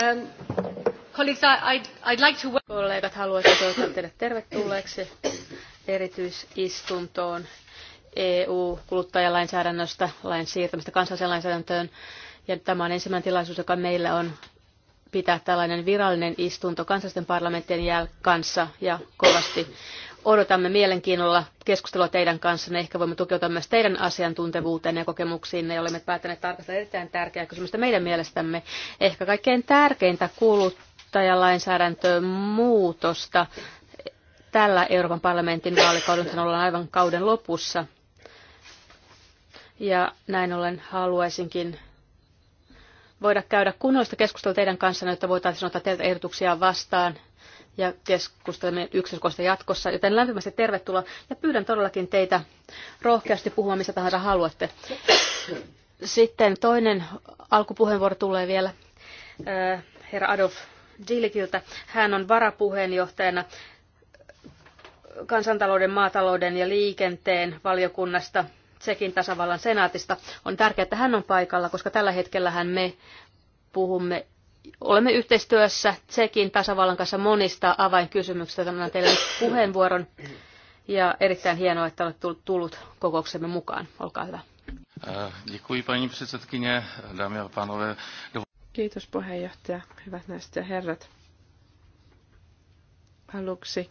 Um, colleagues, I'd like to... Kollegat, haluaisin toivottaa teidät tervetulleeksi erityisistuntoon EU-kuluttajalainsäädännöstä, lain siirtämistä kansalliseen lainsäädäntöön. Ja tämä on ensimmäinen tilaisuus, joka meillä on pitää tällainen virallinen istunto kansallisten parlamenttien jäl- kanssa ja kovasti Odotamme mielenkiinnolla keskustelua teidän kanssanne. Ehkä voimme tukeutua myös teidän asiantuntevuuteenne ja kokemuksiinne. Ja olemme päättäneet tarkastella erittäin tärkeää kysymystä meidän mielestämme. Ehkä kaikkein tärkeintä kuluttajalainsäädäntöön muutosta tällä Euroopan parlamentin vaalikaudella ollaan aivan kauden lopussa. Ja näin ollen haluaisinkin voida käydä kunnollista keskustelua teidän kanssanne, jotta voitaisiin ottaa teiltä ehdotuksia vastaan ja keskustelemme yksityiskohdista jatkossa. Joten lämpimästi tervetuloa ja pyydän todellakin teitä rohkeasti puhumaan missä tahansa haluatte. Sitten toinen alkupuheenvuoro tulee vielä äh, herra Adolf Dilikiltä. Hän on varapuheenjohtajana kansantalouden, maatalouden ja liikenteen valiokunnasta Tsekin tasavallan senaatista. On tärkeää, että hän on paikalla, koska tällä hetkellä hän me puhumme olemme yhteistyössä Tsekin tasavallan kanssa monista avainkysymyksistä. Tämän teille puheenvuoron ja erittäin hienoa, että olet tullut kokouksemme mukaan. Olkaa hyvä. Äh, Kiitos puheenjohtaja, hyvät naiset ja herrat. Aluksi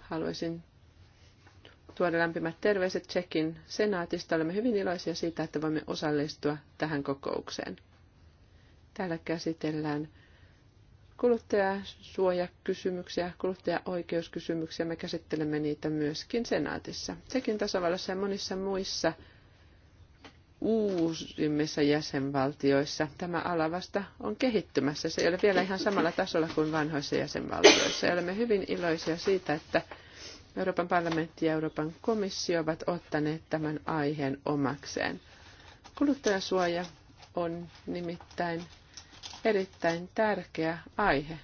haluaisin tuoda lämpimät terveiset Tsekin senaatista. Olemme hyvin iloisia siitä, että voimme osallistua tähän kokoukseen. Täällä käsitellään kuluttajasuojakysymyksiä, kuluttajaoikeuskysymyksiä. Me käsittelemme niitä myöskin senaatissa. Sekin tasavallassa ja monissa muissa uusimmissa jäsenvaltioissa tämä ala vasta on kehittymässä. Se ei ole vielä ihan samalla tasolla kuin vanhoissa jäsenvaltioissa. Ja olemme hyvin iloisia siitä, että Euroopan parlamentti ja Euroopan komissio ovat ottaneet tämän aiheen omakseen. Kuluttajasuoja on nimittäin erittäin tärkeä aihe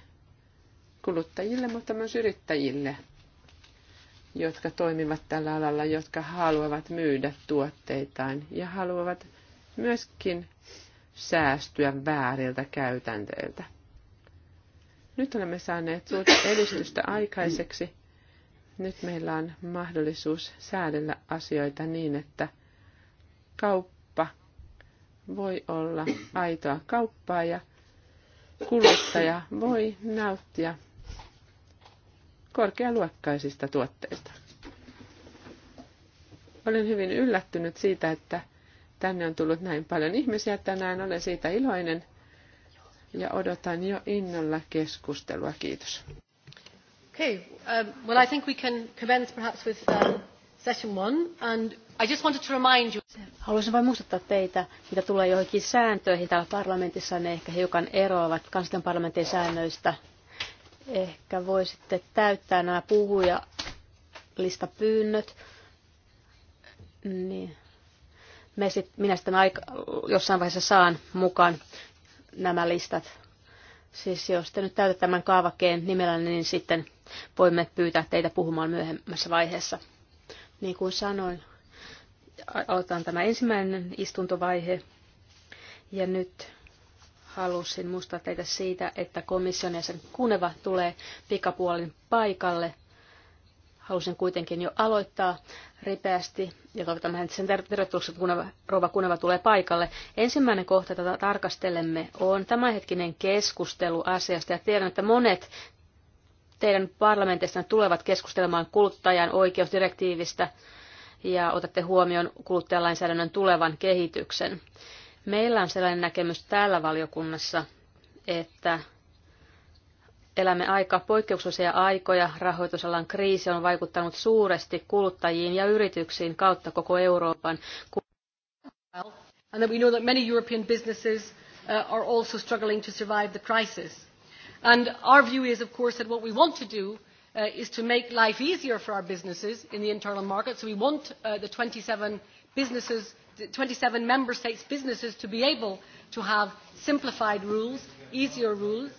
kuluttajille, mutta myös yrittäjille, jotka toimivat tällä alalla, jotka haluavat myydä tuotteitaan ja haluavat myöskin säästyä vääriltä käytänteiltä. Nyt olemme saaneet suurta edistystä aikaiseksi. Nyt meillä on mahdollisuus säädellä asioita niin, että kauppa voi olla aitoa kauppaa ja kuluttaja voi nauttia korkealuokkaisista tuotteista. Olen hyvin yllättynyt siitä, että tänne on tullut näin paljon ihmisiä tänään. Olen siitä iloinen ja odotan jo innolla keskustelua. Kiitos. Okay, um, well I think we can commence perhaps with um, session one, and I just wanted to remind you. Haluaisin vain muistuttaa teitä, mitä tulee joihinkin sääntöihin täällä parlamentissa, ne ehkä hiukan eroavat kansallisten parlamentin säännöistä. Ehkä voisitte täyttää nämä puhuja Niin. Me sit, minä sitten aika, jossain vaiheessa saan mukaan nämä listat. Siis jos te nyt täytät tämän kaavakkeen nimellä, niin sitten voimme pyytää teitä puhumaan myöhemmässä vaiheessa. Niin kuin sanoin, aloitetaan tämä ensimmäinen istuntovaihe. Ja nyt halusin muistaa teitä siitä, että komission sen Kuneva tulee pikapuolin paikalle. Halusin kuitenkin jo aloittaa ripeästi ja toivotamme hänet sen tervetulleeksi, kun Kuneva, Rova Kuneva tulee paikalle. Ensimmäinen kohta, jota tarkastelemme, on tämänhetkinen keskustelu asiasta ja tiedän, että monet teidän parlamenteissanne tulevat keskustelemaan kuluttajan oikeusdirektiivistä ja otatte huomioon kuluttajalainsäädännön tulevan kehityksen. Meillä on sellainen näkemys täällä valiokunnassa, että elämme aika poikkeuksellisia aikoja. Rahoitusalan kriisi on vaikuttanut suuresti kuluttajiin ja yrityksiin kautta koko Euroopan. And that we know that many European businesses uh, are also struggling to survive the crisis And our view is, of course, that what we want to do uh, is to make life easier for our businesses in the internal market. So we want uh, the 27 businesses, the 27 member states' businesses to be able to have simplified rules, easier rules.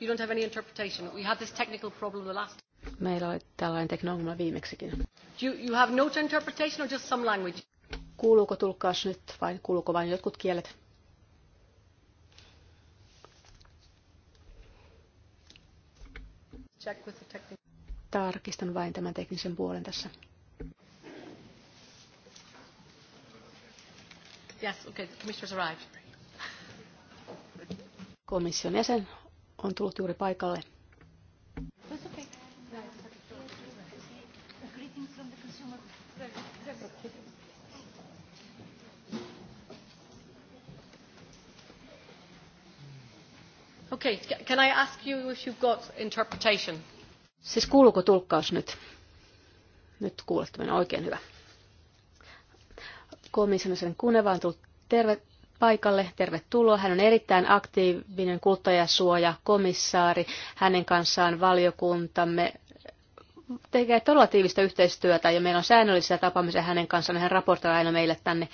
You don't have any interpretation. We had this technical problem the last Meillä oli tällainen teknologia viimeksikin. You, you have no interpretation or just some language? Kuuluuko tulkkaus nyt vai kuuluuko vain jotkut kielet? Tarkistan vain tämän teknisen puolen tässä. Yes, okay, the commissioner's arrived. Komission jäsen on tullut juuri paikalle. Okay, can I ask you if you've got interpretation? Siis kuuluuko tulkkaus nyt? Nyt kuulette minä oikein hyvä. Komission Kuneva on tullut terve, paikalle. Tervetuloa. Hän on erittäin aktiivinen kuluttajasuoja komissaari. Hänen kanssaan valiokuntamme tekee todella tiivistä yhteistyötä ja meillä on säännöllisiä tapaamisia hänen kanssaan. Hän raportoi aina meille tänne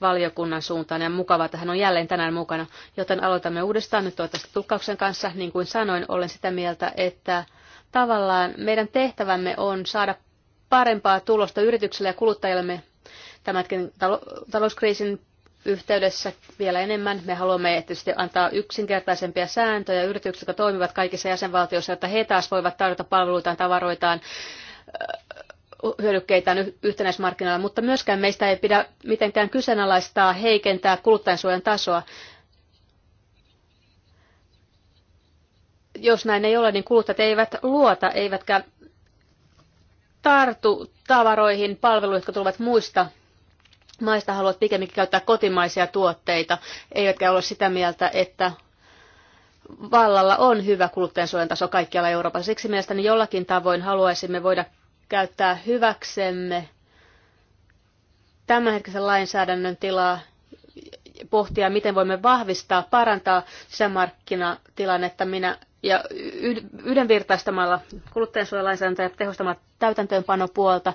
valiokunnan suuntaan ja mukavaa, että hän on jälleen tänään mukana. Joten aloitamme uudestaan nyt toivottavasti tulkkauksen kanssa. Niin kuin sanoin, olen sitä mieltä, että tavallaan meidän tehtävämme on saada parempaa tulosta yrityksille ja kuluttajillemme tämänkin talouskriisin yhteydessä vielä enemmän. Me haluamme tietysti antaa yksinkertaisempia sääntöjä yrityksille, jotka toimivat kaikissa jäsenvaltioissa, jotta he taas voivat tarjota palveluitaan, tavaroitaan, hyödykkeitään yhtenäismarkkinoilla, mutta myöskään meistä ei pidä mitenkään kyseenalaistaa, heikentää kuluttajansuojan tasoa. Jos näin ei ole, niin kuluttajat eivät luota, eivätkä tartu tavaroihin, palveluihin, jotka tulevat muista maista haluavat pikemminkin käyttää kotimaisia tuotteita, eivätkä ole sitä mieltä, että vallalla on hyvä kuluttajansuojan taso kaikkialla Euroopassa. Siksi mielestäni jollakin tavoin haluaisimme voida käyttää hyväksemme tämänhetkisen lainsäädännön tilaa pohtia, miten voimme vahvistaa, parantaa sisämarkkinatilannetta minä ja yhdenvirtaistamalla kuluttajansuojalainsäädäntöä ja tehostamalla täytäntöönpanopuolta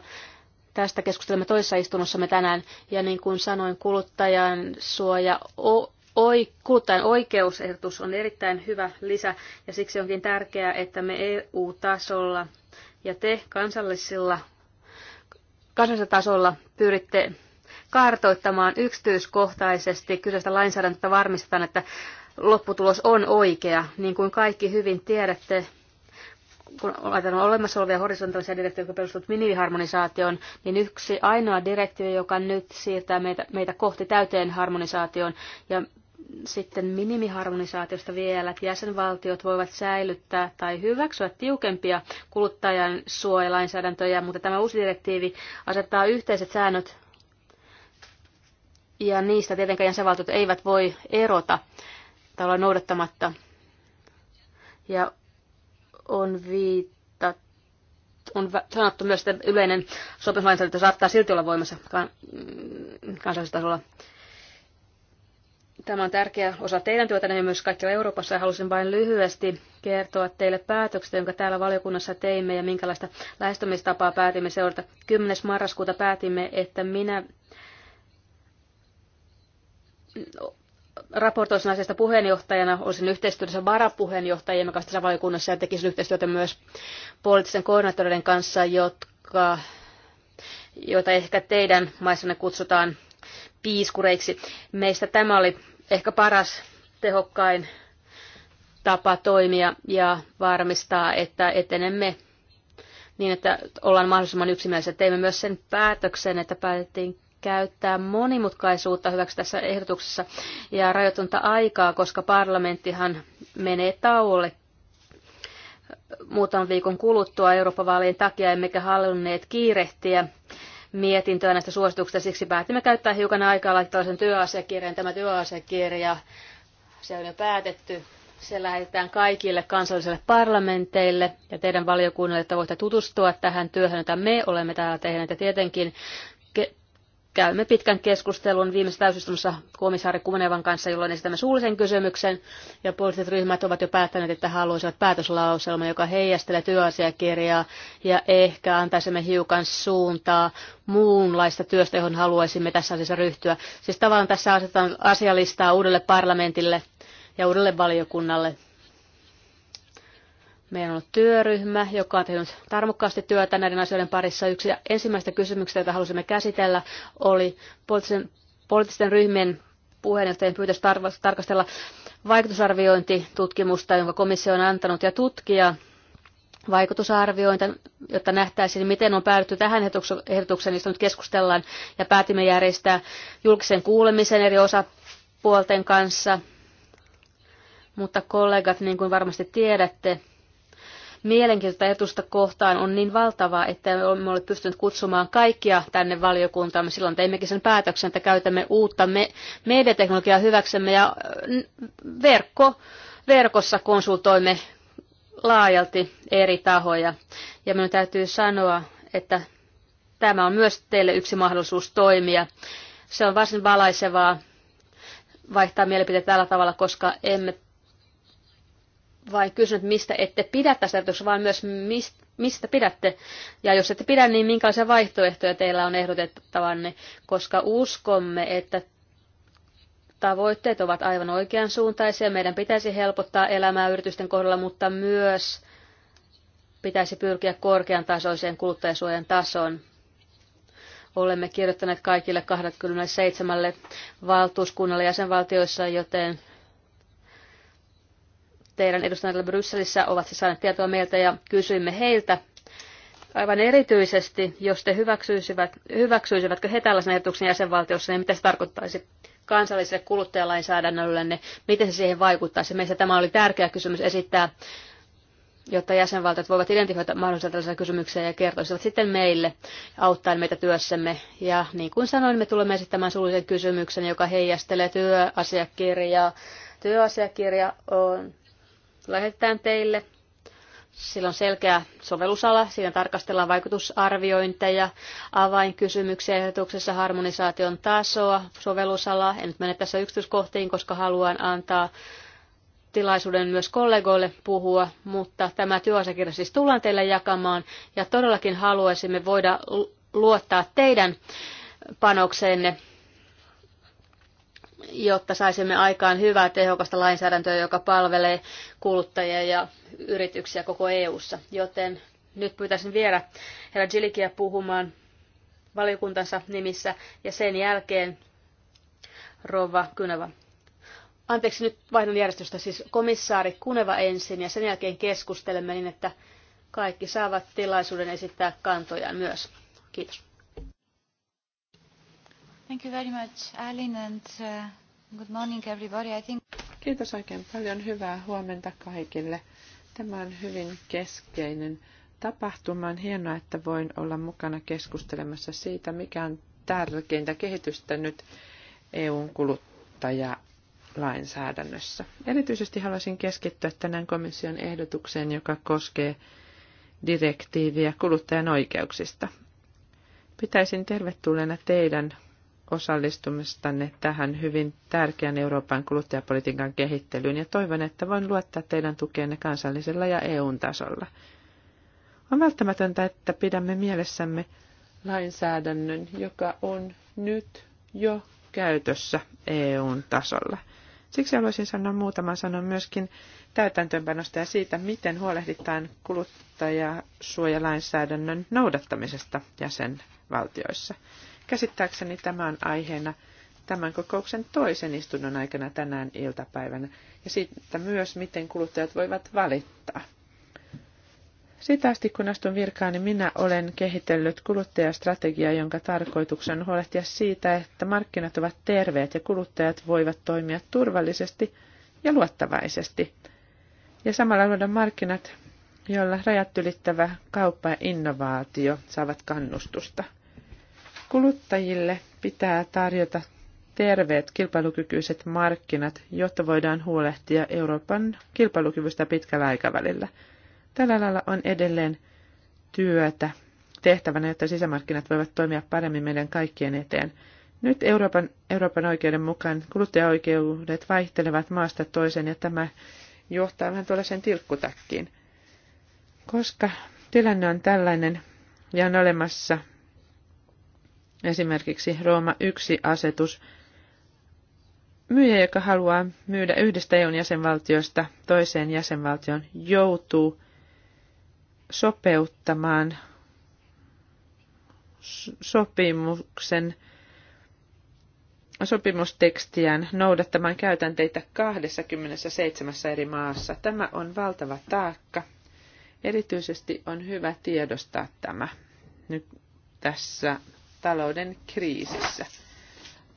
Tästä keskustelemme toisessa istunnossamme tänään. Ja niin kuin sanoin, kuluttajan suoja Oi, kuluttajan oikeusehdotus on erittäin hyvä lisä ja siksi onkin tärkeää, että me EU-tasolla ja te kansallisilla, kansallisella tasolla pyritte kartoittamaan yksityiskohtaisesti kyseistä lainsäädäntöä varmistetaan, että lopputulos on oikea. Niin kuin kaikki hyvin tiedätte, kun laitetaan olemassa olevia horisontaalisia direktiivejä, jotka perustuvat minimiharmonisaatioon, niin yksi ainoa direktiivi, joka nyt siirtää meitä, meitä kohti täyteen harmonisaatioon ja sitten minimiharmonisaatiosta vielä, että jäsenvaltiot voivat säilyttää tai hyväksyä tiukempia kuluttajan suojalainsäädäntöjä, mutta tämä uusi direktiivi asettaa yhteiset säännöt ja niistä tietenkään jäsenvaltiot eivät voi erota tai olla noudattamatta. Ja on viitattu on sanottu myös, että yleinen sopimuslainsäädäntö saattaa silti olla voimassa mm, kansallisella tasolla. Tämä on tärkeä osa teidän työtänne ja myös kaikkialla Euroopassa. Ja halusin vain lyhyesti kertoa teille päätöksestä, jonka täällä valiokunnassa teimme ja minkälaista lähestymistapaa päätimme seurata. 10. marraskuuta päätimme, että minä raportoisin asiasta puheenjohtajana, olisin yhteistyössä varapuheenjohtajien kanssa tässä valiokunnassa ja tekisin yhteistyötä myös poliittisten koordinaattoreiden kanssa, jotka, joita ehkä teidän maissanne kutsutaan piiskureiksi. Meistä tämä oli ehkä paras, tehokkain tapa toimia ja varmistaa, että etenemme niin, että ollaan mahdollisimman yksimielisiä. Teimme myös sen päätöksen, että päätettiin käyttää monimutkaisuutta hyväksi tässä ehdotuksessa ja rajoitonta aikaa, koska parlamenttihan menee tauolle muutaman viikon kuluttua Euroopan vaalien takia, emmekä halunneet kiirehtiä mietintöä näistä suosituksista. Siksi päätimme käyttää hiukan aikaa laittaa sen työasiakirjan. Tämä työasiakirja, se on jo päätetty. Se lähetetään kaikille kansallisille parlamenteille ja teidän valiokunnille, että voitte tutustua tähän työhön, jota me olemme täällä tehneet. Ja tietenkin käymme pitkän keskustelun viimeisessä täysistunnossa komissaari Kumenevan kanssa, jolloin esitämme suullisen kysymyksen, ja poliittiset ryhmät ovat jo päättäneet, että haluaisivat päätöslauselman, joka heijastelee työasiakirjaa, ja ehkä antaisimme hiukan suuntaa muunlaista työstä, johon haluaisimme tässä asiassa ryhtyä. Siis tavallaan tässä asetetaan asialistaa uudelle parlamentille ja uudelle valiokunnalle Meillä on ollut työryhmä, joka on tehnyt tarmokkaasti työtä näiden asioiden parissa. Yksi ensimmäistä kysymyksistä, joita halusimme käsitellä, oli poliittisen, poliittisten ryhmien puheenjohtajien pyytös tarkastella vaikutusarviointitutkimusta, jonka komissio on antanut, ja tutkia vaikutusarviointa, jotta nähtäisiin, miten on päädytty tähän ehdotukseen, josta nyt keskustellaan, ja päätimme järjestää julkisen kuulemisen eri osapuolten kanssa. Mutta kollegat, niin kuin varmasti tiedätte, mielenkiintoista etusta kohtaan on niin valtavaa, että olemme ole pystyneet kutsumaan kaikkia tänne valiokuntaan. Me silloin teimmekin sen päätöksen, että käytämme uutta me- mediateknologiaa hyväksemme ja mm, verkko, verkossa konsultoimme laajalti eri tahoja. Ja minun täytyy sanoa, että tämä on myös teille yksi mahdollisuus toimia. Se on varsin valaisevaa vaihtaa mielipiteitä tällä tavalla, koska emme vai kysynyt, mistä ette pidä tästä ehdotuksesta, vaan myös mistä pidätte. Ja jos ette pidä, niin minkälaisia vaihtoehtoja teillä on ehdotettavanne, koska uskomme, että tavoitteet ovat aivan oikeansuuntaisia. Meidän pitäisi helpottaa elämää yritysten kohdalla, mutta myös pitäisi pyrkiä korkean tasoiseen kuluttajasuojan tasoon. Olemme kirjoittaneet kaikille 27 valtuuskunnalle jäsenvaltioissa, joten teidän edustajilla Brysselissä ovat siis saaneet tietoa meiltä ja kysyimme heiltä, aivan erityisesti, jos te hyväksyisivät, hyväksyisivätkö he tällaisen ehdotuksen jäsenvaltiossa, niin mitä se tarkoittaisi kansalliselle niin miten se siihen vaikuttaisi. Meistä tämä oli tärkeä kysymys esittää, jotta jäsenvaltiot voivat identifioida mahdollisia tällaisia kysymyksiä ja kertoisivat sitten meille auttaen meitä työssämme. Ja niin kuin sanoin, me tulemme esittämään suullisen kysymyksen, joka heijastelee työasiakirjaa. Työasiakirja on lähetetään teille. Sillä on selkeä sovellusala, siinä tarkastellaan vaikutusarviointeja, avainkysymyksiä ehdotuksessa harmonisaation tasoa, sovellusala. En nyt mene tässä yksityiskohtiin, koska haluan antaa tilaisuuden myös kollegoille puhua, mutta tämä työasiakirja siis tullaan teille jakamaan ja todellakin haluaisimme voida luottaa teidän panokseenne jotta saisimme aikaan hyvää tehokasta lainsäädäntöä, joka palvelee kuluttajia ja yrityksiä koko EU:ssa. Joten nyt pyytäisin vielä herra Jilikia puhumaan valiokuntansa nimissä ja sen jälkeen Rova Kynävä. Anteeksi, nyt vaihdon järjestystä. Siis komissaari Kuneva ensin ja sen jälkeen keskustelemme niin, että kaikki saavat tilaisuuden esittää kantoja myös. Kiitos. Thank you very much, Alin, and uh, good morning everybody. I think... Kiitos oikein paljon. Hyvää huomenta kaikille. Tämä on hyvin keskeinen tapahtuma. On hienoa, että voin olla mukana keskustelemassa siitä, mikä on tärkeintä kehitystä nyt EUn kuluttajalainsäädännössä. Erityisesti haluaisin keskittyä tänään komission ehdotukseen, joka koskee direktiiviä kuluttajan oikeuksista. Pitäisin tervetulleena teidän osallistumistanne tähän hyvin tärkeän Euroopan kuluttajapolitiikan kehittelyyn ja toivon, että voin luottaa teidän tukeenne kansallisella ja EUn tasolla. On välttämätöntä, että pidämme mielessämme lainsäädännön, joka on nyt jo käytössä EUn tasolla. Siksi haluaisin sanoa muutaman sanon myöskin täytäntöönpanosta ja siitä, miten huolehditaan kuluttajasuojalainsäädännön noudattamisesta jäsenvaltioissa. Käsittääkseni tämän aiheena tämän kokouksen toisen istunnon aikana tänään iltapäivänä ja siitä myös, miten kuluttajat voivat valittaa. Sitä asti kun astun virkaani, niin minä olen kehitellyt kuluttajastrategiaa, jonka tarkoituksena on huolehtia siitä, että markkinat ovat terveet ja kuluttajat voivat toimia turvallisesti ja luottavaisesti. Ja samalla luoda markkinat, joilla rajat ylittävä kauppa ja innovaatio saavat kannustusta. Kuluttajille pitää tarjota terveet kilpailukykyiset markkinat, jotta voidaan huolehtia Euroopan kilpailukyvystä pitkällä aikavälillä. Tällä lailla on edelleen työtä tehtävänä, jotta sisämarkkinat voivat toimia paremmin meidän kaikkien eteen. Nyt Euroopan, Euroopan oikeuden mukaan kuluttajaoikeudet vaihtelevat maasta toiseen ja tämä johtaa vähän tuollaisen tilkkutakkiin. Koska tilanne on tällainen ja on olemassa esimerkiksi Rooma 1-asetus, myyjä, joka haluaa myydä yhdestä EUn jäsenvaltiosta toiseen jäsenvaltioon, joutuu sopeuttamaan sopimuksen sopimustekstiään noudattamaan käytänteitä 27 eri maassa. Tämä on valtava taakka. Erityisesti on hyvä tiedostaa tämä nyt tässä talouden kriisissä.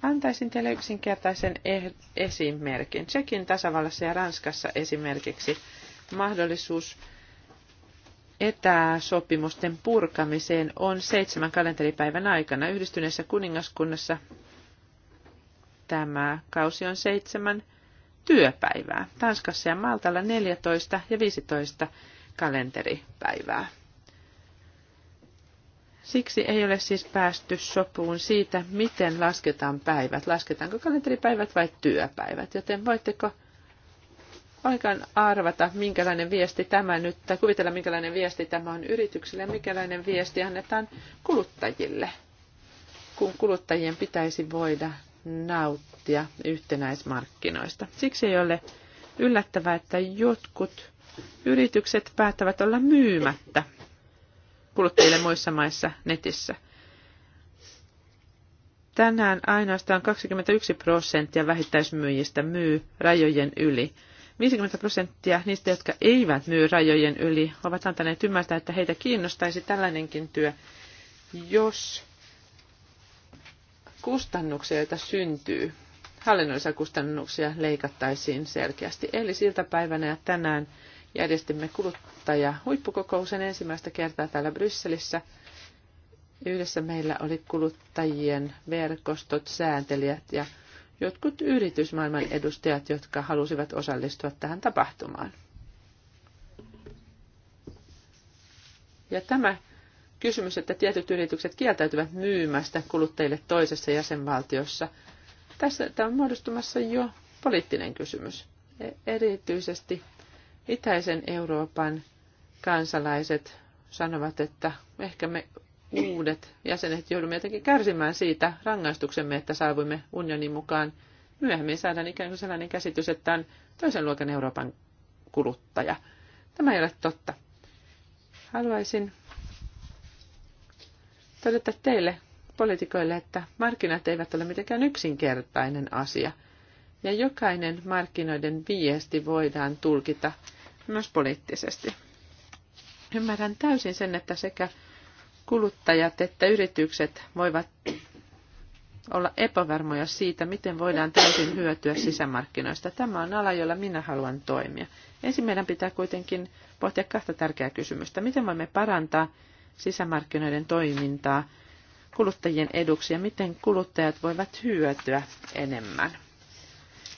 Antaisin teille yksinkertaisen eh- esimerkin. Tsekin tasavallassa ja Ranskassa esimerkiksi mahdollisuus etäsopimusten purkamiseen on seitsemän kalenteripäivän aikana. Yhdistyneessä kuningaskunnassa tämä kausi on seitsemän työpäivää. Tanskassa ja Maltalla 14 ja 15 kalenteripäivää. Siksi ei ole siis päästy sopuun siitä, miten lasketaan päivät. Lasketaanko kalenteripäivät vai työpäivät? Joten voitteko oikein arvata, minkälainen viesti tämä nyt, tai kuvitella, minkälainen viesti tämä on yrityksille ja minkälainen viesti annetaan kuluttajille, kun kuluttajien pitäisi voida nauttia yhtenäismarkkinoista. Siksi ei ole yllättävää, että jotkut yritykset päättävät olla myymättä kuluttajille muissa maissa netissä. Tänään ainoastaan 21 prosenttia vähittäismyyjistä myy rajojen yli. 50 prosenttia niistä, jotka eivät myy rajojen yli, ovat antaneet ymmärtää, että heitä kiinnostaisi tällainenkin työ, jos kustannuksia, joita syntyy, hallinnollisia kustannuksia leikattaisiin selkeästi. Eli siltä päivänä ja tänään järjestimme kuluttaja huippukokouksen ensimmäistä kertaa täällä Brysselissä. Yhdessä meillä oli kuluttajien verkostot, sääntelijät ja jotkut yritysmaailman edustajat, jotka halusivat osallistua tähän tapahtumaan. Ja tämä kysymys, että tietyt yritykset kieltäytyvät myymästä kuluttajille toisessa jäsenvaltiossa, tässä tämä on muodostumassa jo poliittinen kysymys. E- erityisesti Itäisen Euroopan kansalaiset sanovat, että ehkä me uudet jäsenet joudumme jotenkin kärsimään siitä rangaistuksemme, että saavuimme unionin mukaan. Myöhemmin saadaan ikään kuin sellainen käsitys, että on toisen luokan Euroopan kuluttaja. Tämä ei ole totta. Haluaisin todeta teille poliitikoille, että markkinat eivät ole mitenkään yksinkertainen asia. Ja jokainen markkinoiden viesti voidaan tulkita myös poliittisesti. Ymmärrän täysin sen, että sekä kuluttajat että yritykset voivat olla epävarmoja siitä, miten voidaan täysin hyötyä sisämarkkinoista. Tämä on ala, jolla minä haluan toimia. Ensin meidän pitää kuitenkin pohtia kahta tärkeää kysymystä. Miten voimme parantaa sisämarkkinoiden toimintaa kuluttajien eduksi ja miten kuluttajat voivat hyötyä enemmän?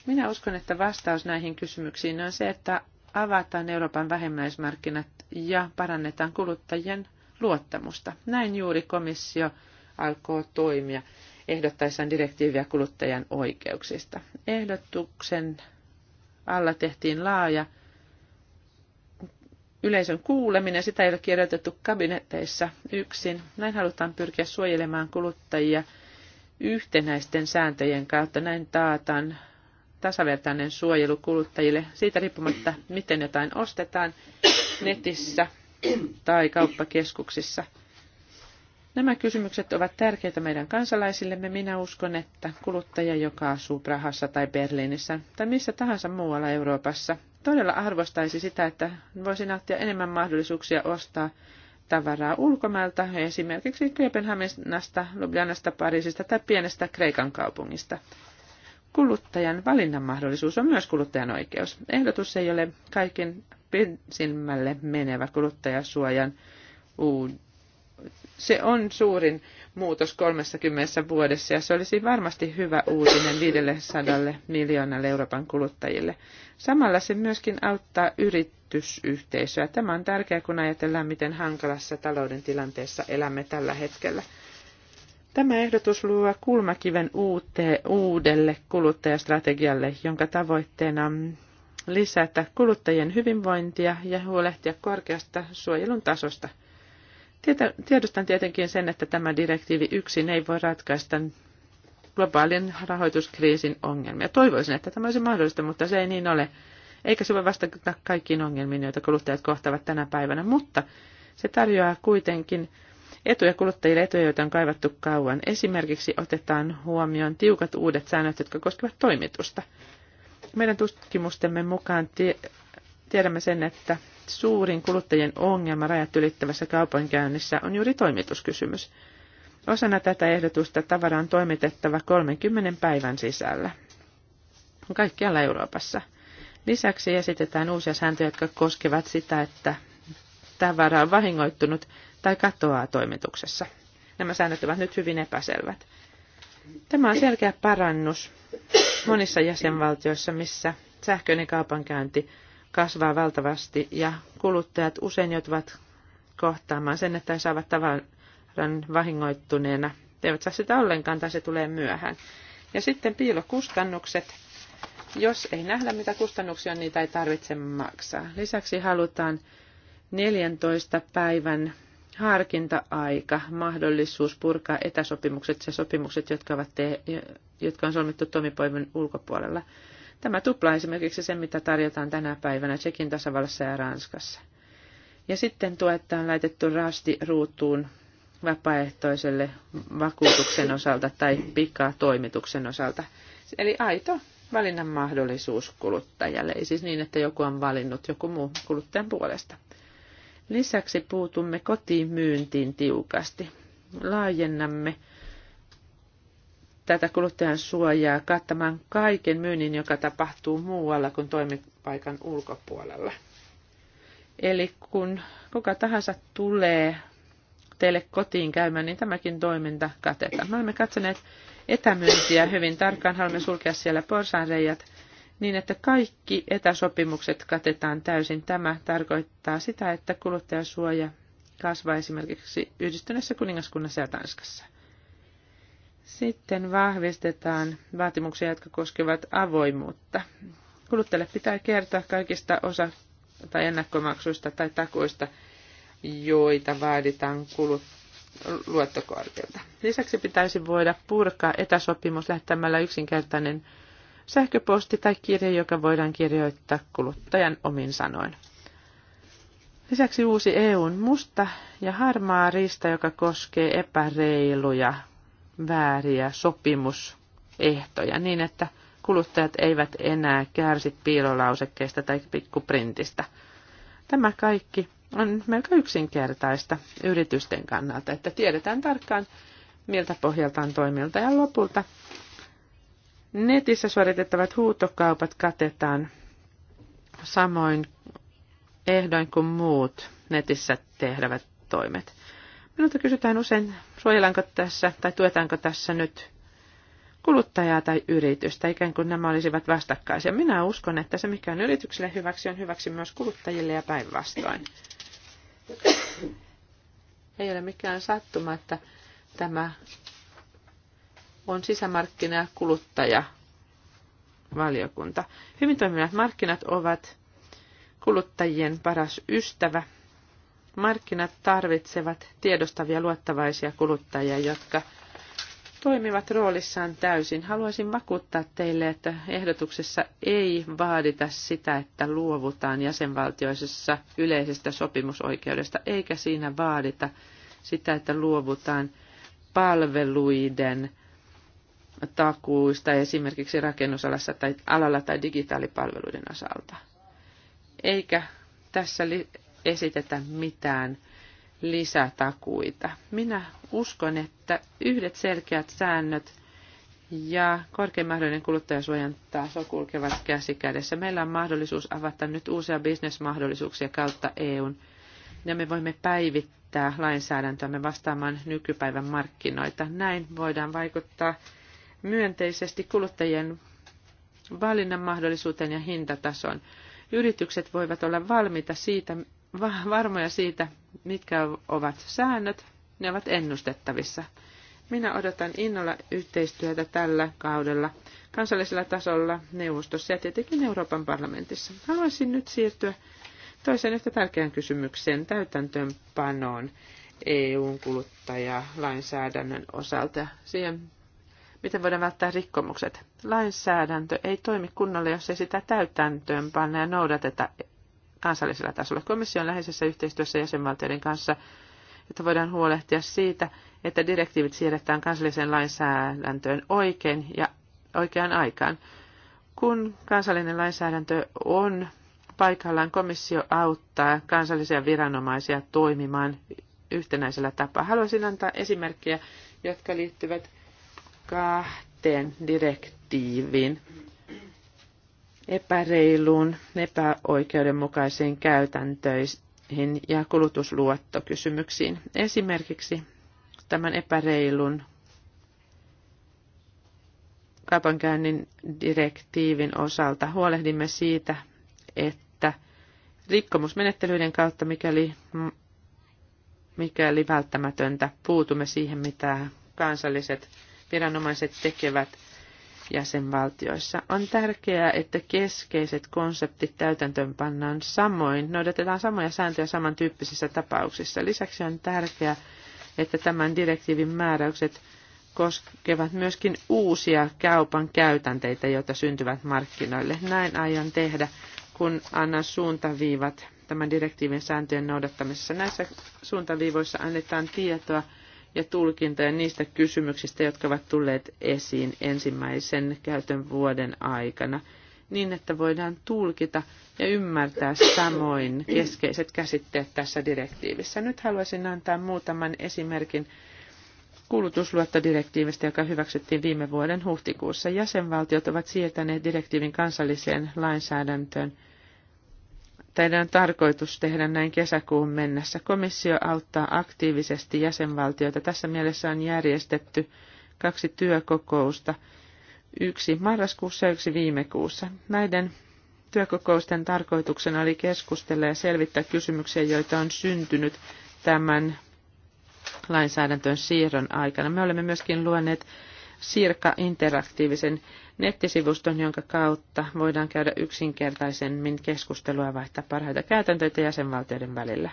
Minä uskon, että vastaus näihin kysymyksiin on se, että avataan Euroopan vähimmäismarkkinat ja parannetaan kuluttajien luottamusta. Näin juuri komissio alkoi toimia ehdottaessaan direktiiviä kuluttajan oikeuksista. Ehdotuksen alla tehtiin laaja yleisön kuuleminen. Sitä ei ole kirjoitettu kabinetteissa yksin. Näin halutaan pyrkiä suojelemaan kuluttajia yhtenäisten sääntöjen kautta. Näin taataan tasavertainen suojelu kuluttajille siitä riippumatta, miten jotain ostetaan netissä tai kauppakeskuksissa. Nämä kysymykset ovat tärkeitä meidän kansalaisillemme. Minä uskon, että kuluttaja, joka asuu Prahassa tai Berliinissä tai missä tahansa muualla Euroopassa, todella arvostaisi sitä, että voisi nauttia enemmän mahdollisuuksia ostaa tavaraa ulkomailta, esimerkiksi Kööpenhaminasta, Ljubljanasta, Pariisista tai pienestä Kreikan kaupungista. Kuluttajan valinnanmahdollisuus on myös kuluttajan oikeus. Ehdotus ei ole kaiken pensimmälle menevä kuluttajasuojan uud- se on suurin muutos 30 vuodessa ja se olisi varmasti hyvä uutinen 500 miljoonalle Euroopan kuluttajille. Samalla se myöskin auttaa yritysyhteisöä. Tämä on tärkeää, kun ajatellaan, miten hankalassa talouden tilanteessa elämme tällä hetkellä. Tämä ehdotus luo kulmakiven uute, uudelle kuluttajastrategialle, jonka tavoitteena on lisätä kuluttajien hyvinvointia ja huolehtia korkeasta suojelun tasosta. Tiedostan tietenkin sen, että tämä direktiivi yksin ei voi ratkaista globaalin rahoituskriisin ongelmia. Toivoisin, että tämä olisi mahdollista, mutta se ei niin ole. Eikä se voi vastata kaikkiin ongelmiin, joita kuluttajat kohtaavat tänä päivänä, mutta se tarjoaa kuitenkin etuja kuluttajille, etuja, joita on kaivattu kauan. Esimerkiksi otetaan huomioon tiukat uudet säännöt, jotka koskevat toimitusta. Meidän tutkimustemme mukaan tie- tiedämme sen, että suurin kuluttajien ongelma rajat ylittävässä kaupankäynnissä on juuri toimituskysymys. Osana tätä ehdotusta tavara on toimitettava 30 päivän sisällä kaikkialla Euroopassa. Lisäksi esitetään uusia sääntöjä, jotka koskevat sitä, että tavara on vahingoittunut tai katoaa toimituksessa. Nämä säännöt ovat nyt hyvin epäselvät. Tämä on selkeä parannus monissa jäsenvaltioissa, missä sähköinen kaupankäynti kasvaa valtavasti ja kuluttajat usein joutuvat kohtaamaan sen, että he saavat tavaran vahingoittuneena. He eivät saa sitä ollenkaan tai se tulee myöhään. Ja sitten piilokustannukset. Jos ei nähdä, mitä kustannuksia on, niitä ei tarvitse maksaa. Lisäksi halutaan 14 päivän harkinta-aika, mahdollisuus purkaa etäsopimukset ja sopimukset, jotka, ovat te, jotka on solmittu toimipoimin ulkopuolella. Tämä tuplaa esimerkiksi sen, mitä tarjotaan tänä päivänä Tsekin tasavallassa ja Ranskassa. Ja sitten tuetta on laitettu rasti ruutuun vapaaehtoiselle vakuutuksen osalta tai pikatoimituksen osalta. Eli aito valinnan mahdollisuus kuluttajalle. Ei siis niin, että joku on valinnut joku muu kuluttajan puolesta. Lisäksi puutumme kotiin myyntiin tiukasti. Laajennamme tätä kuluttajan suojaa kattamaan kaiken myynnin, joka tapahtuu muualla kuin toimipaikan ulkopuolella. Eli kun kuka tahansa tulee teille kotiin käymään, niin tämäkin toiminta katetaan. Me olemme katsoneet etämyyntiä hyvin tarkkaan. Haluamme sulkea siellä porsaanreijät niin, että kaikki etäsopimukset katetaan täysin. Tämä tarkoittaa sitä, että kuluttajasuoja kasvaa esimerkiksi yhdistyneessä kuningaskunnassa ja Tanskassa. Sitten vahvistetaan vaatimuksia, jotka koskevat avoimuutta. Kuluttajalle pitää kertoa kaikista osa- tai ennakkomaksuista tai takuista, joita vaaditaan kulut luottokortilta. Lisäksi pitäisi voida purkaa etäsopimus lähettämällä yksinkertainen sähköposti tai kirje, joka voidaan kirjoittaa kuluttajan omin sanoin. Lisäksi uusi EUn musta ja harmaa riista, joka koskee epäreiluja, vääriä sopimusehtoja niin, että kuluttajat eivät enää kärsi piilolausekkeesta tai pikkuprintistä. Tämä kaikki on melko yksinkertaista yritysten kannalta, että tiedetään tarkkaan, miltä pohjaltaan toimilta ja lopulta Netissä suoritettavat huutokaupat katetaan samoin ehdoin kuin muut netissä tehdävät toimet. Minulta kysytään usein, suojellaanko tässä tai tuetaanko tässä nyt kuluttajaa tai yritystä, ikään kuin nämä olisivat vastakkaisia. Minä uskon, että se mikä on yritykselle hyväksi, on hyväksi myös kuluttajille ja päinvastoin. Ei ole mikään sattuma, että tämä on sisämarkkina- ja kuluttajavaliokunta. Hyvin toimivat markkinat ovat kuluttajien paras ystävä. Markkinat tarvitsevat tiedostavia luottavaisia kuluttajia, jotka toimivat roolissaan täysin. Haluaisin vakuuttaa teille, että ehdotuksessa ei vaadita sitä, että luovutaan jäsenvaltioisessa yleisestä sopimusoikeudesta, eikä siinä vaadita sitä, että luovutaan palveluiden takuista esimerkiksi rakennusalassa tai alalla tai digitaalipalveluiden osalta. Eikä tässä li- esitetä mitään lisätakuita. Minä uskon, että yhdet selkeät säännöt ja korkein mahdollinen kuluttajasuojan taso kulkevat käsi kädessä. Meillä on mahdollisuus avata nyt uusia bisnesmahdollisuuksia kautta EUn ja me voimme päivittää lainsäädäntöämme vastaamaan nykypäivän markkinoita. Näin voidaan vaikuttaa myönteisesti kuluttajien valinnan mahdollisuuteen ja hintatason. Yritykset voivat olla valmiita siitä, varmoja siitä, mitkä ovat säännöt, ne ovat ennustettavissa. Minä odotan innolla yhteistyötä tällä kaudella kansallisella tasolla, neuvostossa ja tietenkin Euroopan parlamentissa. Haluaisin nyt siirtyä toiseen yhtä tärkeään kysymykseen täytäntöönpanoon EUn kuluttajalainsäädännön osalta. Siihen miten voidaan välttää rikkomukset. Lainsäädäntö ei toimi kunnolla, jos ei sitä täytäntöön panna ja noudateta kansallisella tasolla. Komissio on läheisessä yhteistyössä jäsenvaltioiden kanssa, että voidaan huolehtia siitä, että direktiivit siirretään kansalliseen lainsäädäntöön oikein ja oikeaan aikaan. Kun kansallinen lainsäädäntö on paikallaan, komissio auttaa kansallisia viranomaisia toimimaan yhtenäisellä tapaa. Haluaisin antaa esimerkkejä, jotka liittyvät kahteen direktiiviin epäreiluun, epäoikeudenmukaisiin käytäntöihin ja kulutusluottokysymyksiin. Esimerkiksi tämän epäreilun kaupankäynnin direktiivin osalta huolehdimme siitä, että rikkomusmenettelyiden kautta, mikäli, mikäli välttämätöntä, puutumme siihen, mitä kansalliset viranomaiset tekevät jäsenvaltioissa. On tärkeää, että keskeiset konseptit täytäntöön pannaan samoin, noudatetaan samoja sääntöjä samantyyppisissä tapauksissa. Lisäksi on tärkeää, että tämän direktiivin määräykset koskevat myöskin uusia kaupan käytänteitä, joita syntyvät markkinoille. Näin aion tehdä, kun annan suuntaviivat tämän direktiivin sääntöjen noudattamisessa. Näissä suuntaviivoissa annetaan tietoa ja tulkintoja niistä kysymyksistä, jotka ovat tulleet esiin ensimmäisen käytön vuoden aikana, niin että voidaan tulkita ja ymmärtää samoin keskeiset käsitteet tässä direktiivissä. Nyt haluaisin antaa muutaman esimerkin kulutusluottodirektiivistä, joka hyväksyttiin viime vuoden huhtikuussa. Jäsenvaltiot ovat siirtäneet direktiivin kansalliseen lainsäädäntöön – Teidän on tarkoitus tehdä näin kesäkuun mennessä. Komissio auttaa aktiivisesti jäsenvaltioita. Tässä mielessä on järjestetty kaksi työkokousta, yksi marraskuussa ja yksi viime kuussa. Näiden työkokousten tarkoituksena oli keskustella ja selvittää kysymyksiä, joita on syntynyt tämän lainsäädäntöön siirron aikana. Me olemme myöskin luoneet Sirka-interaktiivisen nettisivuston, jonka kautta voidaan käydä yksinkertaisemmin keskustelua vaihtaa parhaita käytäntöitä jäsenvaltioiden välillä.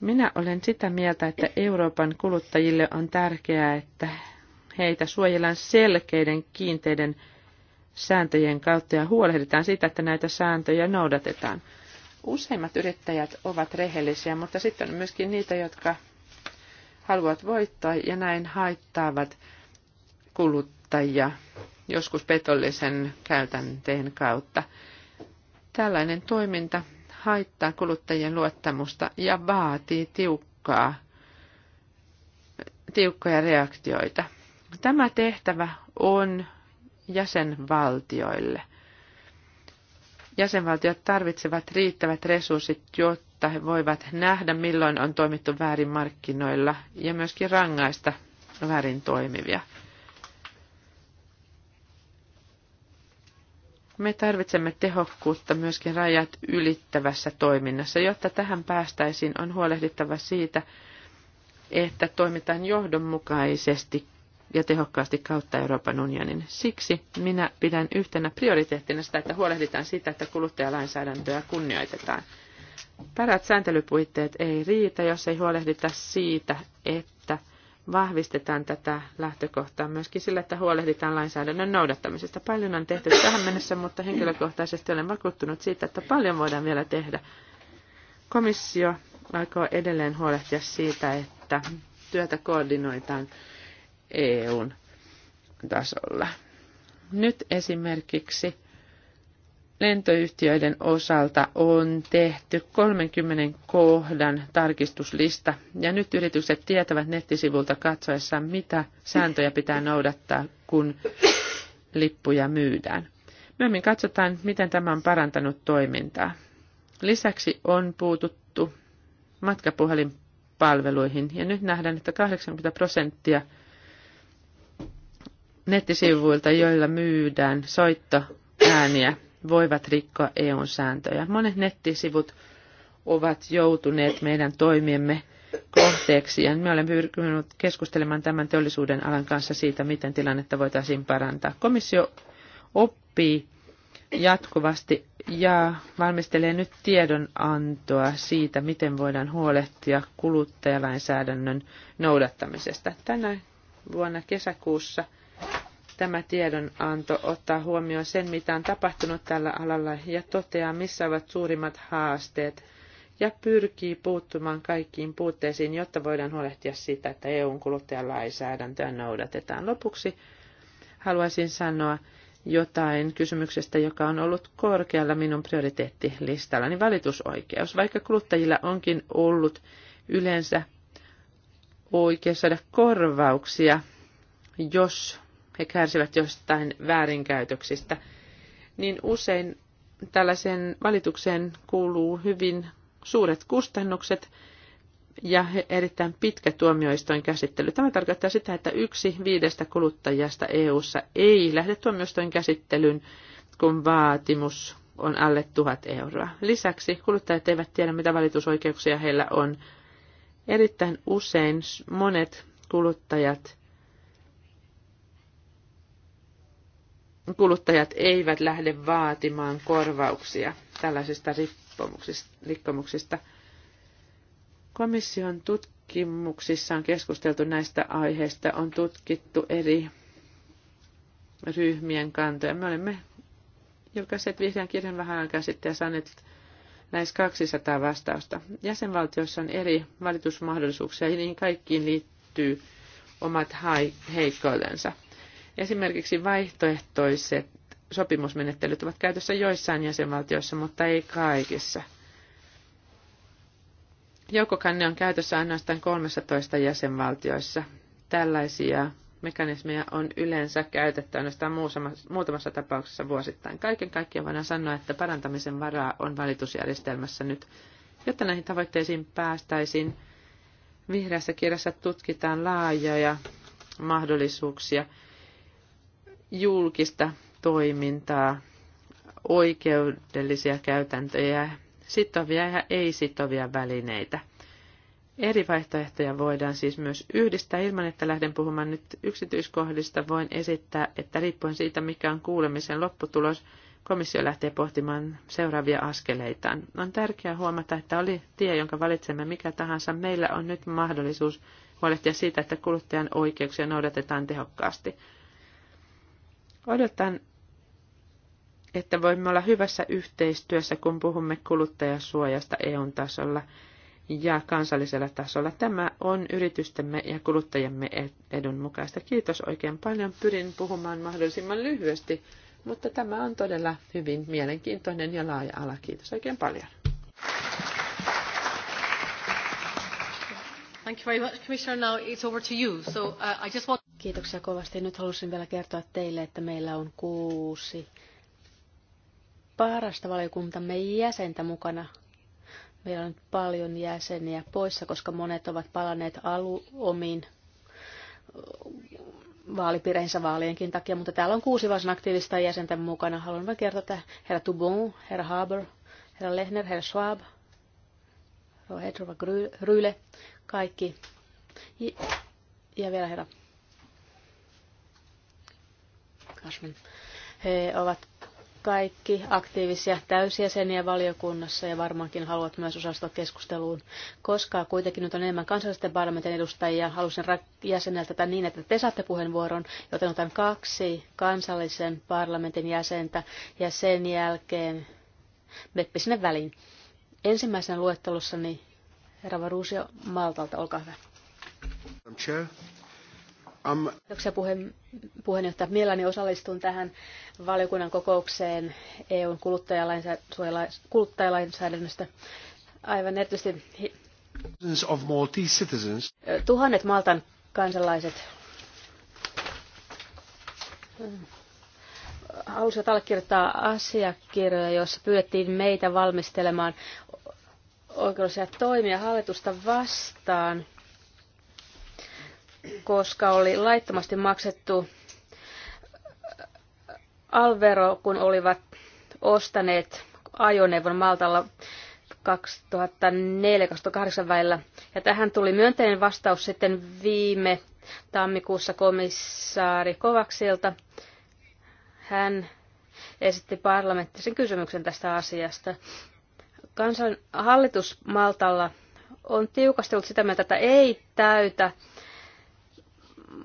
Minä olen sitä mieltä, että Euroopan kuluttajille on tärkeää, että heitä suojellaan selkeiden kiinteiden sääntöjen kautta ja huolehditaan siitä, että näitä sääntöjä noudatetaan. Useimmat yrittäjät ovat rehellisiä, mutta sitten on myöskin niitä, jotka haluavat voittaa ja näin haittaavat kuluttajia joskus petollisen käytänteen kautta. Tällainen toiminta haittaa kuluttajien luottamusta ja vaatii tiukkaa, tiukkoja reaktioita. Tämä tehtävä on jäsenvaltioille. Jäsenvaltiot tarvitsevat riittävät resurssit, jotta he voivat nähdä, milloin on toimittu väärin markkinoilla ja myöskin rangaista väärin toimivia. Me tarvitsemme tehokkuutta myöskin rajat ylittävässä toiminnassa. Jotta tähän päästäisiin, on huolehdittava siitä, että toimitaan johdonmukaisesti ja tehokkaasti kautta Euroopan unionin. Siksi minä pidän yhtenä prioriteettina sitä, että huolehditaan siitä, että kuluttajalainsäädäntöä kunnioitetaan. Parat sääntelypuitteet ei riitä, jos ei huolehdita siitä, että vahvistetaan tätä lähtökohtaa myöskin sillä, että huolehditaan lainsäädännön noudattamisesta. Paljon on tehty tähän mennessä, mutta henkilökohtaisesti olen vakuuttunut siitä, että paljon voidaan vielä tehdä. Komissio aikoo edelleen huolehtia siitä, että työtä koordinoitaan EUn tasolla. Nyt esimerkiksi lentoyhtiöiden osalta on tehty 30 kohdan tarkistuslista, ja nyt yritykset tietävät nettisivulta katsoessaan, mitä sääntöjä pitää noudattaa, kun lippuja myydään. Myöhemmin katsotaan, miten tämä on parantanut toimintaa. Lisäksi on puututtu matkapuhelinpalveluihin, ja nyt nähdään, että 80 prosenttia nettisivuilta, joilla myydään soittoääniä, voivat rikkoa EUn sääntöjä. Monet nettisivut ovat joutuneet meidän toimiemme kohteeksi. Ja me olemme pyrkineet keskustelemaan tämän teollisuuden alan kanssa siitä, miten tilannetta voitaisiin parantaa. Komissio oppii jatkuvasti ja valmistelee nyt tiedonantoa siitä, miten voidaan huolehtia kuluttajalainsäädännön noudattamisesta. Tänä vuonna kesäkuussa – Tämä tiedonanto ottaa huomioon sen, mitä on tapahtunut tällä alalla ja toteaa, missä ovat suurimmat haasteet ja pyrkii puuttumaan kaikkiin puutteisiin, jotta voidaan huolehtia siitä, että EUn kuluttajalainsäädäntöä noudatetaan. Lopuksi haluaisin sanoa jotain kysymyksestä, joka on ollut korkealla minun prioriteettilistallani, valitusoikeus. Vaikka kuluttajilla onkin ollut yleensä oikeus saada korvauksia, jos he kärsivät jostain väärinkäytöksistä, niin usein tällaisen valitukseen kuuluu hyvin suuret kustannukset ja erittäin pitkä tuomioistuin käsittely. Tämä tarkoittaa sitä, että yksi viidestä kuluttajasta EU:ssa ei lähde tuomioistuin käsittelyyn, kun vaatimus on alle tuhat euroa. Lisäksi kuluttajat eivät tiedä, mitä valitusoikeuksia heillä on. Erittäin usein monet kuluttajat kuluttajat eivät lähde vaatimaan korvauksia tällaisista rikkomuksista. Komission tutkimuksissa on keskusteltu näistä aiheista, on tutkittu eri ryhmien kantoja. Me olemme julkaisseet vihreän kirjan vähän aikaa sitten ja saaneet lähes 200 vastausta. Jäsenvaltioissa on eri valitusmahdollisuuksia ja niihin kaikkiin liittyy omat heikkoutensa. Esimerkiksi vaihtoehtoiset sopimusmenettelyt ovat käytössä joissain jäsenvaltioissa, mutta ei kaikissa. Joukkokanne on käytössä ainoastaan 13 jäsenvaltioissa. Tällaisia mekanismeja on yleensä käytetty ainoastaan muutamassa, muutamassa tapauksessa vuosittain. Kaiken kaikkiaan voidaan sanoa, että parantamisen varaa on valitusjärjestelmässä nyt. Jotta näihin tavoitteisiin päästäisiin, vihreässä kirjassa tutkitaan laajoja mahdollisuuksia – julkista toimintaa, oikeudellisia käytäntöjä, sitovia ja ei-sitovia välineitä. Eri vaihtoehtoja voidaan siis myös yhdistää ilman, että lähden puhumaan nyt yksityiskohdista. Voin esittää, että riippuen siitä, mikä on kuulemisen lopputulos, komissio lähtee pohtimaan seuraavia askeleitaan. On tärkeää huomata, että oli tie, jonka valitsemme mikä tahansa, meillä on nyt mahdollisuus huolehtia siitä, että kuluttajan oikeuksia noudatetaan tehokkaasti. Odotan, että voimme olla hyvässä yhteistyössä, kun puhumme kuluttajasuojasta EUn tasolla ja kansallisella tasolla. Tämä on yritystemme ja kuluttajamme edun mukaista. Kiitos oikein paljon. Pyrin puhumaan mahdollisimman lyhyesti, mutta tämä on todella hyvin mielenkiintoinen ja laaja ala. Kiitos oikein paljon. Thank you very much, Commissioner. Now it's over to you. So uh, I just want Kiitoksia kovasti. Nyt halusin vielä kertoa teille, että meillä on kuusi parasta valiokuntamme jäsentä mukana. Meillä on nyt paljon jäseniä poissa, koska monet ovat palanneet alu omiin vaalipiireinsä vaalienkin takia, mutta täällä on kuusi varsin aktiivista jäsentä mukana. Haluan vain kertoa, että herra Tubon, herra Haber, herra Lehner, herra Schwab, Hedrova Ryle, kaikki. Ja vielä herra Cashman. He ovat kaikki aktiivisia täysjäseniä valiokunnassa ja varmaankin haluat myös osallistua keskusteluun. Koska kuitenkin nyt on enemmän kansallisten parlamentin edustajia, halusin jäseneltä tätä niin, että te saatte puheenvuoron, joten otan kaksi kansallisen parlamentin jäsentä ja sen jälkeen Beppi sinne väliin. Ensimmäisenä luettelossani herra Varusio Maltalta, olkaa hyvä. Um... Kiitoksia puheen, puheenjohtaja. Mielelläni osallistun tähän valiokunnan kokoukseen EUn kuluttajalainsäädännöstä. Aivan erityisesti of Maltese citizens. tuhannet Maltan kansalaiset halusivat allekirjoittaa asiakirjoja, joissa pyydettiin meitä valmistelemaan oikeudellisia toimia hallitusta vastaan – koska oli laittomasti maksettu alvero, kun olivat ostaneet ajoneuvon Maltalla 2004-2008 välillä. Ja tähän tuli myönteinen vastaus sitten viime tammikuussa komissaari Kovaksilta. Hän esitti parlamenttisen kysymyksen tästä asiasta. Kansan hallitus Maltalla on tiukasti ollut sitä mieltä, että ei täytä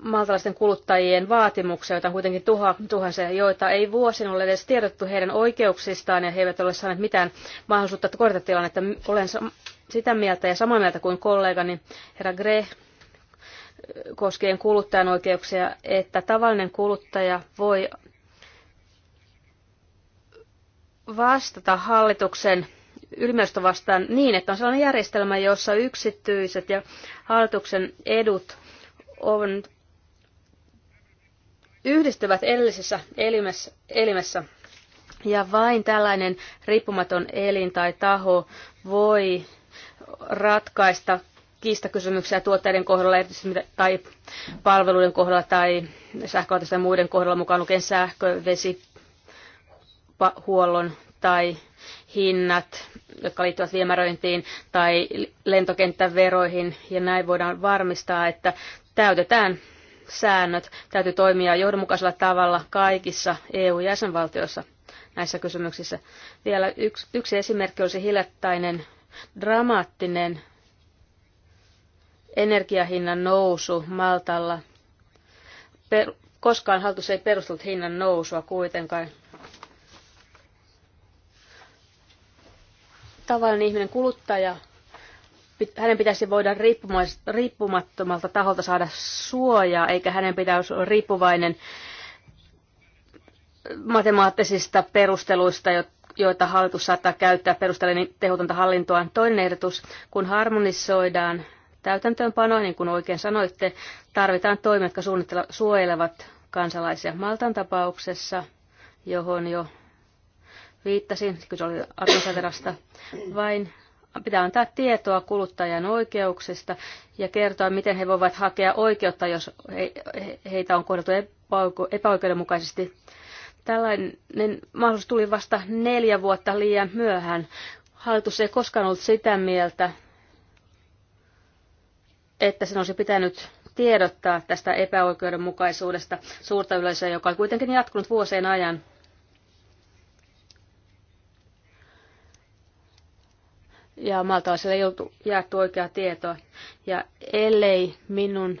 maltalaisten kuluttajien vaatimuksia, joita on kuitenkin tuha, tuhansia, joita ei vuosin ole edes tiedottu heidän oikeuksistaan ja he eivät ole saaneet mitään mahdollisuutta korjata tilannetta. Olen sitä mieltä ja samaa mieltä kuin kollegani herra Gre äh, koskien kuluttajan oikeuksia, että tavallinen kuluttaja voi vastata hallituksen ylimääräistä vastaan niin, että on sellainen järjestelmä, jossa yksityiset ja hallituksen edut on yhdistyvät erillisessä elimessä, elimessä. Ja vain tällainen riippumaton elin tai taho voi ratkaista kiistakysymyksiä tuotteiden kohdalla tai palveluiden kohdalla tai sähköautoista ja muiden kohdalla mukaan lukien sähkö, vesi, huollon tai hinnat, jotka liittyvät viemäröintiin tai lentokenttäveroihin ja näin voidaan varmistaa, että täytetään säännöt täytyy toimia johdonmukaisella tavalla kaikissa EU-jäsenvaltioissa näissä kysymyksissä. Vielä yksi, yksi esimerkki olisi hiljattainen dramaattinen energiahinnan nousu Maltalla. Per, koskaan hallitus ei perustellut hinnan nousua kuitenkaan. Tavallinen ihminen kuluttaja hänen pitäisi voida riippumattomalta taholta saada suojaa, eikä hänen pitäisi olla riippuvainen matemaattisista perusteluista, joita hallitus saattaa käyttää perustellen tehotonta hallintoa. Toinen ehdotus, kun harmonisoidaan täytäntöönpanoa, niin kuin oikein sanoitte, tarvitaan toimia, jotka suojelevat kansalaisia. Maltan tapauksessa, johon jo viittasin, siis se oli Atlantsaterasta, vain pitää antaa tietoa kuluttajan oikeuksista ja kertoa, miten he voivat hakea oikeutta, jos heitä on kohdeltu epäoikeudenmukaisesti. Tällainen mahdollisuus tuli vasta neljä vuotta liian myöhään. Hallitus ei koskaan ollut sitä mieltä, että sen olisi pitänyt tiedottaa tästä epäoikeudenmukaisuudesta suurta yleisöä, joka on kuitenkin jatkunut vuosien ajan. ja maltaisella ei oltu jaettu oikeaa tietoa. Ja ellei minun,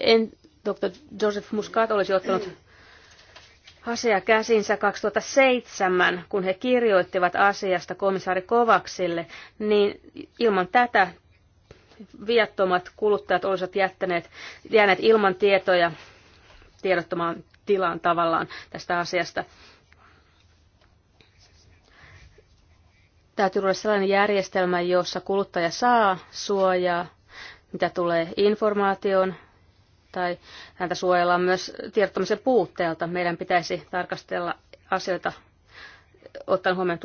en, Dr. Joseph Muscat olisi ottanut asia käsinsä 2007, kun he kirjoittivat asiasta komissaari Kovaksille, niin ilman tätä viattomat kuluttajat olisivat jättäneet, jääneet ilman tietoja tiedottomaan tilaan tavallaan tästä asiasta. Täytyy olla sellainen järjestelmä, jossa kuluttaja saa suojaa, mitä tulee informaation tai häntä suojellaan myös tiedottamisen puutteelta. Meidän pitäisi tarkastella asioita ottaen huomioon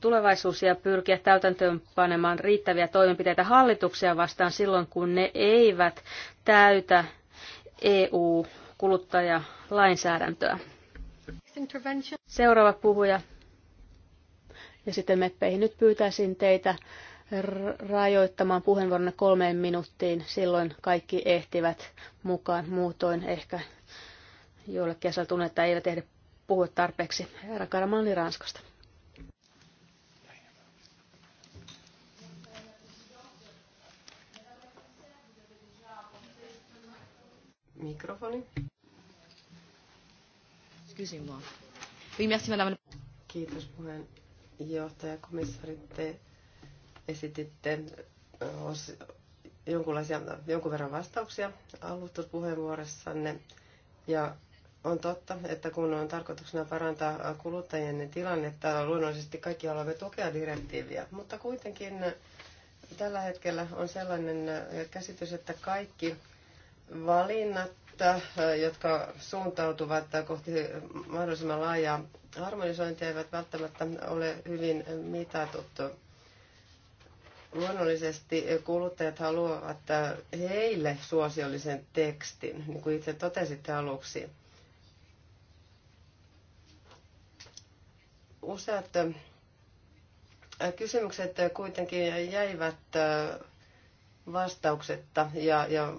tulevaisuus ja pyrkiä täytäntöön panemaan riittäviä toimenpiteitä hallituksia vastaan silloin, kun ne eivät täytä EU-kuluttajalainsäädäntöä. Seuraava puhuja, ja sitten meppeihin nyt pyytäisin teitä rajoittamaan puheenvuoronne kolmeen minuuttiin. Silloin kaikki ehtivät mukaan. Muutoin ehkä joillekin saa tunne, että eivät tehdä puhua tarpeeksi. Herra Karamalli Ranskasta. Mikrofoni. Excusez-moi. Oui, merci madame. Kiitos puheen johtaja, komissari, te esititte äh, os, jonkunlaisia, jonkun verran vastauksia alustuspuheenvuorossanne. Ja on totta, että kun on tarkoituksena parantaa kuluttajien tilannetta, luonnollisesti kaikki haluamme tukea direktiiviä, mutta kuitenkin äh, tällä hetkellä on sellainen äh, käsitys, että kaikki valinnat jotka suuntautuvat kohti mahdollisimman laajaa harmonisointia, eivät välttämättä ole hyvin mitatut. Luonnollisesti kuluttajat haluavat heille suosiollisen tekstin, niin kuin itse totesitte aluksi. Useat kysymykset kuitenkin jäivät vastauksetta ja, ja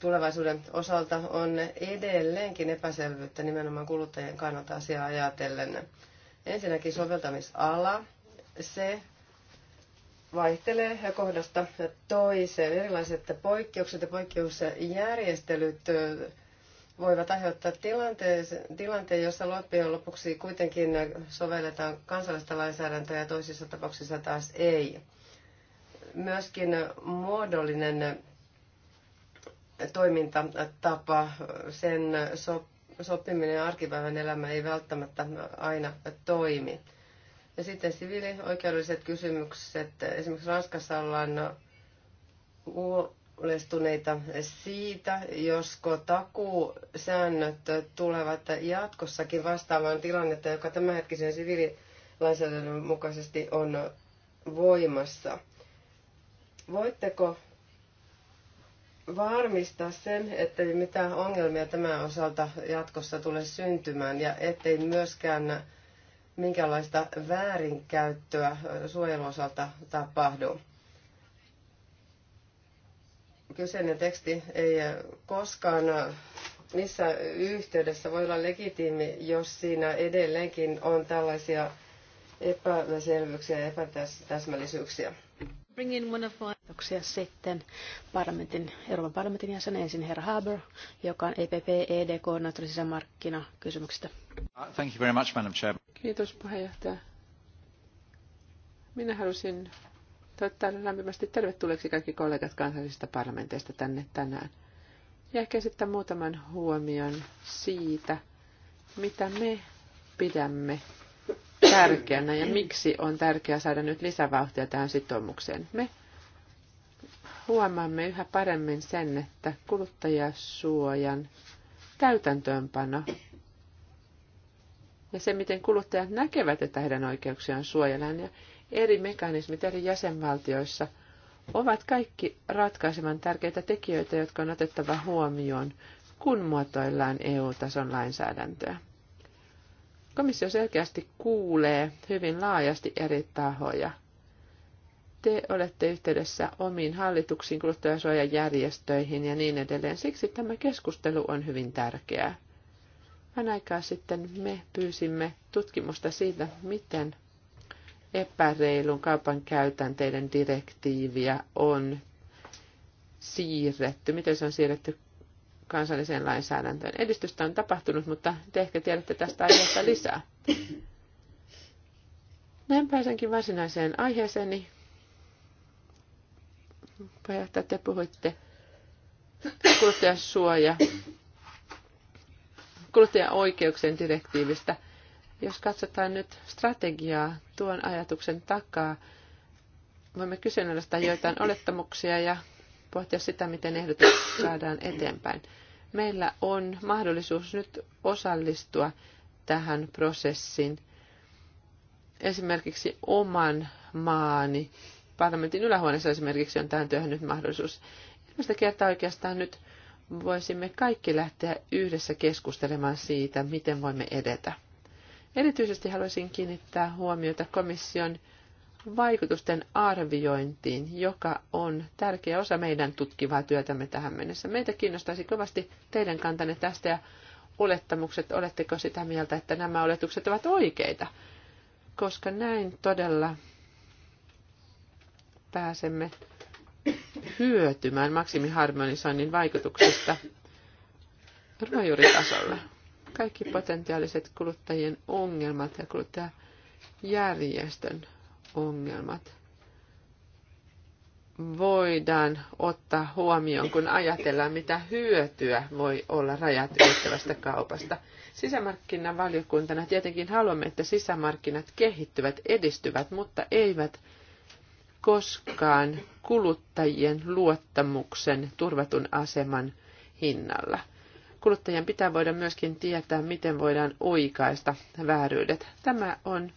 tulevaisuuden osalta on edelleenkin epäselvyyttä nimenomaan kuluttajien kannalta asiaa ajatellen. Ensinnäkin soveltamisala, se vaihtelee kohdasta toiseen. Erilaiset poikkeukset ja poikkeusjärjestelyt voivat aiheuttaa tilanteen, tilanteen, jossa loppujen lopuksi kuitenkin sovelletaan kansallista lainsäädäntöä ja toisissa tapauksissa taas ei. Myöskin muodollinen toimintatapa, sen sopiminen arkipäivän elämä ei välttämättä aina toimi. Ja sitten siviilioikeudelliset kysymykset. Esimerkiksi Ranskassa ollaan huolestuneita siitä, josko takuusäännöt tulevat jatkossakin vastaamaan tilannetta, joka tämänhetkisen siviililainsäädännön mukaisesti on voimassa. Voitteko varmistaa sen, ettei mitään ongelmia tämän osalta jatkossa tule syntymään ja ettei myöskään minkälaista väärinkäyttöä suojeluosalta tapahdu. Kyseinen teksti ei koskaan missä yhteydessä voi olla legitiimi, jos siinä edelleenkin on tällaisia epäselvyyksiä ja epätäsmällisyyksiä. Epätäs- Kiitoksia sitten parlamentin, Euroopan parlamentin jäsen ensin herra Haber, joka on EPP, ED, koordinaattori sisämarkkinakysymyksistä. Uh, thank you very much, Madam Chair. Kiitos puheenjohtaja. Minä halusin toivottaa lämpimästi tervetulleeksi kaikki kollegat kansallisista parlamenteista tänne tänään. Ja ehkä sitten muutaman huomion siitä, mitä me pidämme tärkeänä ja miksi on tärkeää saada nyt lisävauhtia tähän sitoumukseen? Me huomaamme yhä paremmin sen, että kuluttajasuojan täytäntöönpano ja se, miten kuluttajat näkevät, että heidän oikeuksiaan suojellaan ja eri mekanismit eri jäsenvaltioissa ovat kaikki ratkaisevan tärkeitä tekijöitä, jotka on otettava huomioon, kun muotoillaan EU-tason lainsäädäntöä. Komissio selkeästi kuulee hyvin laajasti eri tahoja. Te olette yhteydessä omiin hallituksiin, kuluttajasuojajärjestöihin ja niin edelleen. Siksi tämä keskustelu on hyvin tärkeää. Vähän aikaa sitten me pyysimme tutkimusta siitä, miten epäreilun kaupan käytänteiden direktiiviä on siirretty, miten se on siirretty kansalliseen lainsäädäntöön. Edistystä on tapahtunut, mutta te ehkä tiedätte tästä aiheesta lisää. Näin pääsenkin varsinaiseen aiheeseen. Puheenjohtaja, te puhuitte kuluttajasuoja, kuluttajaoikeuksien direktiivistä. Jos katsotaan nyt strategiaa tuon ajatuksen takaa, voimme kyseenalaistaa joitain olettamuksia ja pohtia sitä, miten ehdotus saadaan eteenpäin. Meillä on mahdollisuus nyt osallistua tähän prosessiin. Esimerkiksi oman maani parlamentin ylähuoneessa esimerkiksi on tähän työhön nyt mahdollisuus. Ensimmäistä kertaa oikeastaan nyt voisimme kaikki lähteä yhdessä keskustelemaan siitä, miten voimme edetä. Erityisesti haluaisin kiinnittää huomiota komission vaikutusten arviointiin, joka on tärkeä osa meidän tutkivaa työtämme tähän mennessä. Meitä kiinnostaisi kovasti teidän kantanne tästä ja olettamukset, oletteko sitä mieltä, että nämä oletukset ovat oikeita, koska näin todella pääsemme hyötymään maksimiharmonisoinnin vaikutuksista ruojuuritasolla. Kaikki potentiaaliset kuluttajien ongelmat ja kuluttajajärjestön ongelmat voidaan ottaa huomioon, kun ajatellaan, mitä hyötyä voi olla rajat ylittävästä kaupasta. Sisämarkkinavaliokuntana tietenkin haluamme, että sisämarkkinat kehittyvät, edistyvät, mutta eivät koskaan kuluttajien luottamuksen turvatun aseman hinnalla. Kuluttajien pitää voida myöskin tietää, miten voidaan oikaista vääryydet. Tämä on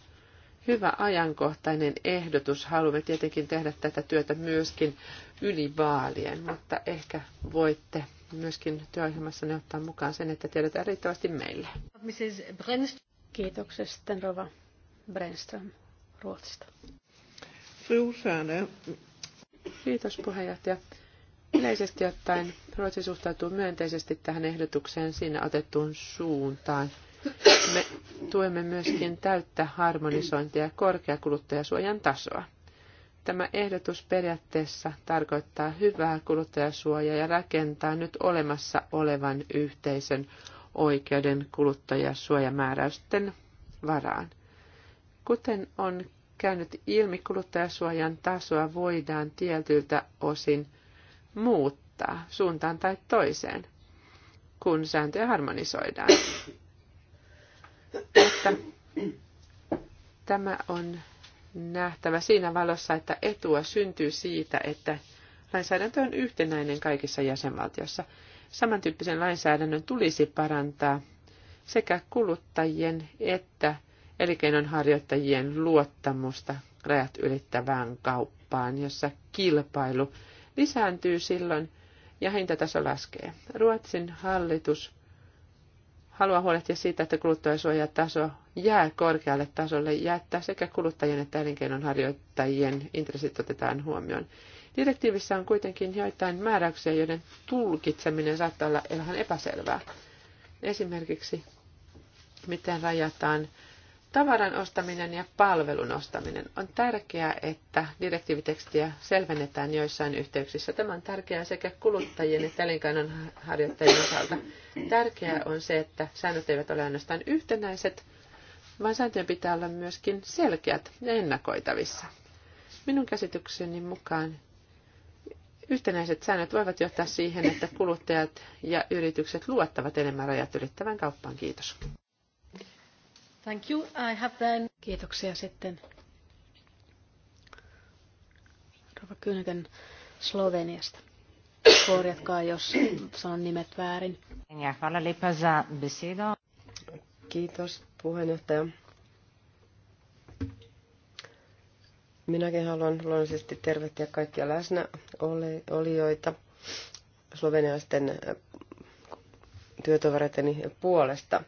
hyvä ajankohtainen ehdotus. Haluamme tietenkin tehdä tätä työtä myöskin yli vaalien, mutta ehkä voitte myöskin ne ottaa mukaan sen, että tiedetään riittävästi meille. Kiitoksia Rova Brenström Ruotsista. Kiitos puheenjohtaja. Yleisesti ottaen Ruotsi suhtautuu myönteisesti tähän ehdotukseen siinä otettuun suuntaan – me tuemme myöskin täyttä harmonisointia ja korkeakuluttajasuojan tasoa. Tämä ehdotus periaatteessa tarkoittaa hyvää kuluttajasuojaa ja rakentaa nyt olemassa olevan yhteisen oikeuden kuluttajasuojamääräysten varaan. Kuten on käynyt ilmi, kuluttajasuojan tasoa voidaan tietyiltä osin muuttaa suuntaan tai toiseen, kun sääntöjä harmonisoidaan että tämä on nähtävä siinä valossa, että etua syntyy siitä, että lainsäädäntö on yhtenäinen kaikissa jäsenvaltiossa. Samantyyppisen lainsäädännön tulisi parantaa sekä kuluttajien että elinkeinonharjoittajien luottamusta rajat ylittävään kauppaan, jossa kilpailu lisääntyy silloin ja hintataso laskee. Ruotsin hallitus haluaa huolehtia siitä, että kuluttajansuojataso jää korkealle tasolle ja että sekä kuluttajien että elinkeinonharjoittajien intressit otetaan huomioon. Direktiivissä on kuitenkin joitain määräyksiä, joiden tulkitseminen saattaa olla vähän epäselvää. Esimerkiksi, miten rajataan Tavaran ostaminen ja palvelun ostaminen. On tärkeää, että direktiivitekstiä selvennetään joissain yhteyksissä. Tämä on tärkeää sekä kuluttajien että elinkeinonharjoittajien osalta. Tärkeää on se, että säännöt eivät ole ainoastaan yhtenäiset, vaan sääntöjen pitää olla myöskin selkeät ja ennakoitavissa. Minun käsitykseni mukaan yhtenäiset säännöt voivat johtaa siihen, että kuluttajat ja yritykset luottavat enemmän rajat ylittävän kauppaan. Kiitos. Thank you. I have then... Kiitoksia sitten. Rova Kynäken Sloveniasta. Korjatkaa, jos sanon nimet väärin. Hvala lepa za besedo. Kiitos puheenjohtaja. Minäkin haluan luonnollisesti tervehtiä kaikkia läsnä olijoita slovenialaisten työtovereiteni puolesta.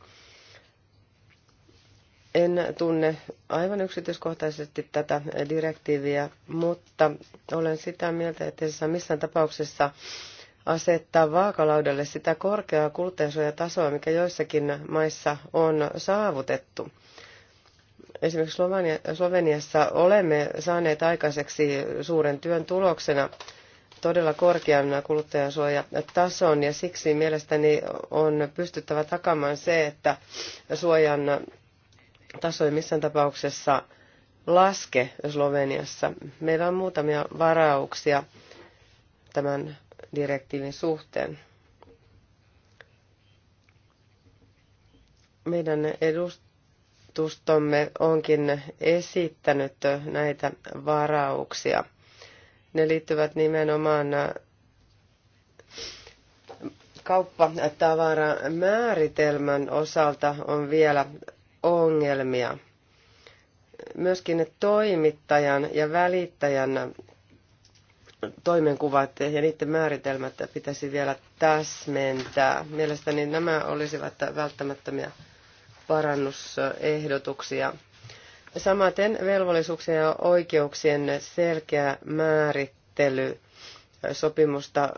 En tunne aivan yksityiskohtaisesti tätä direktiiviä, mutta olen sitä mieltä, että se saa missään tapauksessa asettaa vaakalaudalle sitä korkeaa kuluttajansuojatasoa, mikä joissakin maissa on saavutettu. Esimerkiksi Sloveniassa olemme saaneet aikaiseksi suuren työn tuloksena todella korkean kuluttajansuojatason ja siksi mielestäni on pystyttävä takamaan se, että suojan taso ei missään tapauksessa laske Sloveniassa. Meillä on muutamia varauksia tämän direktiivin suhteen. Meidän edustustomme onkin esittänyt näitä varauksia. Ne liittyvät nimenomaan kauppatavaran määritelmän osalta on vielä ongelmia. Myöskin toimittajan ja välittäjän toimenkuvat ja niiden määritelmät pitäisi vielä täsmentää. Mielestäni nämä olisivat välttämättömiä parannusehdotuksia. Samaten velvollisuuksien ja oikeuksien selkeä määrittely sopimusta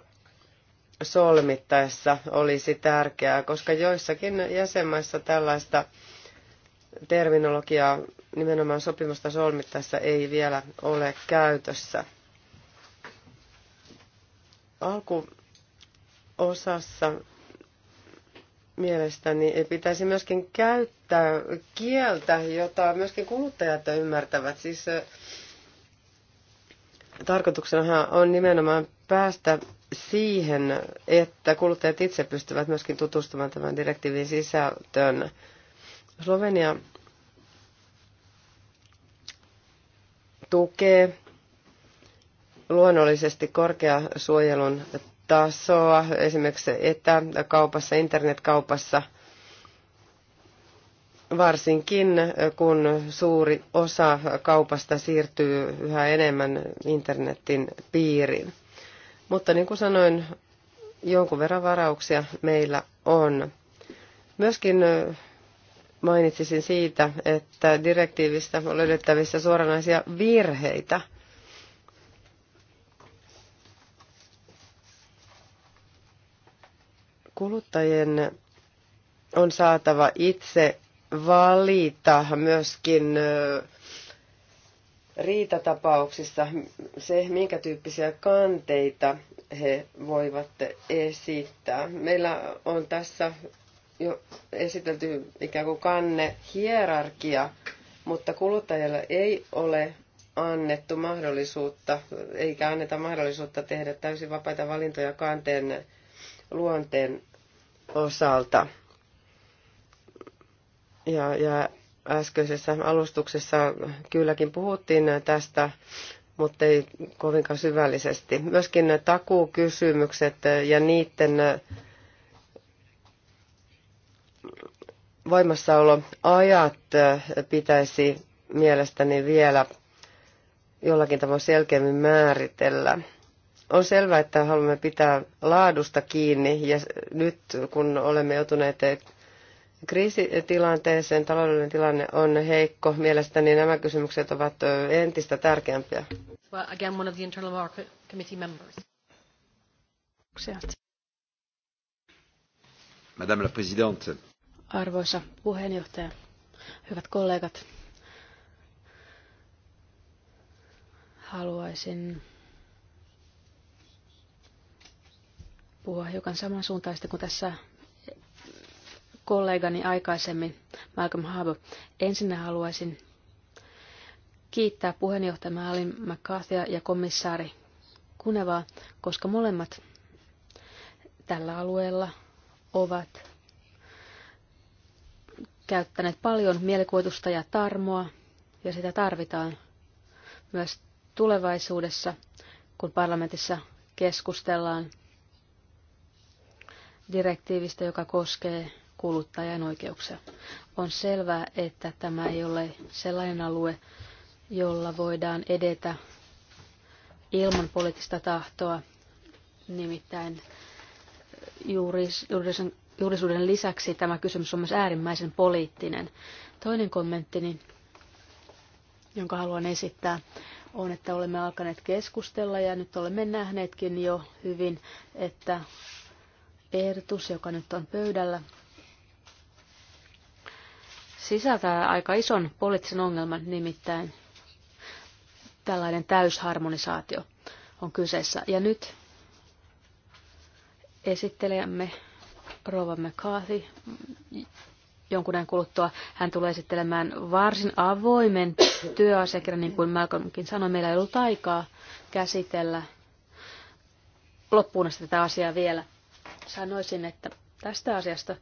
solmittaessa olisi tärkeää, koska joissakin jäsenmaissa tällaista terminologiaa nimenomaan sopimusta solmittaessa ei vielä ole käytössä. Alkuosassa mielestäni ei pitäisi myöskin käyttää kieltä, jota myöskin kuluttajat ymmärtävät. Siis tarkoituksenahan on nimenomaan päästä siihen, että kuluttajat itse pystyvät myöskin tutustumaan tämän direktiivin sisältöön. Slovenia tukee luonnollisesti korkeasuojelun tasoa esimerkiksi etäkaupassa, internetkaupassa, varsinkin kun suuri osa kaupasta siirtyy yhä enemmän internetin piiriin. Mutta niin kuin sanoin, jonkun verran varauksia meillä on. Myöskin mainitsisin siitä, että direktiivistä on löydettävissä suoranaisia virheitä. Kuluttajien on saatava itse valita myöskin riitatapauksissa se, minkä tyyppisiä kanteita he voivat esittää. Meillä on tässä jo esitelty ikään kuin kanne hierarkia, mutta kuluttajalle ei ole annettu mahdollisuutta, eikä anneta mahdollisuutta tehdä täysin vapaita valintoja kanteen luonteen osalta. Ja, ja äskeisessä alustuksessa kylläkin puhuttiin tästä, mutta ei kovinkaan syvällisesti. Myöskin takuukysymykset ja niiden voimassaoloajat pitäisi mielestäni vielä jollakin tavoin selkeämmin määritellä. On selvää, että haluamme pitää laadusta kiinni ja nyt kun olemme joutuneet kriisitilanteeseen, taloudellinen tilanne on heikko, mielestäni nämä kysymykset ovat entistä tärkeämpiä. Well, again, one of the internal market committee members. Madame la Présidente. Arvoisa puheenjohtaja, hyvät kollegat, haluaisin puhua hiukan samansuuntaista kuin tässä kollegani aikaisemmin, Malcolm Harbour. Ensin haluaisin kiittää puheenjohtaja Malin McCarthyä ja komissaari Kunevaa, koska molemmat tällä alueella ovat käyttäneet paljon mielikuvitusta ja tarmoa, ja sitä tarvitaan myös tulevaisuudessa, kun parlamentissa keskustellaan direktiivistä, joka koskee kuluttajan oikeuksia. On selvää, että tämä ei ole sellainen alue, jolla voidaan edetä ilman poliittista tahtoa, nimittäin juridisen julkisuuden lisäksi tämä kysymys on myös äärimmäisen poliittinen. Toinen kommenttini, jonka haluan esittää, on, että olemme alkaneet keskustella ja nyt olemme nähneetkin jo hyvin, että ehdotus, joka nyt on pöydällä, sisältää aika ison poliittisen ongelman, nimittäin tällainen täysharmonisaatio on kyseessä. Ja nyt esittelemme Rova McCarthy. Jonkun ajan kuluttua hän tulee esittelemään varsin avoimen työasiakirjan, niin kuin Malcolmkin sanoi, meillä ei ollut aikaa käsitellä loppuun asti tätä asiaa vielä. Sanoisin, että tästä asiasta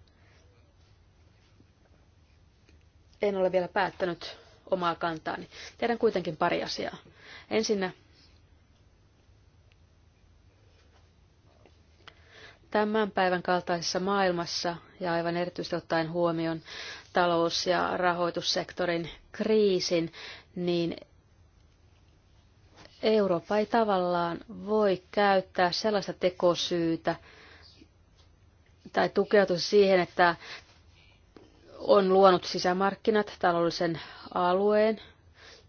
en ole vielä päättänyt omaa kantaani. Tiedän kuitenkin pari asiaa. Ensinnä Tämän päivän kaltaisessa maailmassa ja aivan erityisesti ottaen huomioon talous- ja rahoitussektorin kriisin, niin Eurooppa ei tavallaan voi käyttää sellaista tekosyytä tai tukeutua siihen, että on luonut sisämarkkinat, taloudellisen alueen,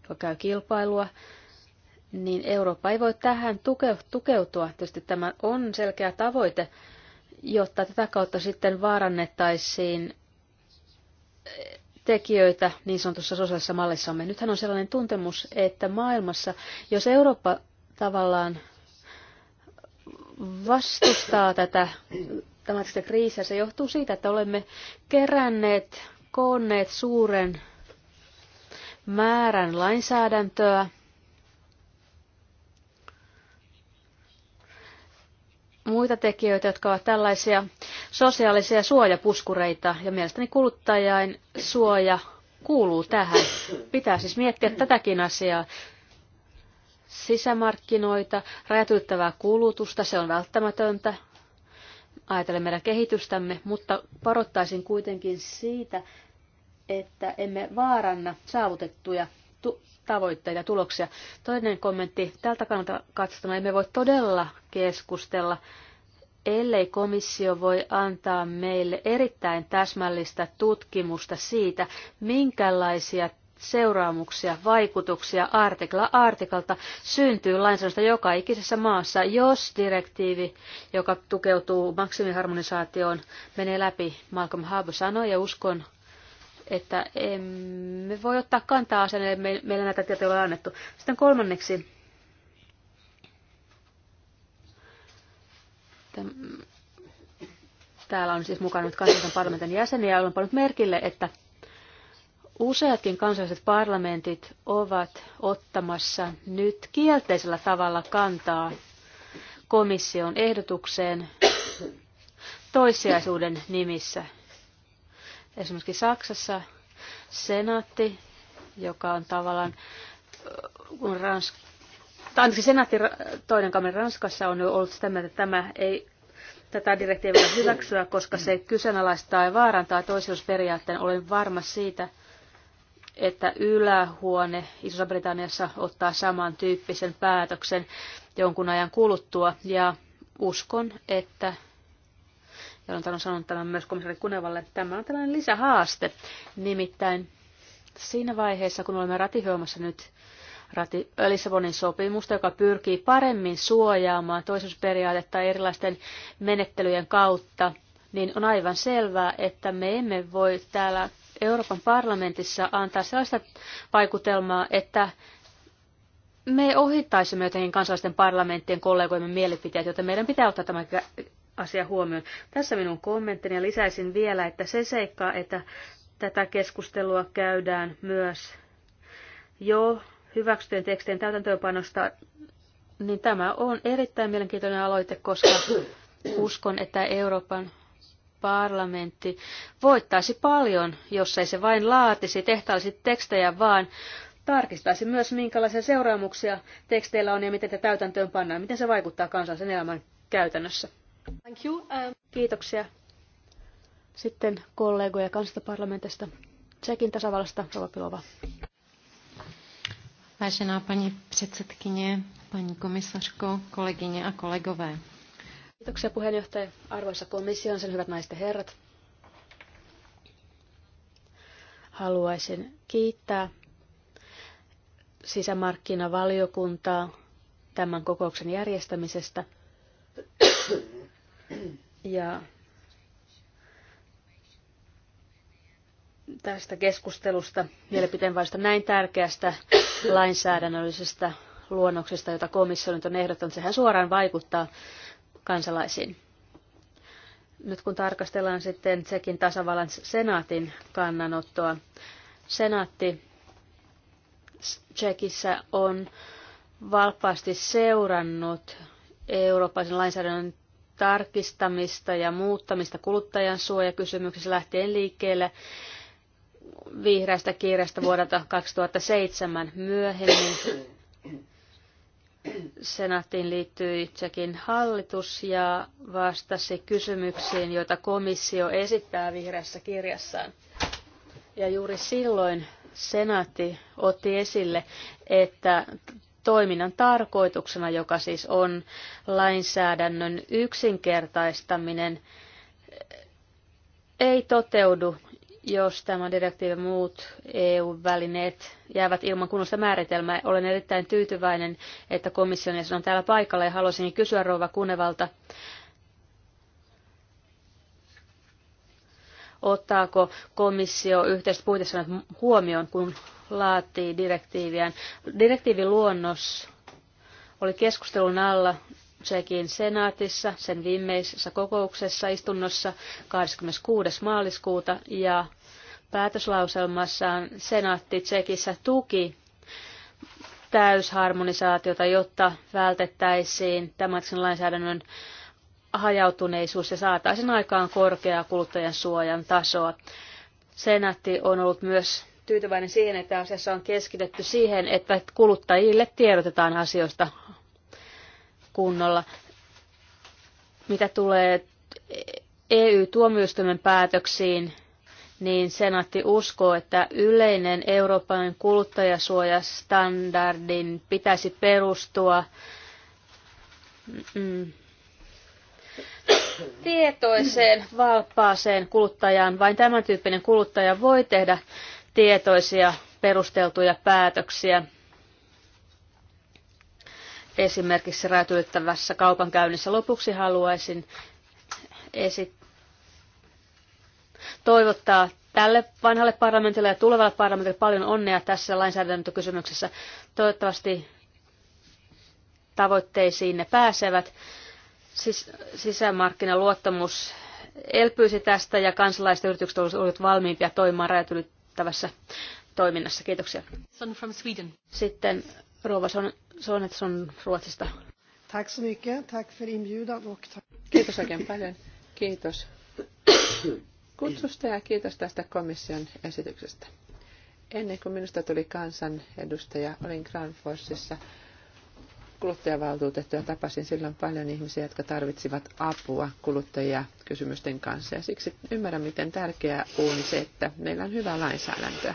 joka käy kilpailua, niin Eurooppa ei voi tähän tukeutua. Tietysti tämä on selkeä tavoite, jotta tätä kautta sitten vaarannettaisiin eh, tekijöitä niin sanotussa sosiaalisessa mallissamme. Nythän on sellainen tuntemus, että maailmassa, jos Eurooppa tavallaan vastustaa tätä tämä kriisiä, se johtuu siitä, että olemme keränneet, koonneet suuren määrän lainsäädäntöä, muita tekijöitä, jotka ovat tällaisia sosiaalisia suojapuskureita, ja mielestäni kuluttajain suoja kuuluu tähän. Pitää siis miettiä tätäkin asiaa. Sisämarkkinoita, rajatyttävää kulutusta, se on välttämätöntä. Ajatellen meidän kehitystämme, mutta parottaisin kuitenkin siitä, että emme vaaranna saavutettuja tavoitteita ja tuloksia. Toinen kommentti. Tältä kannalta katsottuna emme voi todella keskustella, ellei komissio voi antaa meille erittäin täsmällistä tutkimusta siitä, minkälaisia seuraamuksia, vaikutuksia artikla artikalta syntyy lainsäädännöstä joka ikisessä maassa, jos direktiivi, joka tukeutuu maksimiharmonisaatioon, menee läpi. Malcolm Harbour sanoi ja uskon, että emme voi ottaa kantaa asenneille, meillä näitä tietoja ole annettu. Sitten kolmanneksi, täällä on siis mukana nyt kansallisen parlamentin jäseniä, ja olen pannut merkille, että useatkin kansalliset parlamentit ovat ottamassa nyt kielteisellä tavalla kantaa komission ehdotukseen toissijaisuuden nimissä Esimerkiksi Saksassa senaatti, joka on tavallaan, kun Ranska, tai anteeksi, senaatti toinen kamera Ranskassa on ollut sitä mieltä, että tämä ei, tätä direktiiviä hyväksyä, koska se kyseenalaistaa ja vaarantaa toisiusperiaatteen. Olen varma siitä, että ylähuone Iso-Britanniassa ottaa samantyyppisen päätöksen jonkun ajan kuluttua ja uskon, että ja on sanonut tämän myös komissaari Kunevalle, tämä on tällainen lisähaaste. Nimittäin siinä vaiheessa, kun olemme ratifioimassa nyt rati- Lissabonin sopimusta, joka pyrkii paremmin suojaamaan toisuusperiaatetta erilaisten menettelyjen kautta, niin on aivan selvää, että me emme voi täällä Euroopan parlamentissa antaa sellaista vaikutelmaa, että me ohittaisimme jotenkin kansallisten parlamenttien kollegoimme mielipiteet, joten meidän pitää ottaa tämä asia huomioon. Tässä minun kommenttini ja lisäisin vielä, että se seikka, että tätä keskustelua käydään myös jo hyväksyttyjen tekstien täytäntöönpanosta, niin tämä on erittäin mielenkiintoinen aloite, koska uskon, että Euroopan parlamentti voittaisi paljon, jos ei se vain laatisi, tehtaisi tekstejä, vaan tarkistaisi myös, minkälaisia seuraamuksia teksteillä on ja miten te täytäntöön pannaan, miten se vaikuttaa kansallisen elämän käytännössä. Thank you. Um... Kiitoksia. Sitten kollegoja kansasta parlamentista. Tsekin tasavallasta, Rova Pilova. Vážená pani předsedkyně, paní komisařko, kolegyně a kolegové. Kiitoksia puheenjohtaja, arvoisa komission, sen hyvät naiset ja herrat. Haluaisin kiittää sisämarkkinavaliokuntaa tämän kokouksen järjestämisestä. Ja tästä keskustelusta, mielipiteenvaista näin tärkeästä lainsäädännöllisestä luonnoksesta, jota komissio nyt on ehdottanut, sehän suoraan vaikuttaa kansalaisiin. Nyt kun tarkastellaan sitten Tsekin tasavallan senaatin kannanottoa, senaatti Tsekissä on valppaasti seurannut Euroopan lainsäädännön tarkistamista ja muuttamista kuluttajan suojakysymyksessä lähtien liikkeelle vihreästä kiireestä vuodelta 2007 myöhemmin. Senaattiin liittyi itsekin hallitus ja vastasi kysymyksiin, joita komissio esittää vihreässä kirjassaan. Ja juuri silloin senaatti otti esille, että toiminnan tarkoituksena, joka siis on lainsäädännön yksinkertaistaminen, ei toteudu, jos tämä direktiivi muut EU-välineet jäävät ilman kunnosta määritelmää. Olen erittäin tyytyväinen, että komission jäsen on täällä paikalla ja haluaisin kysyä Rouva Kunevalta, ottaako komissio yhteiset puitesanat huomioon, kun laatii direktiiviään. Direktiiviluonnos oli keskustelun alla Tsekin senaatissa sen viimeisessä kokouksessa istunnossa 26. maaliskuuta ja päätöslauselmassaan senaatti Tsekissä tuki täysharmonisaatiota, jotta vältettäisiin tämän lainsäädännön hajautuneisuus ja saataisiin aikaan korkeaa kuluttajan suojan tasoa. Senaatti on ollut myös tyytyväinen siihen, että asiassa on keskitetty siihen, että kuluttajille tiedotetaan asioista kunnolla. Mitä tulee EU-tuomioistuimen päätöksiin, niin senaatti uskoo, että yleinen Euroopan kuluttajasuojastandardin pitäisi perustua mm, mm tietoiseen, valppaaseen kuluttajaan. Vain tämän tyyppinen kuluttaja voi tehdä tietoisia perusteltuja päätöksiä esimerkiksi räätyyttävässä kaupankäynnissä. Lopuksi haluaisin toivottaa tälle vanhalle parlamentille ja tulevalle parlamentille paljon onnea tässä lainsäädäntökysymyksessä. Toivottavasti tavoitteisiin ne pääsevät. Sis- sisämarkkinaluottamus elpyisi tästä ja kansalaiset yritykset olisivat valmiimpia toimimaan rajat merkittävässä toiminnassa. Kiitoksia. From Sweden. Sitten Rova Sonetson Ruotsista. Tack så mycket. Tack för inbjudan och tack. Kiitos oikein paljon. Kiitos kutsusta ja kiitos tästä komission esityksestä. Ennen kuin minusta tuli kansanedustaja, olin Grand Forceissa kuluttajavaltuutettuja tapasin silloin paljon ihmisiä, jotka tarvitsivat apua kuluttajia kysymysten kanssa. Ja siksi ymmärrän, miten tärkeää on se, että meillä on hyvä lainsäädäntöä.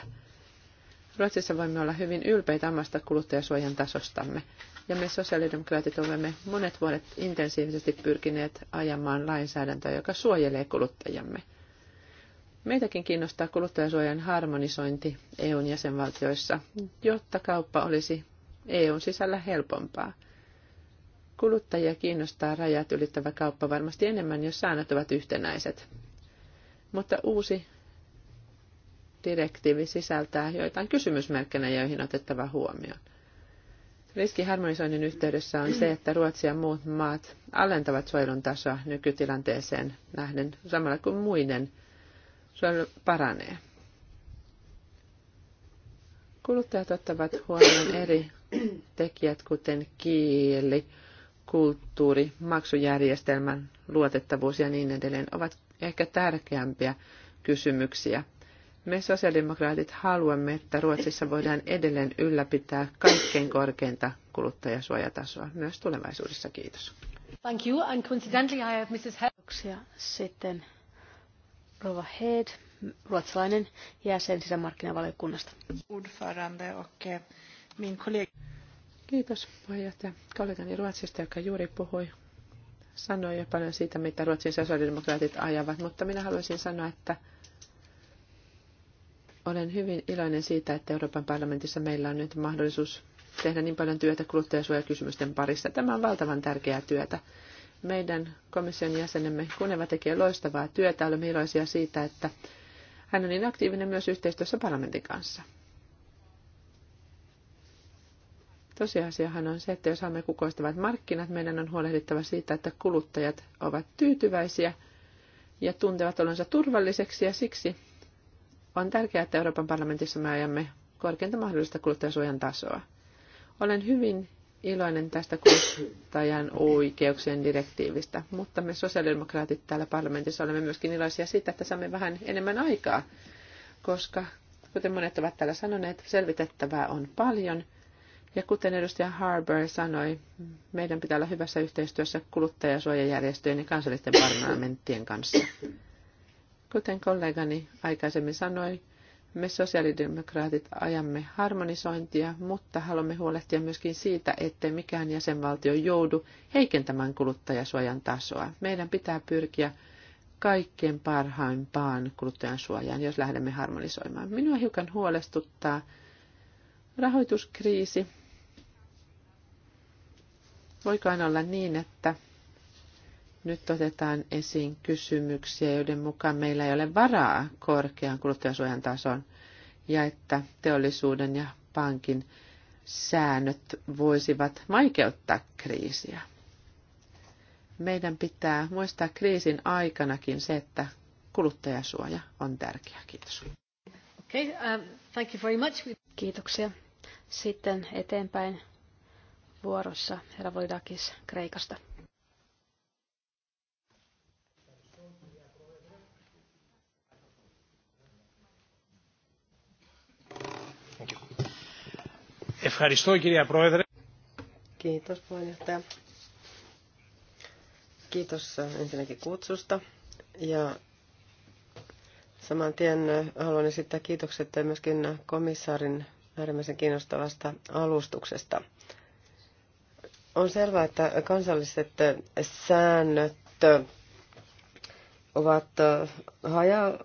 Ruotsissa voimme olla hyvin ylpeitä omasta kuluttajasuojan tasostamme. Ja me sosiaalidemokraatit olemme monet vuodet intensiivisesti pyrkineet ajamaan lainsäädäntöä, joka suojelee kuluttajamme. Meitäkin kiinnostaa kuluttajasuojan harmonisointi EUn jäsenvaltioissa, jotta kauppa olisi EUn sisällä helpompaa. Kuluttajia kiinnostaa rajat ylittävä kauppa varmasti enemmän, jos säännöt ovat yhtenäiset. Mutta uusi direktiivi sisältää joitain kysymysmerkkejä, joihin otettava huomioon. Riski harmonisoinnin yhteydessä on se, että Ruotsi ja muut maat alentavat suojelun tasoa nykytilanteeseen nähden samalla kuin muiden suojelu paranee. Kuluttajat ottavat huomioon eri tekijät, kuten kieli, kulttuuri, maksujärjestelmän luotettavuus ja niin edelleen, ovat ehkä tärkeämpiä kysymyksiä. Me sosiaalidemokraatit haluamme, että Ruotsissa voidaan edelleen ylläpitää kaikkein korkeinta kuluttajasuojatasoa myös tulevaisuudessa. Kiitos. Thank you. And coincidentally I have Mrs. Sitten Rova Head ruotsalainen jäsen sisämarkkinavaliokunnasta. Ordförande och eh, min kollega. Kiitos puheenjohtaja. Kollegani Ruotsista, joka juuri puhui, sanoi jo paljon siitä, mitä Ruotsin sosiaalidemokraatit ajavat, mutta minä haluaisin sanoa, että olen hyvin iloinen siitä, että Euroopan parlamentissa meillä on nyt mahdollisuus tehdä niin paljon työtä kuluttajasuojakysymysten parissa. Tämä on valtavan tärkeää työtä. Meidän komission jäsenemme Kuneva tekee loistavaa työtä. Olemme iloisia siitä, että hän on niin aktiivinen myös yhteistyössä parlamentin kanssa. Tosiasiahan on se, että jos saamme kukoistavat markkinat, meidän on huolehdittava siitä, että kuluttajat ovat tyytyväisiä ja tuntevat olonsa turvalliseksi ja siksi on tärkeää, että Euroopan parlamentissa me ajamme korkeinta mahdollista kuluttajasuojan tasoa. Olen hyvin iloinen tästä kuluttajan oikeuksien direktiivistä, mutta me sosiaalidemokraatit täällä parlamentissa olemme myöskin iloisia siitä, että saamme vähän enemmän aikaa, koska kuten monet ovat täällä sanoneet, selvitettävää on paljon. Ja kuten edustaja Harbour sanoi, meidän pitää olla hyvässä yhteistyössä kuluttajasuojajärjestöjen ja kansallisten parlamenttien kanssa. Kuten kollegani aikaisemmin sanoi, me sosiaalidemokraatit ajamme harmonisointia, mutta haluamme huolehtia myöskin siitä, ettei mikään jäsenvaltio joudu heikentämään kuluttajasuojan tasoa. Meidän pitää pyrkiä kaikkein parhaimpaan kuluttajan suojaan, jos lähdemme harmonisoimaan. Minua hiukan huolestuttaa rahoituskriisi. Voiko aina olla niin, että nyt otetaan esiin kysymyksiä, joiden mukaan meillä ei ole varaa korkean kuluttajasuojan tason ja että teollisuuden ja pankin säännöt voisivat vaikeuttaa kriisiä. Meidän pitää muistaa kriisin aikanakin se, että kuluttajasuoja on tärkeä. Kiitos. Okay, um, thank you very much. Kiitoksia. Sitten eteenpäin vuorossa herra Voidakis Kreikasta. Ευχαριστώ κυρία Πρόεδρε. Kiitos puheenjohtaja. Kiitos ensinnäkin kutsusta. Ja saman tien haluan esittää kiitokset myöskin komissaarin äärimmäisen kiinnostavasta alustuksesta. On selvää, että kansalliset säännöt ovat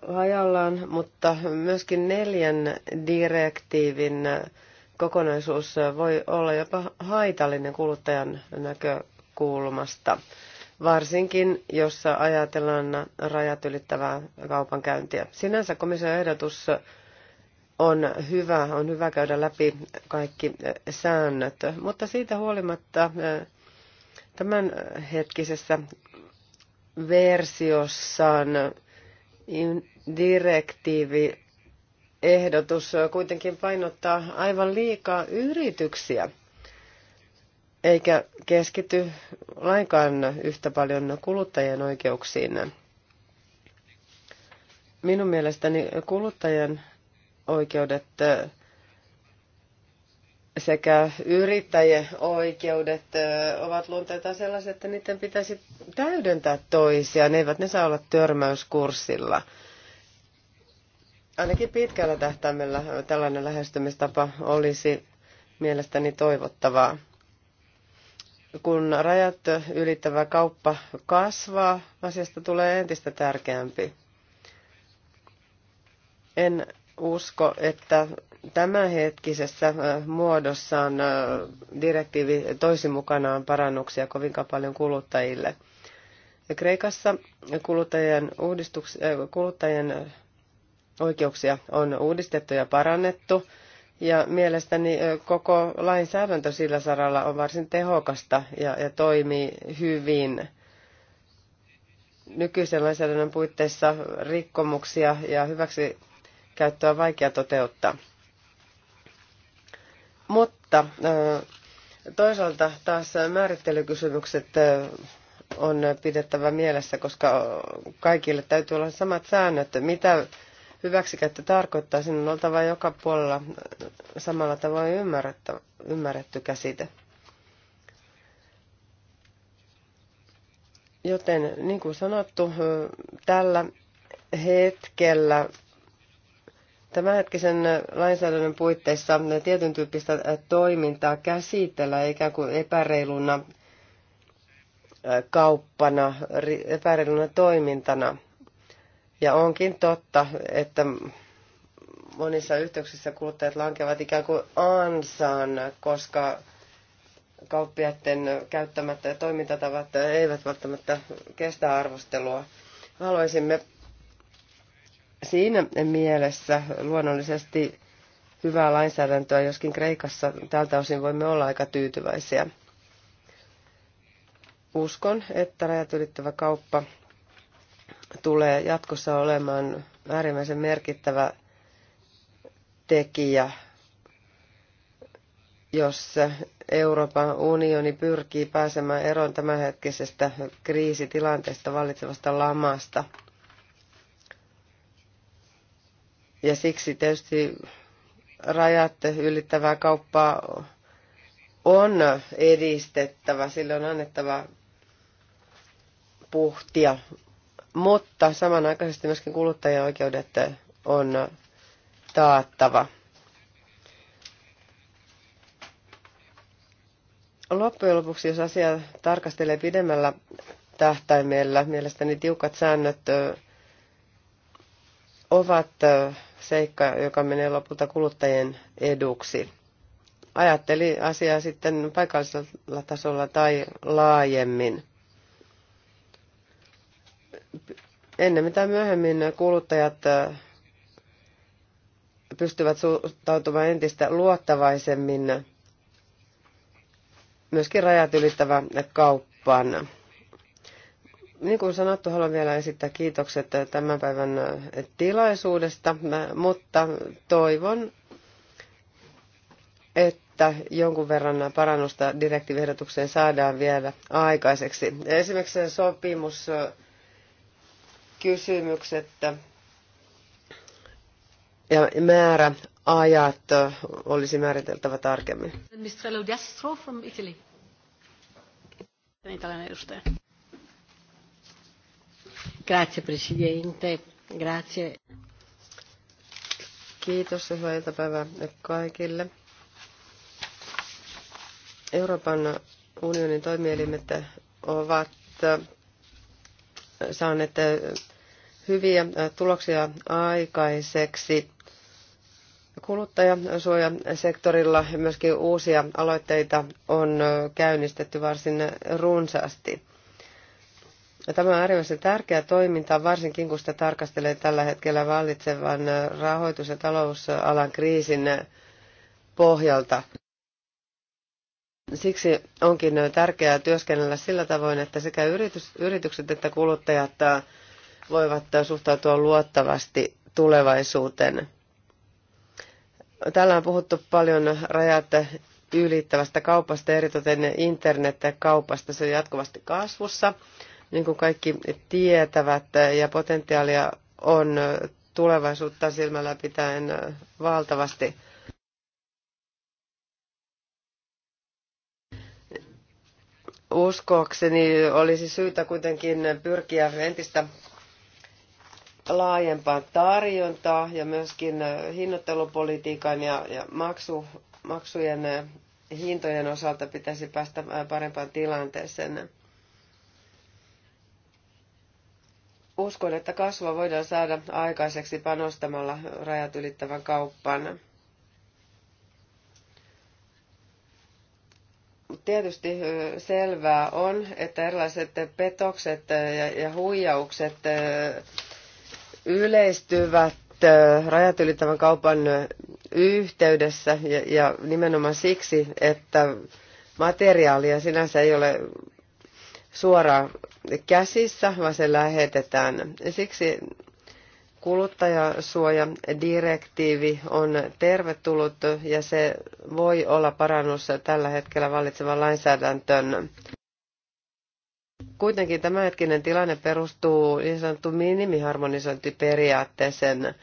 hajallaan, mutta myöskin neljän direktiivin kokonaisuus voi olla jopa haitallinen kuluttajan näkökulmasta, varsinkin jossa ajatellaan rajat ylittävää kaupankäyntiä. Sinänsä komission ehdotus on hyvä, on hyvä käydä läpi kaikki säännöt, mutta siitä huolimatta eh, tämän hetkisessä versiossaan direktiivi ehdotus kuitenkin painottaa aivan liikaa yrityksiä, eikä keskity lainkaan yhtä paljon kuluttajien oikeuksiin. Minun mielestäni kuluttajien oikeudet sekä yrittäjien oikeudet ovat luonteeltaan sellaiset, että niiden pitäisi täydentää toisiaan, eivät ne saa olla törmäyskurssilla – Ainakin pitkällä tähtäimellä tällainen lähestymistapa olisi mielestäni toivottavaa. Kun rajat ylittävä kauppa kasvaa, asiasta tulee entistä tärkeämpi. En usko, että tämänhetkisessä muodossaan direktiivi toisi mukanaan parannuksia kovinkaan paljon kuluttajille. Kreikassa kuluttajien, uudistuksen, kuluttajien oikeuksia on uudistettu ja parannettu. Ja mielestäni koko lainsäädäntö sillä saralla on varsin tehokasta ja, ja toimii hyvin. Nykyisen lainsäädännön puitteissa rikkomuksia ja käyttöä on vaikea toteuttaa. Mutta toisaalta taas määrittelykysymykset on pidettävä mielessä, koska kaikille täytyy olla samat säännöt, mitä hyväksikäyttö tarkoittaa, sinun on oltava joka puolella samalla tavoin ymmärretty käsite. Joten niin kuin sanottu, tällä hetkellä tämänhetkisen lainsäädännön puitteissa tietyn tyyppistä toimintaa käsitellä ikään kuin epäreiluna kauppana, epäreiluna toimintana – ja onkin totta, että monissa yhteyksissä kuluttajat lankevat ikään kuin ansaan, koska kauppiaiden käyttämättä toimintatavat eivät välttämättä kestä arvostelua. Haluaisimme siinä mielessä luonnollisesti hyvää lainsäädäntöä, joskin Kreikassa tältä osin voimme olla aika tyytyväisiä. Uskon, että rajat ylittävä kauppa tulee jatkossa olemaan äärimmäisen merkittävä tekijä, jos Euroopan unioni pyrkii pääsemään eroon tämänhetkisestä kriisitilanteesta vallitsevasta lamasta. Ja siksi tietysti rajat ylittävää kauppaa on edistettävä, sille on annettava puhtia mutta samanaikaisesti myöskin kuluttajaoikeudet on taattava. Loppujen lopuksi, jos asiaa tarkastelee pidemmällä tähtäimellä, mielestäni tiukat säännöt ovat seikka, joka menee lopulta kuluttajien eduksi. Ajatteli asiaa sitten paikallisella tasolla tai laajemmin. Ennen mitä myöhemmin kuluttajat äh, pystyvät suhtautumaan entistä luottavaisemmin myöskin rajat ylittävän kauppaan. Niin kuin sanottu, haluan vielä esittää kiitokset tämän päivän äh, tilaisuudesta, äh, mutta toivon, että jonkun verran parannusta direktiivehdotukseen saadaan vielä aikaiseksi. Esimerkiksi sopimus kysymykset ja määrä ajat olisi määriteltävä tarkemmin. Mr. Lodestro from Italy. Italian edustaja. Grazie Presidente, grazie. Kiitos ja hyvää iltapäivää kaikille. Euroopan unionin toimielimet ovat saaneet äh, hyviä äh, tuloksia aikaiseksi kuluttajasuojasektorilla ja myöskin uusia aloitteita on äh, käynnistetty varsin runsaasti. Tämä on äärimmäisen tärkeä toiminta, varsinkin kun sitä tarkastelee tällä hetkellä vallitsevan rahoitus- ja talousalan kriisin pohjalta. Siksi onkin tärkeää työskennellä sillä tavoin, että sekä yritys, yritykset että kuluttajat äh, voivat suhtautua luottavasti tulevaisuuteen. Täällä on puhuttu paljon rajat ylittävästä kaupasta, eritoten internet-kaupasta. Se on jatkuvasti kasvussa, niin kuin kaikki tietävät, ja potentiaalia on tulevaisuutta silmällä pitäen valtavasti – uskoakseni olisi syytä kuitenkin pyrkiä entistä laajempaan tarjontaa ja myöskin hinnoittelupolitiikan ja, ja maksu, maksujen hintojen osalta pitäisi päästä parempaan tilanteeseen. Uskon, että kasvua voidaan saada aikaiseksi panostamalla rajat ylittävän kauppaan. Tietysti selvää on, että erilaiset petokset ja huijaukset yleistyvät rajat ylittävän kaupan yhteydessä ja nimenomaan siksi, että materiaalia sinänsä ei ole suoraan käsissä, vaan se lähetetään. Siksi kuluttajasuojadirektiivi on tervetullut ja se voi olla parannus tällä hetkellä vallitsevan lainsäädäntöön. Kuitenkin tämänhetkinen tilanne perustuu niin sanottu minimiharmonisointiperiaatteeseen,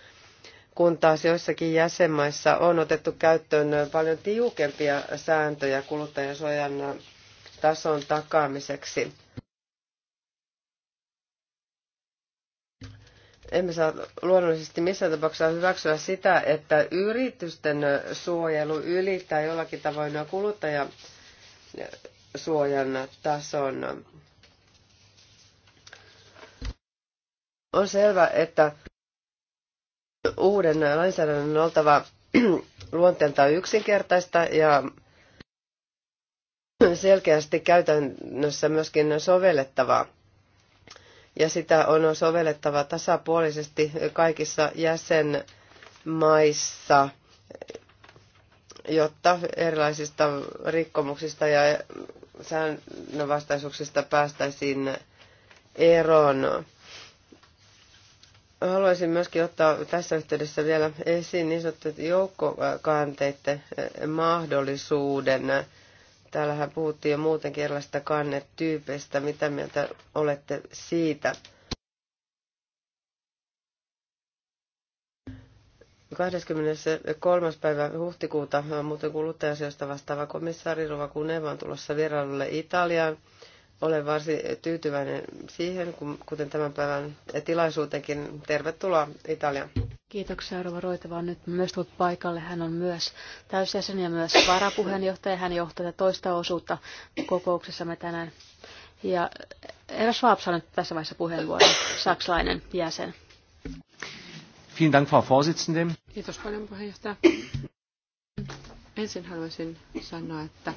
kun taas joissakin jäsenmaissa on otettu käyttöön paljon tiukempia sääntöjä kuluttajansuojan tason takaamiseksi. emme saa luonnollisesti missään tapauksessa hyväksyä sitä, että yritysten suojelu ylittää jollakin tavoin kuluttajasuojan tason. On selvä, että uuden lainsäädännön on oltava luonteelta yksinkertaista ja selkeästi käytännössä myöskin sovellettavaa ja sitä on sovellettava tasapuolisesti kaikissa jäsenmaissa, jotta erilaisista rikkomuksista ja säännönvastaisuuksista päästäisiin eroon. Haluaisin myöskin ottaa tässä yhteydessä vielä esiin niin sanottu joukkokanteiden mahdollisuuden Täällähän puhuttiin jo muutenkin erilaisista kannetyypeistä. Mitä mieltä olette siitä? 23. päivä huhtikuuta muuten kuluttaja vastaava komissaari Rova Kuneva on tulossa vierailulle Italiaan. Olen varsin tyytyväinen siihen, kuten tämän päivän tilaisuutenkin. Tervetuloa Italiaan. Kiitoksia, Rova Roitava on nyt myös tullut paikalle. Hän on myös täysjäsen ja myös varapuheenjohtaja. Hän johtaa toista osuutta kokouksessamme tänään. Ja Erä Schwab saa nyt tässä vaiheessa puheenvuoron, saksalainen jäsen. Vielen Dank, Frau Vorsitzende. Kiitos paljon, puheenjohtaja. Ensin haluaisin sanoa, että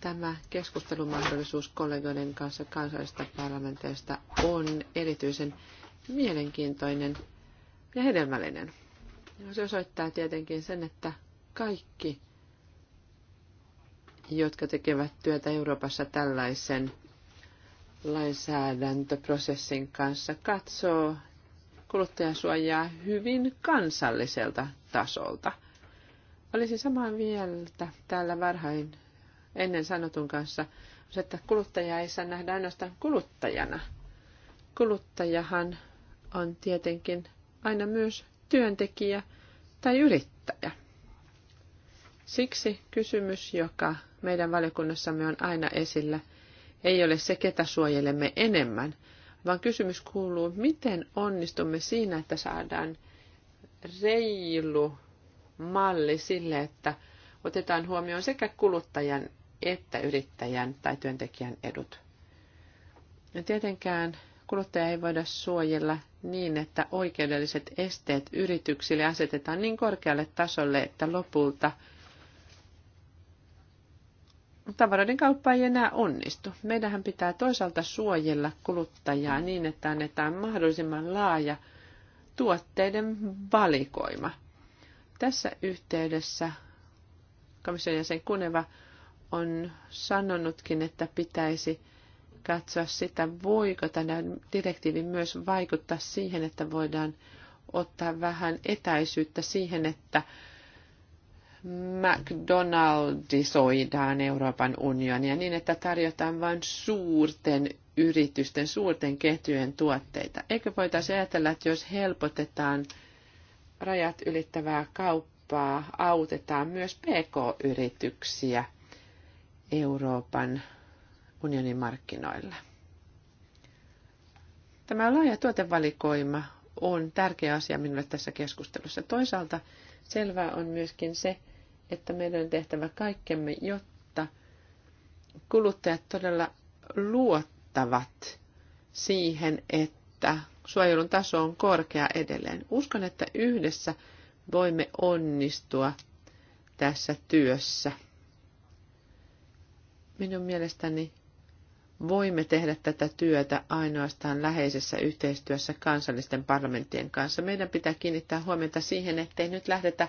tämä keskustelumahdollisuus kollegoiden kanssa kansallisista parlamenteista on erityisen mielenkiintoinen ja hedelmällinen. Se osoittaa tietenkin sen, että kaikki, jotka tekevät työtä Euroopassa tällaisen lainsäädäntöprosessin kanssa, katsoo kuluttajasuojaa hyvin kansalliselta tasolta. Olisi samaa mieltä täällä varhain ennen sanotun kanssa, että kuluttaja ei saa nähdä ainoastaan kuluttajana. Kuluttajahan on tietenkin aina myös työntekijä tai yrittäjä. Siksi kysymys, joka meidän valiokunnassamme on aina esillä, ei ole se, ketä suojelemme enemmän, vaan kysymys kuuluu, miten onnistumme siinä, että saadaan reilu malli sille, että otetaan huomioon sekä kuluttajan että yrittäjän tai työntekijän edut. Ja tietenkään kuluttaja ei voida suojella niin, että oikeudelliset esteet yrityksille asetetaan niin korkealle tasolle, että lopulta tavaroiden kauppa ei enää onnistu. Meidähän pitää toisaalta suojella kuluttajaa niin, että annetaan mahdollisimman laaja tuotteiden valikoima. Tässä yhteydessä komission jäsen Kuneva on sanonutkin, että pitäisi – katsoa sitä, voiko tämä direktiivi myös vaikuttaa siihen, että voidaan ottaa vähän etäisyyttä siihen, että McDonaldisoidaan Euroopan unionia niin, että tarjotaan vain suurten yritysten, suurten ketjujen tuotteita. Eikö voitaisiin ajatella, että jos helpotetaan rajat ylittävää kauppaa, autetaan myös PK-yrityksiä Euroopan unionin markkinoille. Tämä laaja tuotevalikoima on tärkeä asia minulle tässä keskustelussa. Toisaalta selvää on myöskin se, että meidän on tehtävä kaikkemme, jotta kuluttajat todella luottavat siihen, että suojelun taso on korkea edelleen. Uskon, että yhdessä voimme onnistua tässä työssä. Minun mielestäni voimme tehdä tätä työtä ainoastaan läheisessä yhteistyössä kansallisten parlamenttien kanssa. Meidän pitää kiinnittää huomiota siihen, ettei nyt lähdetä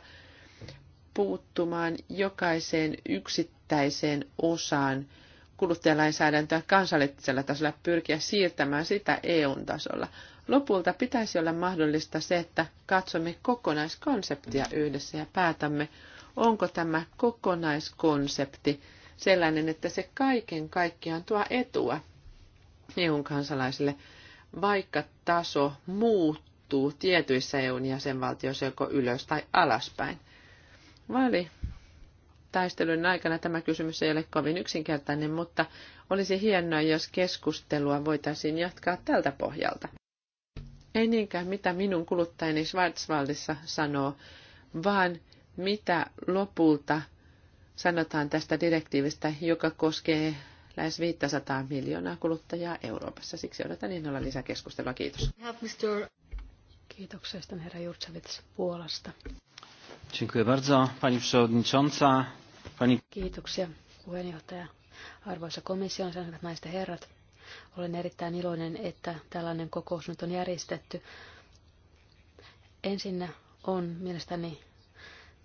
puuttumaan jokaiseen yksittäiseen osaan kuluttajalainsäädäntöä kansallisella tasolla pyrkiä siirtämään sitä EUn tasolla. Lopulta pitäisi olla mahdollista se, että katsomme kokonaiskonseptia yhdessä ja päätämme, onko tämä kokonaiskonsepti sellainen, että se kaiken kaikkiaan tuo etua EUn kansalaisille, vaikka taso muuttuu tietyissä EUn jäsenvaltioissa joko ylös tai alaspäin. Vali taistelun aikana tämä kysymys ei ole kovin yksinkertainen, mutta olisi hienoa, jos keskustelua voitaisiin jatkaa tältä pohjalta. Ei niinkään mitä minun kuluttajani Schwarzwaldissa sanoo, vaan mitä lopulta sanotaan tästä direktiivistä, joka koskee lähes 500 miljoonaa kuluttajaa Euroopassa. Siksi odotan innolla lisäkeskustelua. Kiitos. Kiitoksia herra Jurtsevits Puolasta. Dziękuję bardzo, pani przewodnicząca. Pani... Kiitoksia puheenjohtaja. Arvoisa komission sanat naiset ja herrat. Olen erittäin iloinen, että tällainen kokous nyt on järjestetty. Ensinnä on mielestäni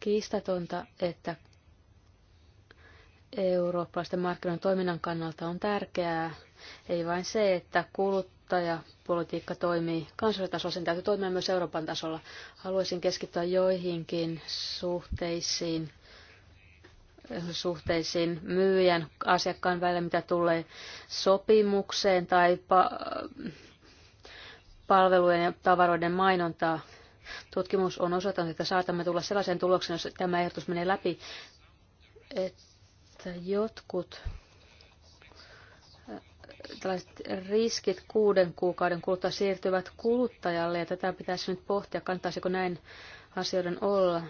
kiistatonta, että eurooppalaisten markkinoiden toiminnan kannalta on tärkeää ei vain se, että kuluttajapolitiikka toimii kansallisella sen täytyy toimia myös Euroopan tasolla. Haluaisin keskittyä joihinkin suhteisiin, suhteisiin myyjän asiakkaan välillä, mitä tulee sopimukseen tai pa- palvelujen ja tavaroiden mainontaa. Tutkimus on osoittanut, että saatamme tulla sellaiseen tulokseen, jos tämä ehdotus menee läpi, että että jotkut äh, tällaiset riskit kuuden kuukauden kuluttua siirtyvät kuluttajalle, ja tätä pitäisi nyt pohtia, kannattaisiko näin asioiden olla.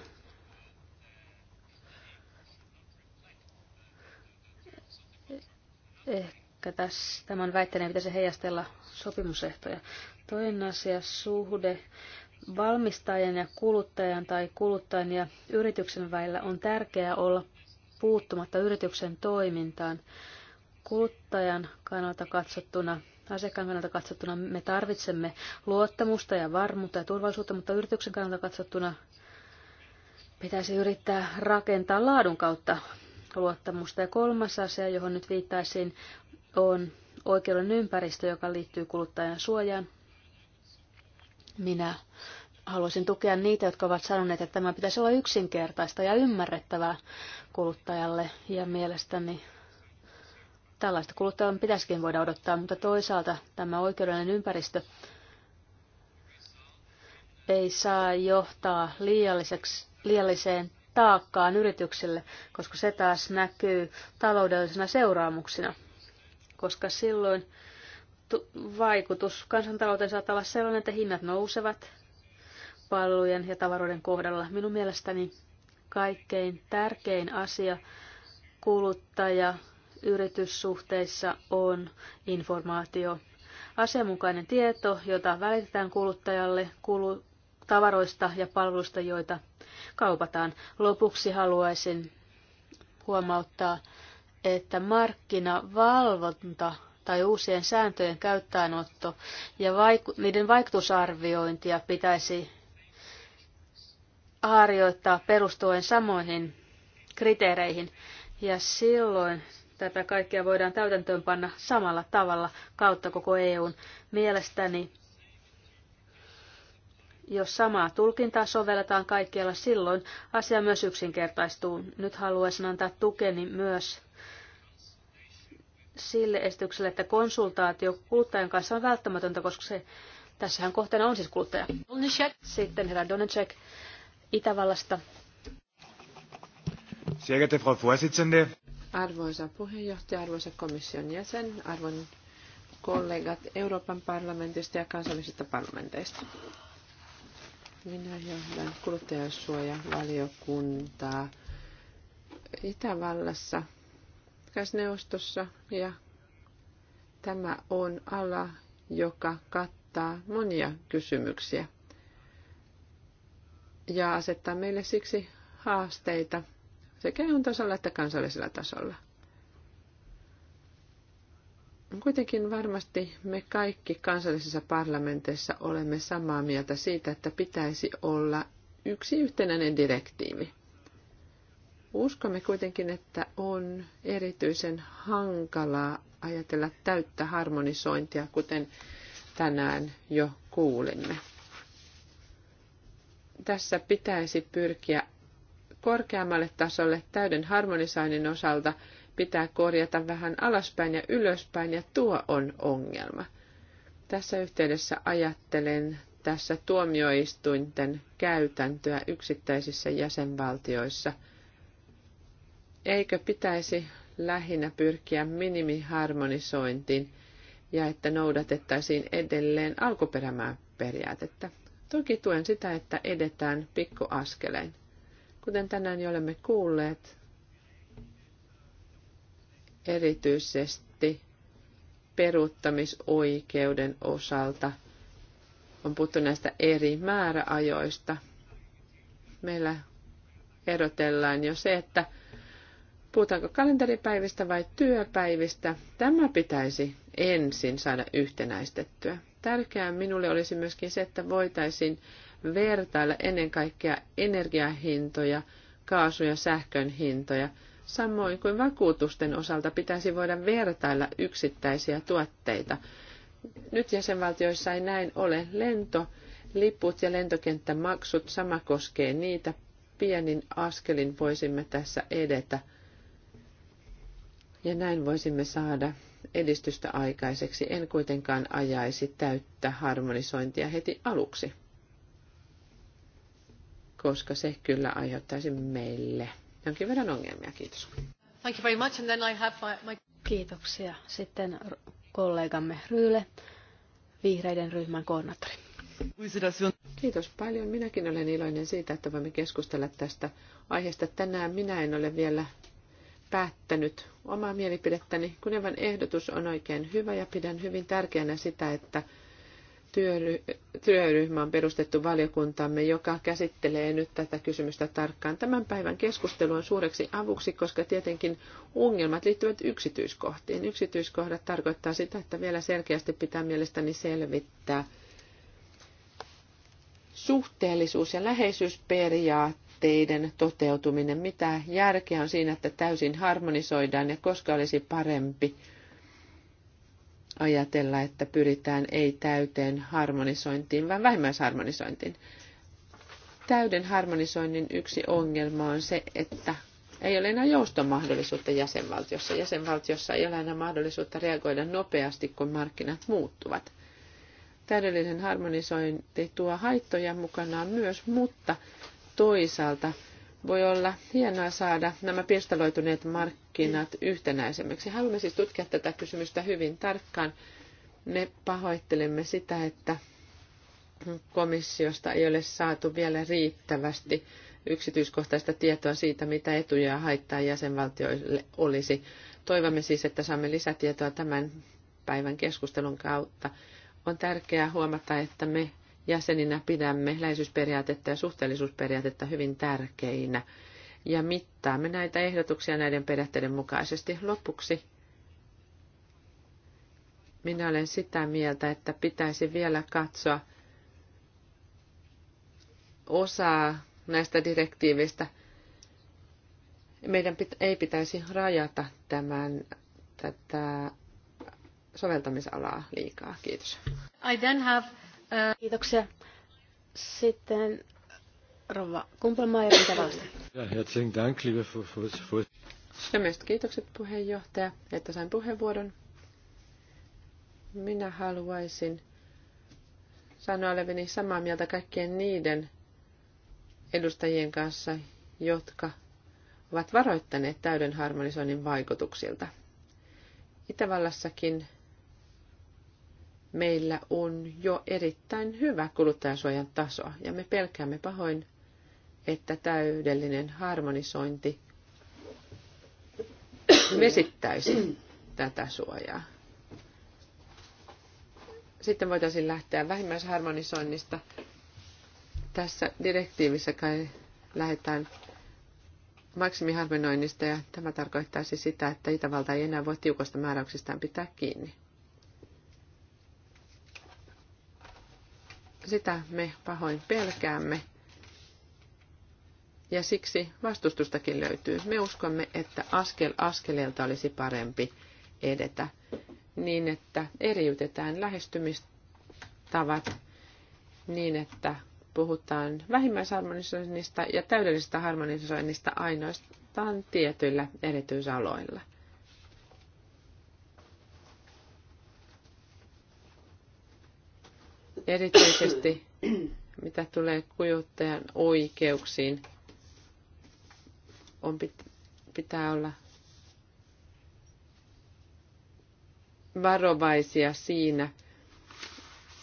Ehkä tässä, tämän väitteen pitäisi heijastella sopimusehtoja. Toinen asia, suhde valmistajan ja kuluttajan tai kuluttajan ja yrityksen välillä on tärkeää olla puuttumatta yrityksen toimintaan. Kuluttajan kannalta katsottuna asiakkaan kannalta katsottuna me tarvitsemme luottamusta ja varmuutta ja turvallisuutta, mutta yrityksen kannalta katsottuna pitäisi yrittää rakentaa laadun kautta luottamusta. Ja kolmas asia, johon nyt viittaisin, on oikeuden ympäristö, joka liittyy kuluttajan suojaan. Minä haluaisin tukea niitä, jotka ovat sanoneet, että tämä pitäisi olla yksinkertaista ja ymmärrettävää kuluttajalle. Ja mielestäni tällaista kuluttajan pitäisikin voida odottaa, mutta toisaalta tämä oikeudellinen ympäristö ei saa johtaa liialliseksi, liialliseen taakkaan yrityksille, koska se taas näkyy taloudellisena seuraamuksina, koska silloin vaikutus kansantalouteen saattaa olla sellainen, että hinnat nousevat palvelujen ja tavaroiden kohdalla. Minun mielestäni kaikkein tärkein asia kuluttaja yrityssuhteissa on informaatio. Asianmukainen tieto, jota välitetään kuluttajalle kulu- tavaroista ja palveluista, joita kaupataan. Lopuksi haluaisin huomauttaa, että markkinavalvonta tai uusien sääntöjen käyttäenotto ja vaiku- niiden vaikutusarviointia pitäisi harjoittaa perustuen samoihin kriteereihin. Ja silloin tätä kaikkea voidaan täytäntöönpanna samalla tavalla kautta koko EUn. Mielestäni, jos samaa tulkintaa sovelletaan kaikkialla, silloin asia myös yksinkertaistuu. Nyt haluaisin antaa tukeni myös sille esitykselle, että konsultaatio kuluttajan kanssa on välttämätöntä, koska se, tässähän kohteena on siis kuluttaja. Sitten herra Donacek Itävallasta. Sehr geehrte Frau Vorsitzende. Arvoisa puheenjohtaja, arvoisa komission jäsen, arvon kollegat Euroopan parlamentista ja kansallisista parlamenteista. Minä johdan kuluttajansuojavaliokuntaa Itävallassa, neuvostossa ja tämä on ala, joka kattaa monia kysymyksiä ja asettaa meille siksi haasteita sekä EUn tasolla että kansallisella tasolla. Kuitenkin varmasti me kaikki kansallisissa parlamenteissa olemme samaa mieltä siitä, että pitäisi olla yksi yhtenäinen direktiivi. Uskomme kuitenkin, että on erityisen hankalaa ajatella täyttä harmonisointia, kuten tänään jo kuulimme tässä pitäisi pyrkiä korkeammalle tasolle täyden harmonisoinnin osalta pitää korjata vähän alaspäin ja ylöspäin, ja tuo on ongelma. Tässä yhteydessä ajattelen tässä tuomioistuinten käytäntöä yksittäisissä jäsenvaltioissa. Eikö pitäisi lähinnä pyrkiä minimiharmonisointiin ja että noudatettaisiin edelleen alkuperämään periaatetta? Toki tuen sitä, että edetään pikkuaskelein. Kuten tänään jo olemme kuulleet, erityisesti peruuttamisoikeuden osalta on puhuttu näistä eri määräajoista. Meillä erotellaan jo se, että puhutaanko kalenteripäivistä vai työpäivistä. Tämä pitäisi ensin saada yhtenäistettyä. Tärkeää minulle olisi myöskin se, että voitaisiin vertailla ennen kaikkea energiahintoja, kaasu- ja sähkön hintoja. Samoin kuin vakuutusten osalta pitäisi voida vertailla yksittäisiä tuotteita. Nyt jäsenvaltioissa ei näin ole. lento, liput ja lentokenttämaksut, sama koskee niitä. Pienin askelin voisimme tässä edetä. Ja näin voisimme saada edistystä aikaiseksi. En kuitenkaan ajaisi täyttä harmonisointia heti aluksi, koska se kyllä aiheuttaisi meille jonkin verran ongelmia. Kiitos. Thank you very much. And then I have my... Kiitoksia. Sitten kollegamme Ryyle, vihreiden ryhmän koordinaattori. Kiitos paljon. Minäkin olen iloinen siitä, että voimme keskustella tästä aiheesta tänään. Minä en ole vielä päättänyt omaa mielipidettäni. Kunevan ehdotus on oikein hyvä ja pidän hyvin tärkeänä sitä, että työryhmä on perustettu valiokuntamme, joka käsittelee nyt tätä kysymystä tarkkaan. Tämän päivän keskustelu on suureksi avuksi, koska tietenkin ongelmat liittyvät yksityiskohtiin. Yksityiskohdat tarkoittaa sitä, että vielä selkeästi pitää mielestäni selvittää suhteellisuus- ja läheisyysperiaatteet tavoitteiden toteutuminen. Mitä järkeä on siinä, että täysin harmonisoidaan ja koska olisi parempi ajatella, että pyritään ei täyteen harmonisointiin, vaan vähimmäisharmonisointiin. Täyden harmonisoinnin yksi ongelma on se, että ei ole enää joustomahdollisuutta jäsenvaltiossa. Jäsenvaltiossa ei ole enää mahdollisuutta reagoida nopeasti, kun markkinat muuttuvat. Täydellinen harmonisointi tuo haittoja mukanaan myös, mutta toisaalta voi olla hienoa saada nämä pirstaloituneet markkinat yhtenäisemmiksi. Haluamme siis tutkia tätä kysymystä hyvin tarkkaan. Me pahoittelemme sitä, että komissiosta ei ole saatu vielä riittävästi yksityiskohtaista tietoa siitä, mitä etuja ja haittaa jäsenvaltioille olisi. Toivomme siis, että saamme lisätietoa tämän päivän keskustelun kautta. On tärkeää huomata, että me jäseninä pidämme läheisyysperiaatetta ja suhteellisuusperiaatetta hyvin tärkeinä ja mittaamme näitä ehdotuksia näiden periaatteiden mukaisesti. Lopuksi minä olen sitä mieltä, että pitäisi vielä katsoa osaa näistä direktiiveistä. Meidän pit- ei pitäisi rajata tämän, tätä soveltamisalaa liikaa. Kiitos. I then have Kiitoksia. Sitten Rova Kumpelmaier, mitä vastaan? Ja, kiitokset puheenjohtaja, että sain puheenvuoron. Minä haluaisin sanoa oleveni samaa mieltä kaikkien niiden edustajien kanssa, jotka ovat varoittaneet täyden harmonisoinnin vaikutuksilta. Itävallassakin meillä on jo erittäin hyvä kuluttajansuojan taso, ja me pelkäämme pahoin, että täydellinen harmonisointi vesittäisi tätä suojaa. Sitten voitaisiin lähteä vähimmäisharmonisoinnista. Tässä direktiivissä kai lähdetään maksimiharmonoinnista ja tämä tarkoittaisi sitä, että Itävalta ei enää voi tiukasta määräyksistään pitää kiinni. Sitä me pahoin pelkäämme. Ja siksi vastustustakin löytyy. Me uskomme, että askel askeleelta olisi parempi edetä niin, että eriytetään lähestymistavat niin, että puhutaan vähimmäisharmonisoinnista ja täydellisestä harmonisoinnista ainoastaan tietyillä erityisaloilla. Erityisesti mitä tulee kuluttajan oikeuksiin, on pitää olla varovaisia siinä,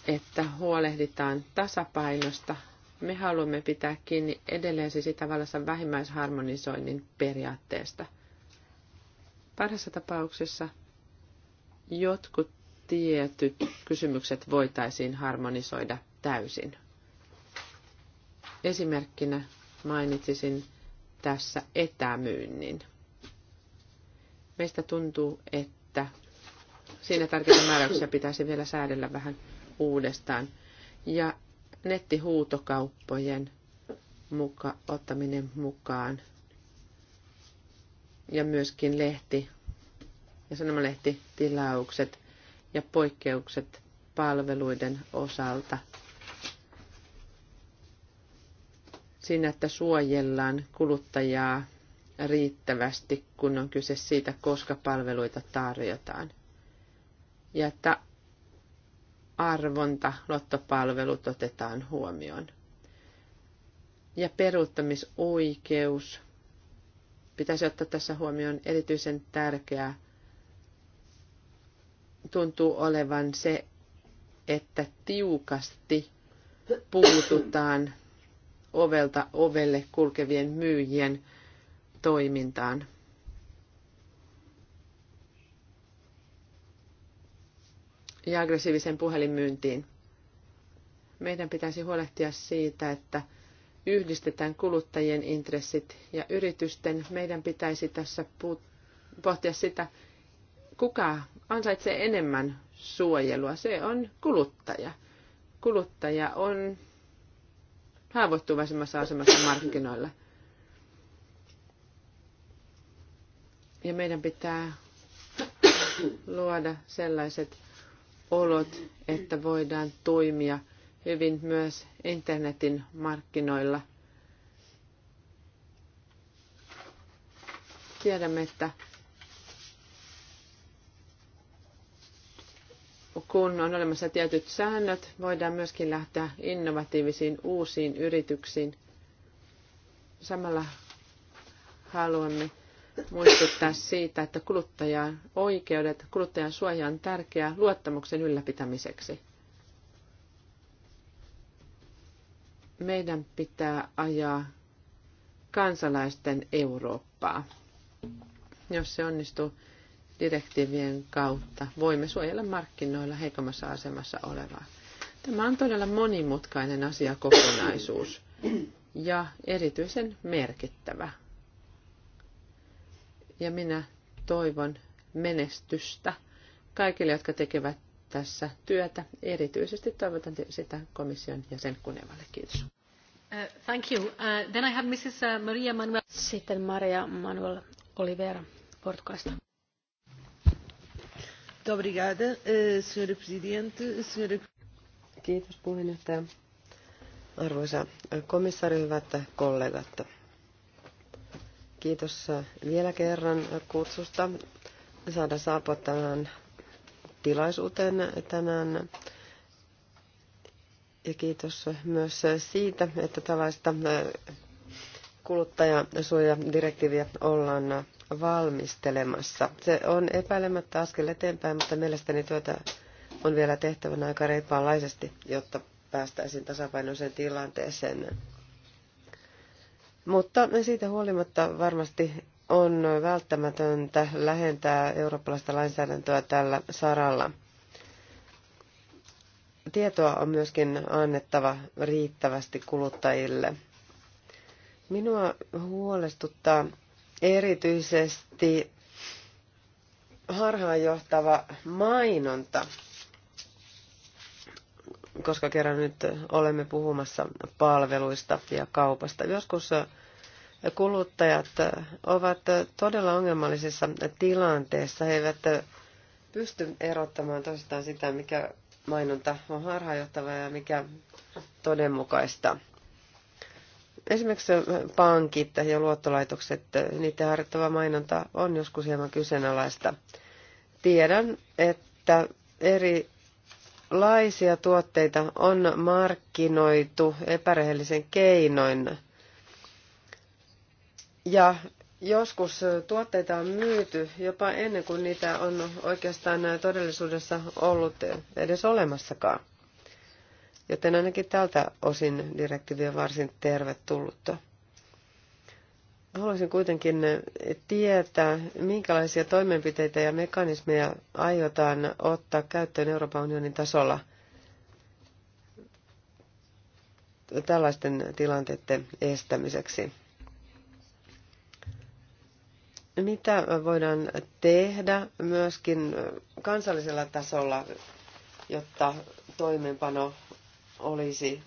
että huolehditaan tasapainosta. Me haluamme pitää kiinni edelleen siis tavallaan vähimmäisharmonisoinnin periaatteesta. Parhaassa tapauksessa jotkut tietyt kysymykset voitaisiin harmonisoida täysin. Esimerkkinä mainitsisin tässä etämyynnin. Meistä tuntuu, että siinä tärkeitä määräyksiä pitäisi vielä säädellä vähän uudestaan. Ja nettihuutokauppojen muka, ottaminen mukaan ja myöskin lehti ja sanomalehtitilaukset ja poikkeukset palveluiden osalta siinä, että suojellaan kuluttajaa riittävästi, kun on kyse siitä, koska palveluita tarjotaan. Ja että arvonta, lottopalvelut otetaan huomioon. Ja peruuttamisoikeus pitäisi ottaa tässä huomioon erityisen tärkeää tuntuu olevan se, että tiukasti puututaan ovelta ovelle kulkevien myyjien toimintaan. Ja aggressiivisen puhelinmyyntiin. Meidän pitäisi huolehtia siitä, että yhdistetään kuluttajien intressit ja yritysten. Meidän pitäisi tässä pohtia sitä, kuka ansaitsee enemmän suojelua. Se on kuluttaja. Kuluttaja on haavoittuvaisemmassa asemassa markkinoilla. Ja meidän pitää luoda sellaiset olot, että voidaan toimia hyvin myös internetin markkinoilla. Tiedämme, että kun on olemassa tietyt säännöt, voidaan myöskin lähteä innovatiivisiin uusiin yrityksiin. Samalla haluamme muistuttaa siitä, että kuluttajan oikeudet, kuluttajan suoja on tärkeää luottamuksen ylläpitämiseksi. Meidän pitää ajaa kansalaisten Eurooppaa. Jos se onnistuu, direktiivien kautta voimme suojella markkinoilla heikommassa asemassa olevaa. Tämä on todella monimutkainen asiakokonaisuus ja erityisen merkittävä. Ja minä toivon menestystä kaikille, jotka tekevät tässä työtä. Erityisesti toivotan sitä komission jäsen Kiitos. Uh, thank you. Uh, then I have Mrs. Uh, Maria Manuel. Sitten Maria Manuel Oliveira Portugalista. Muito obrigada, eh, presidente, senhora... Kiitos puheenjohtaja. Arvoisa eh, komissaari, hyvät kollegat. Kiitos eh, vielä kerran kutsusta saada saapua tähän tilaisuuteen tänään. Ja kiitos myös siitä, että tällaista kuluttajasuojadirektiiviä ollaan valmistelemassa. Se on epäilemättä askel eteenpäin, mutta mielestäni työtä on vielä tehtävänä aika reippaanlaisesti, jotta päästäisiin tasapainoiseen tilanteeseen. Mutta siitä huolimatta varmasti on välttämätöntä lähentää eurooppalaista lainsäädäntöä tällä saralla. Tietoa on myöskin annettava riittävästi kuluttajille. Minua huolestuttaa erityisesti harhaanjohtava mainonta, koska kerran nyt olemme puhumassa palveluista ja kaupasta. Joskus kuluttajat ovat todella ongelmallisessa tilanteessa. He eivät pysty erottamaan toistaan sitä, mikä mainonta on harhaanjohtava ja mikä todenmukaista. Esimerkiksi pankit ja luottolaitokset, niiden harjoittava mainonta on joskus hieman kyseenalaista. Tiedän, että erilaisia tuotteita on markkinoitu epärehellisen keinoin. Ja joskus tuotteita on myyty jopa ennen kuin niitä on oikeastaan todellisuudessa ollut edes olemassakaan. Joten ainakin tältä osin direktiivi on varsin tervetullutta. Haluaisin kuitenkin tietää, minkälaisia toimenpiteitä ja mekanismeja aiotaan ottaa käyttöön Euroopan unionin tasolla tällaisten tilanteiden estämiseksi. Mitä voidaan tehdä myöskin kansallisella tasolla, jotta toimeenpano olisi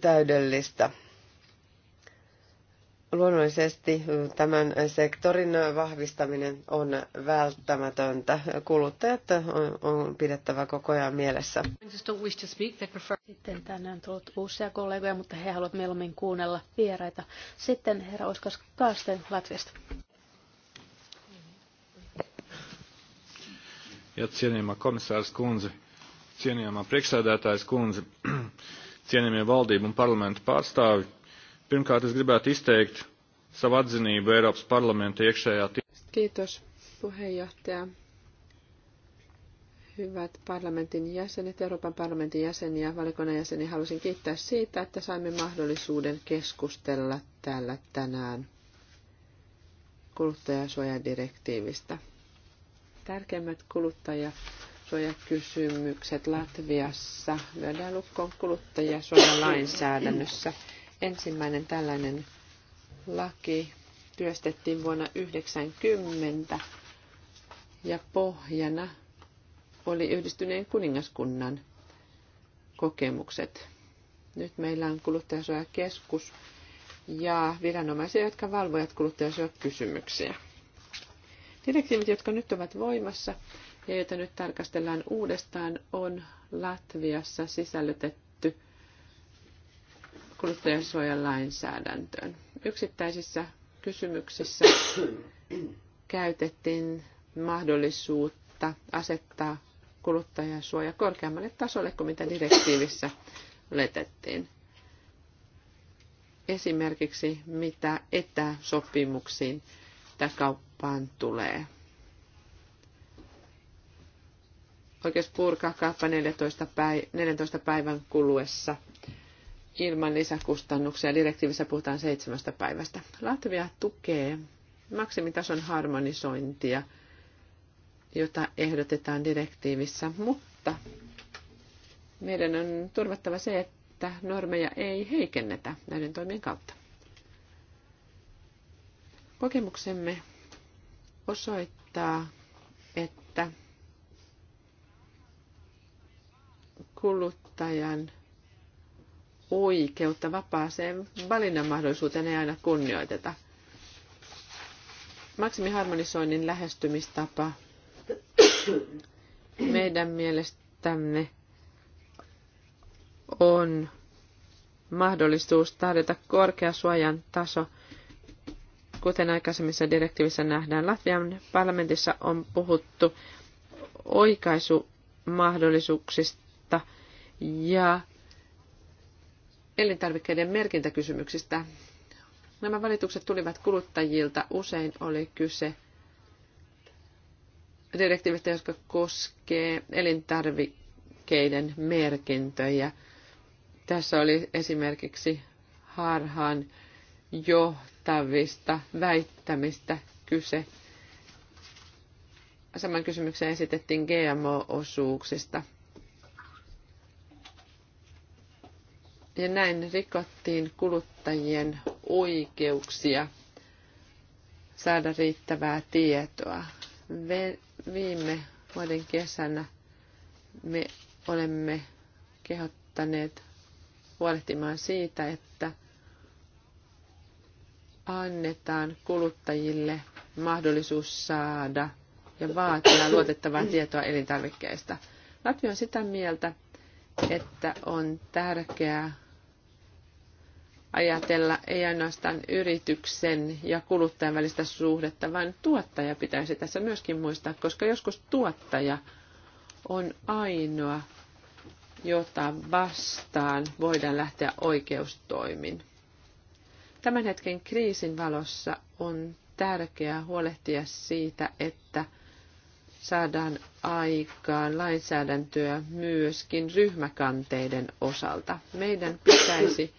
täydellistä. Luonnollisesti tämän sektorin vahvistaminen on välttämätöntä. Kuluttajat on, pidettävä koko ajan mielessä. Sitten tänne on tullut uusia kollegoja, mutta he haluavat mieluummin kuunnella vieraita. Sitten herra Oskas Kaasten Latviasta. Ja cienījumā komisārs kundze, cienījumā priekšsēdētājs kundze, cienījumie valdību un parlamentu pārstāvi, pirmkārt es gribētu izteikt savu atzinību Eiropas parlamenta iekšējā tīklā. Hyvät parlamentin jäsenet, Euroopan parlamentin jäseniä ja valikonnan jäseniä, haluaisin kiittää siitä, että saimme mahdollisuuden keskustella täällä tänään kuluttajasuojadirektiivistä tärkeimmät kuluttajasuojakysymykset Latviassa lyödään lukkoon kuluttajasuojalainsäädännössä. Ensimmäinen tällainen laki työstettiin vuonna 1990 ja pohjana oli yhdistyneen kuningaskunnan kokemukset. Nyt meillä on kuluttajasuojakeskus ja viranomaisia, jotka valvovat kuluttajasuojakysymyksiä. kysymyksiä Direktiivit, jotka nyt ovat voimassa ja joita nyt tarkastellaan uudestaan, on Latviassa sisällytetty kuluttajansuojan lainsäädäntöön. Yksittäisissä kysymyksissä käytettiin mahdollisuutta asettaa kuluttajansuoja korkeammalle tasolle kuin mitä direktiivissä letettiin. Esimerkiksi mitä etäsopimuksiin tai kauppaan Eurooppaan tulee. Oikeus purkaa kaappa 14, päiv- 14 päivän kuluessa ilman lisäkustannuksia. Direktiivissä puhutaan seitsemästä päivästä. Latvia tukee maksimitason harmonisointia, jota ehdotetaan direktiivissä, mutta meidän on turvattava se, että normeja ei heikennetä näiden toimien kautta. Kokemuksemme osoittaa, että kuluttajan oikeutta vapaaseen valinnanmahdollisuuteen ei aina kunnioiteta. Maksimiharmonisoinnin lähestymistapa meidän mielestämme on mahdollisuus tarjota korkeasuojan taso Kuten aikaisemmissa direktiivissä nähdään, Latvian parlamentissa on puhuttu oikaisumahdollisuuksista ja elintarvikkeiden merkintäkysymyksistä. Nämä valitukset tulivat kuluttajilta. Usein oli kyse direktiivistä, jotka koskee elintarvikkeiden merkintöjä. Tässä oli esimerkiksi harhaan johto vastaavista väittämistä kyse. Saman kysymyksen esitettiin GMO-osuuksista. Ja näin rikottiin kuluttajien oikeuksia saada riittävää tietoa. Viime vuoden kesänä me olemme kehottaneet huolehtimaan siitä, että annetaan kuluttajille mahdollisuus saada ja vaatia luotettavaa tietoa elintarvikkeista. Latvia on sitä mieltä, että on tärkeää ajatella ei ainoastaan yrityksen ja kuluttajan välistä suhdetta, vaan tuottaja pitäisi tässä myöskin muistaa, koska joskus tuottaja on ainoa, jota vastaan voidaan lähteä oikeustoimin. Tämän hetken kriisin valossa on tärkeää huolehtia siitä, että saadaan aikaan lainsäädäntöä myöskin ryhmäkanteiden osalta. Meidän pitäisi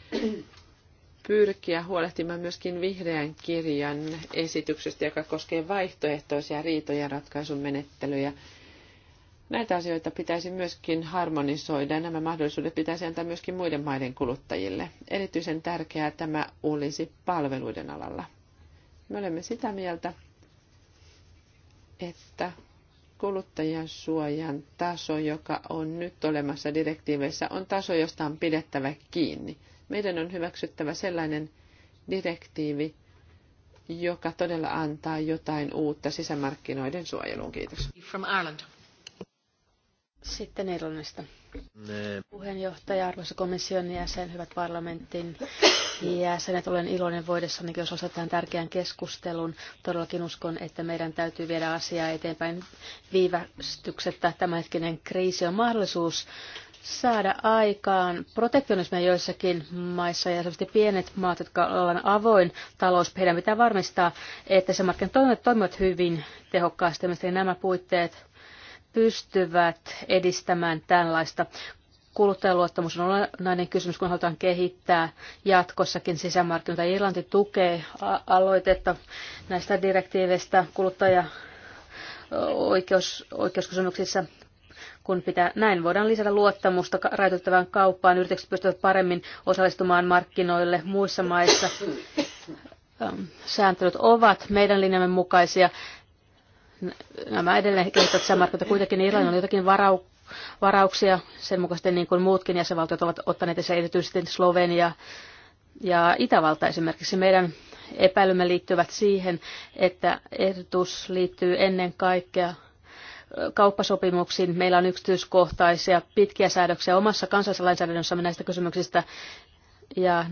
pyrkiä huolehtimaan myöskin vihreän kirjan esityksestä, joka koskee vaihtoehtoisia riitojen menettelyjä Näitä asioita pitäisi myöskin harmonisoida ja nämä mahdollisuudet pitäisi antaa myöskin muiden maiden kuluttajille. Erityisen tärkeää tämä olisi palveluiden alalla. Me olemme sitä mieltä, että kuluttajan suojan taso, joka on nyt olemassa direktiiveissä, on taso, josta on pidettävä kiinni. Meidän on hyväksyttävä sellainen direktiivi, joka todella antaa jotain uutta sisämarkkinoiden suojeluun. Kiitos. From Ireland. Sitten Irlannista. Puheenjohtaja, arvoisa komission jäsen, hyvät parlamentin jäsenet, olen iloinen voidessani, jos osataan tärkeän keskustelun. Todellakin uskon, että meidän täytyy viedä asiaa eteenpäin viivästyksettä. Tämänhetkinen kriisi on mahdollisuus saada aikaan protektionismia joissakin maissa ja erityisesti pienet maat, jotka ollaan avoin talous, heidän pitää varmistaa, että se markkinat toimivat hyvin tehokkaasti. Mielestäni nämä puitteet pystyvät edistämään tällaista. Kuluttajaluottamus on olennainen kysymys, kun halutaan kehittää jatkossakin sisämarkkinoita. Irlanti tukee aloitetta näistä direktiiveistä kuluttaja oikeus, oikeuskysymyksissä, kun pitää, näin voidaan lisätä luottamusta rajoitettavaan kauppaan. Yritykset pystyvät paremmin osallistumaan markkinoille muissa maissa. Sääntelyt ovat meidän linjamme mukaisia nämä edelleen kehittävät sisämarkkinoita. Kuitenkin Irlannilla on jotakin varau, varauksia sen mukaisesti niin kuin muutkin jäsenvaltiot ovat ottaneet esiin, erityisesti Slovenia ja Itävalta esimerkiksi. Meidän epäilymme liittyvät siihen, että ehdotus liittyy ennen kaikkea kauppasopimuksiin. Meillä on yksityiskohtaisia pitkiä säädöksiä omassa kansallisessa lainsäädännössämme näistä kysymyksistä. Ja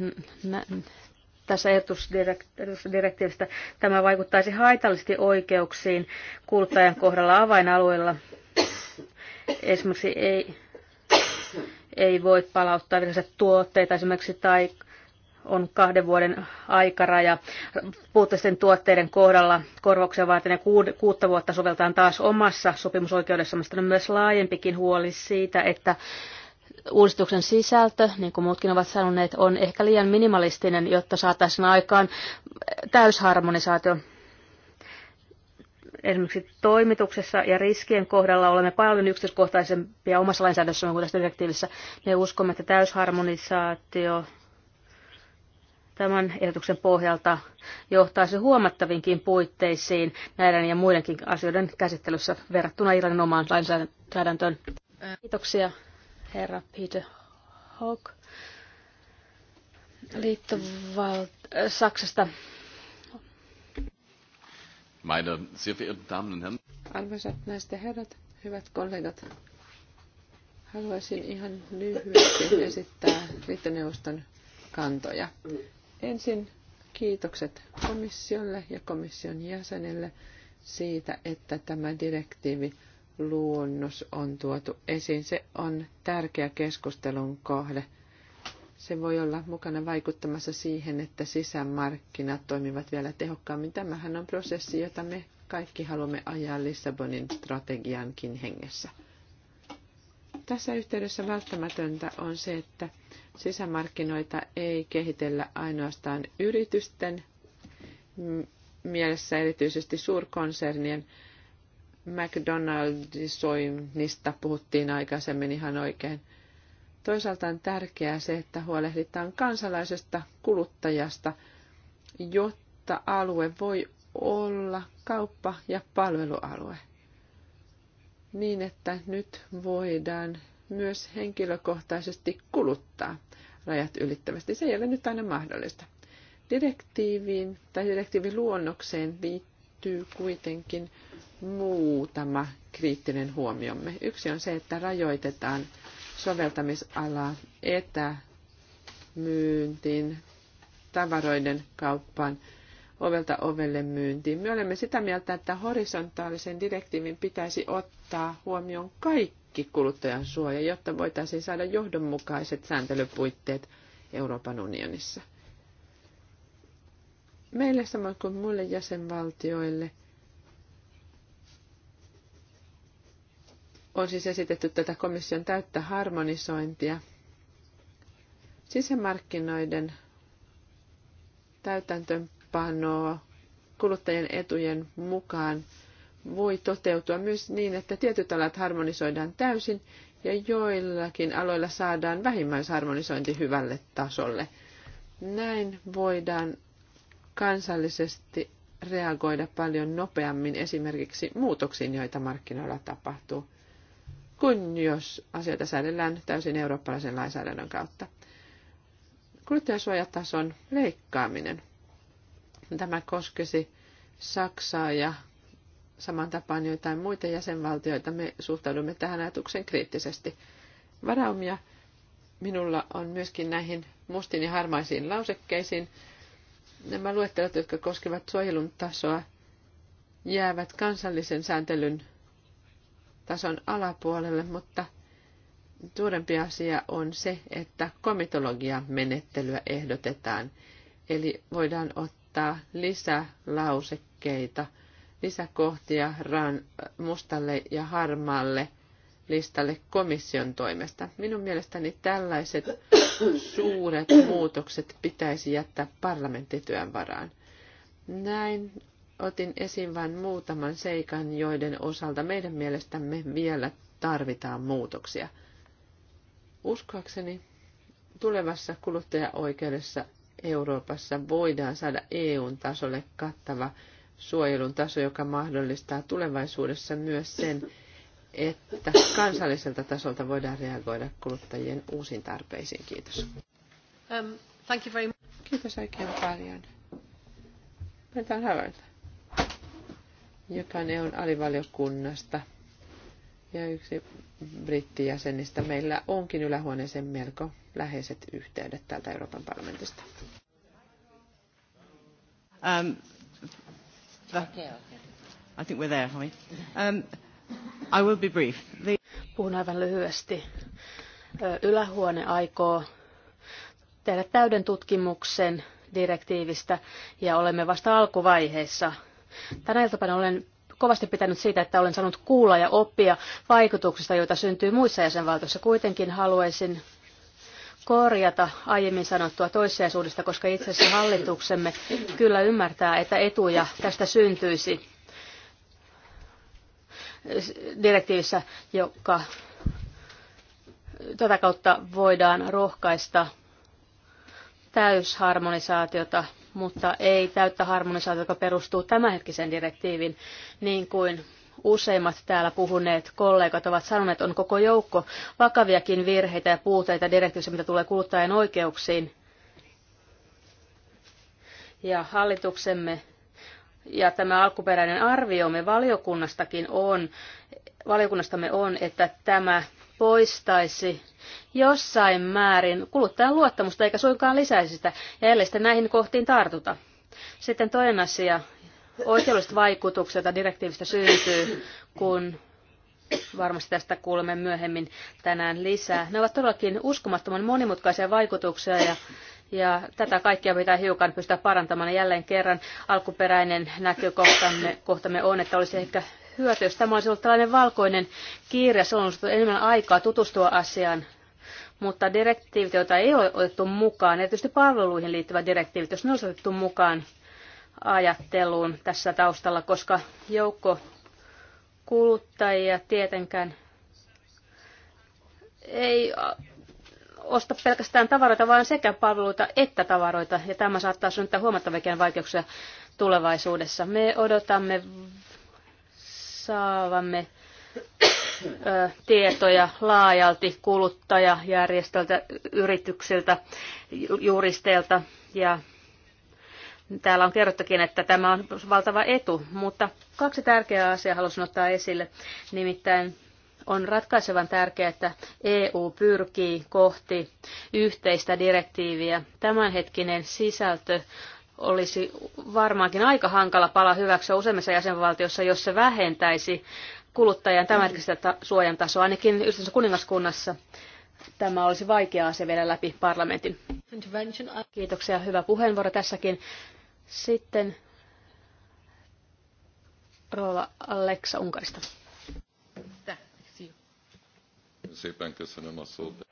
tässä ehdotusdirektiivistä. Tämä vaikuttaisi haitallisesti oikeuksiin kuluttajan kohdalla avainalueilla. Esimerkiksi ei, ei voi palauttaa virheisiä tuotteita esimerkiksi tai on kahden vuoden aikaraja. Puutteisten tuotteiden kohdalla korvauksia varten ja kuutta vuotta soveltaan taas omassa sopimusoikeudessa, Mielestäni on myös laajempikin huoli siitä, että uudistuksen sisältö, niin kuin muutkin ovat sanoneet, on ehkä liian minimalistinen, jotta saataisiin aikaan täysharmonisaatio. Esimerkiksi toimituksessa ja riskien kohdalla olemme paljon yksityiskohtaisempia omassa lainsäädännössämme kuin tässä direktiivissä. Me uskomme, että täysharmonisaatio tämän ehdotuksen pohjalta johtaisi huomattavinkin puitteisiin näiden ja muidenkin asioiden käsittelyssä verrattuna Irlannin omaan lainsäädäntöön. Kiitoksia herra Peter Hawk liittoval- äh, Saksasta. Meine sehr verehrten Damen und Herren. Arvoisat naiset ja herrat, hyvät kollegat. Haluaisin ihan lyhyesti esittää liittoneuvoston kantoja. Ensin kiitokset komissiolle ja komission jäsenelle siitä, että tämä direktiivi luonnos on tuotu esiin. Se on tärkeä keskustelun kohde. Se voi olla mukana vaikuttamassa siihen, että sisämarkkinat toimivat vielä tehokkaammin. Tämähän on prosessi, jota me kaikki haluamme ajaa Lissabonin strategiankin hengessä. Tässä yhteydessä välttämätöntä on se, että sisämarkkinoita ei kehitellä ainoastaan yritysten mielessä erityisesti suurkonsernien, McDonaldisoinnista puhuttiin aikaisemmin ihan oikein. Toisaalta on tärkeää se, että huolehditaan kansalaisesta kuluttajasta, jotta alue voi olla kauppa- ja palvelualue. Niin, että nyt voidaan myös henkilökohtaisesti kuluttaa rajat ylittävästi. Se ei ole nyt aina mahdollista. Direktiiviin tai direktiiviluonnokseen liittyy kuitenkin muutama kriittinen huomiomme. Yksi on se, että rajoitetaan soveltamisalaa etämyyntiin, tavaroiden kauppaan, ovelta ovelle myyntiin. Me olemme sitä mieltä, että horisontaalisen direktiivin pitäisi ottaa huomioon kaikki kuluttajan suoja, jotta voitaisiin saada johdonmukaiset sääntelypuitteet Euroopan unionissa. Meille samoin kuin muille jäsenvaltioille – on siis esitetty tätä komission täyttä harmonisointia sisämarkkinoiden täytäntöönpanoa kuluttajien etujen mukaan voi toteutua myös niin, että tietyt alat harmonisoidaan täysin ja joillakin aloilla saadaan vähimmäisharmonisointi hyvälle tasolle. Näin voidaan kansallisesti reagoida paljon nopeammin esimerkiksi muutoksiin, joita markkinoilla tapahtuu kuin jos asioita säädellään täysin eurooppalaisen lainsäädännön kautta. Kuluttajasuojatason leikkaaminen. Tämä koskisi Saksaa ja saman tapaan joitain muita jäsenvaltioita. Me suhtaudumme tähän ajatukseen kriittisesti. Varaumia minulla on myöskin näihin mustiin ja harmaisiin lausekkeisiin. Nämä luettelot, jotka koskevat suojelun tasoa, jäävät kansallisen sääntelyn tason alapuolelle, mutta suurempi asia on se, että komitologiamenettelyä ehdotetaan. Eli voidaan ottaa lisälausekkeita, lisäkohtia mustalle ja harmaalle listalle komission toimesta. Minun mielestäni tällaiset suuret muutokset pitäisi jättää parlamenttityön varaan. Näin otin esiin vain muutaman seikan, joiden osalta meidän mielestämme vielä tarvitaan muutoksia. Uskoakseni tulevassa kuluttajaoikeudessa Euroopassa voidaan saada EUn tasolle kattava suojelun taso, joka mahdollistaa tulevaisuudessa myös sen, että kansalliselta tasolta voidaan reagoida kuluttajien uusiin tarpeisiin. Kiitos. Um, thank you very much. Kiitos oikein paljon. Meitä on joka on EUn alivaliokunnasta ja yksi brittijäsenistä. Meillä onkin ylähuoneeseen melko läheiset yhteydet täältä Euroopan parlamentista. Um, I think we're there, we? um, I will be brief. The... Puhun aivan lyhyesti. Ylähuone aikoo tehdä täyden tutkimuksen direktiivistä ja olemme vasta alkuvaiheessa – Tänä iltapäivänä olen kovasti pitänyt siitä, että olen saanut kuulla ja oppia vaikutuksista, joita syntyy muissa jäsenvaltioissa. Kuitenkin haluaisin korjata aiemmin sanottua toissijaisuudesta, koska itse asiassa hallituksemme kyllä ymmärtää, että etuja tästä syntyisi direktiivissä, joka tätä kautta voidaan rohkaista täysharmonisaatiota mutta ei täyttä harmonisaatiota, joka perustuu tämänhetkisen direktiivin, niin kuin useimmat täällä puhuneet kollegat ovat sanoneet, on koko joukko vakaviakin virheitä ja puutteita direktiivissä, mitä tulee kuluttajien oikeuksiin. Ja hallituksemme ja tämä alkuperäinen arviomme valiokunnastakin on, valiokunnastamme on, että tämä poistaisi jossain määrin kuluttajan luottamusta eikä suinkaan lisäisi sitä, ja ellei sitä näihin kohtiin tartuta. Sitten toinen asia, oikeudelliset vaikutukset, joita direktiivistä syntyy, kun varmasti tästä kuulemme myöhemmin tänään lisää. Ne ovat todellakin uskomattoman monimutkaisia vaikutuksia ja, ja tätä kaikkea pitää hiukan pystyä parantamaan. jälleen kerran alkuperäinen näkökohtamme kohtamme on, että olisi ehkä hyöty, jos tämä olisi ollut tällainen valkoinen kirja, se on ollut enemmän aikaa tutustua asiaan, mutta direktiivit, joita ei ole otettu mukaan, erityisesti palveluihin liittyvät direktiivit, jos ne olisi otettu mukaan ajatteluun tässä taustalla, koska joukko kuluttajia tietenkään ei osta pelkästään tavaroita, vaan sekä palveluita että tavaroita, ja tämä saattaa synnyttää huomattavia vaikeuksia tulevaisuudessa. Me odotamme saavamme tietoja laajalti kuluttajajärjestöltä, yrityksiltä, juristeilta ja täällä on kerrottukin, että tämä on valtava etu, mutta kaksi tärkeää asiaa halusin ottaa esille. Nimittäin on ratkaisevan tärkeää, että EU pyrkii kohti yhteistä direktiiviä. Tämänhetkinen sisältö olisi varmaankin aika hankala pala hyväksyä useimmissa jäsenvaltioissa, jos se vähentäisi kuluttajan tämänhetkistä ta- suojan tasoa, ainakin yhdessä kuningaskunnassa. Tämä olisi vaikea asia vielä läpi parlamentin. Kiitoksia, hyvä puheenvuoro tässäkin. Sitten Rova Alexa Unkarista.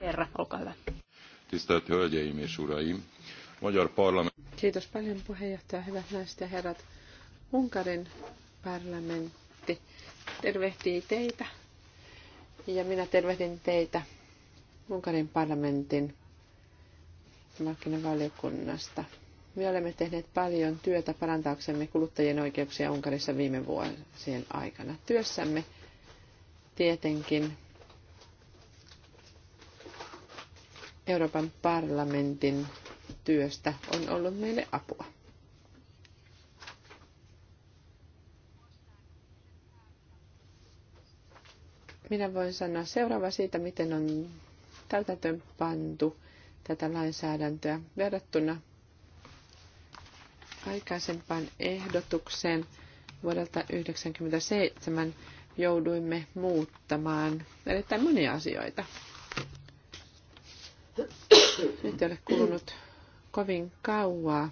Herra, olkaa hyvä. Tisztelt Hölgyeim és Uraim! Magyar parlament. Kiitos paljon puheenjohtaja, hyvät naiset ja herrat. Unkarin parlamentti tervehtii teitä ja minä tervehdin teitä Unkarin parlamentin markkinavaliokunnasta. Me olemme tehneet paljon työtä parantaaksemme kuluttajien oikeuksia Unkarissa viime vuosien aikana. Työssämme tietenkin Euroopan parlamentin työstä on ollut meille apua. Minä voin sanoa seuraava siitä, miten on täytäntöön pantu tätä lainsäädäntöä verrattuna aikaisempaan ehdotukseen vuodelta 1997 jouduimme muuttamaan erittäin monia asioita. Nyt ei ole kulunut kovin kauaa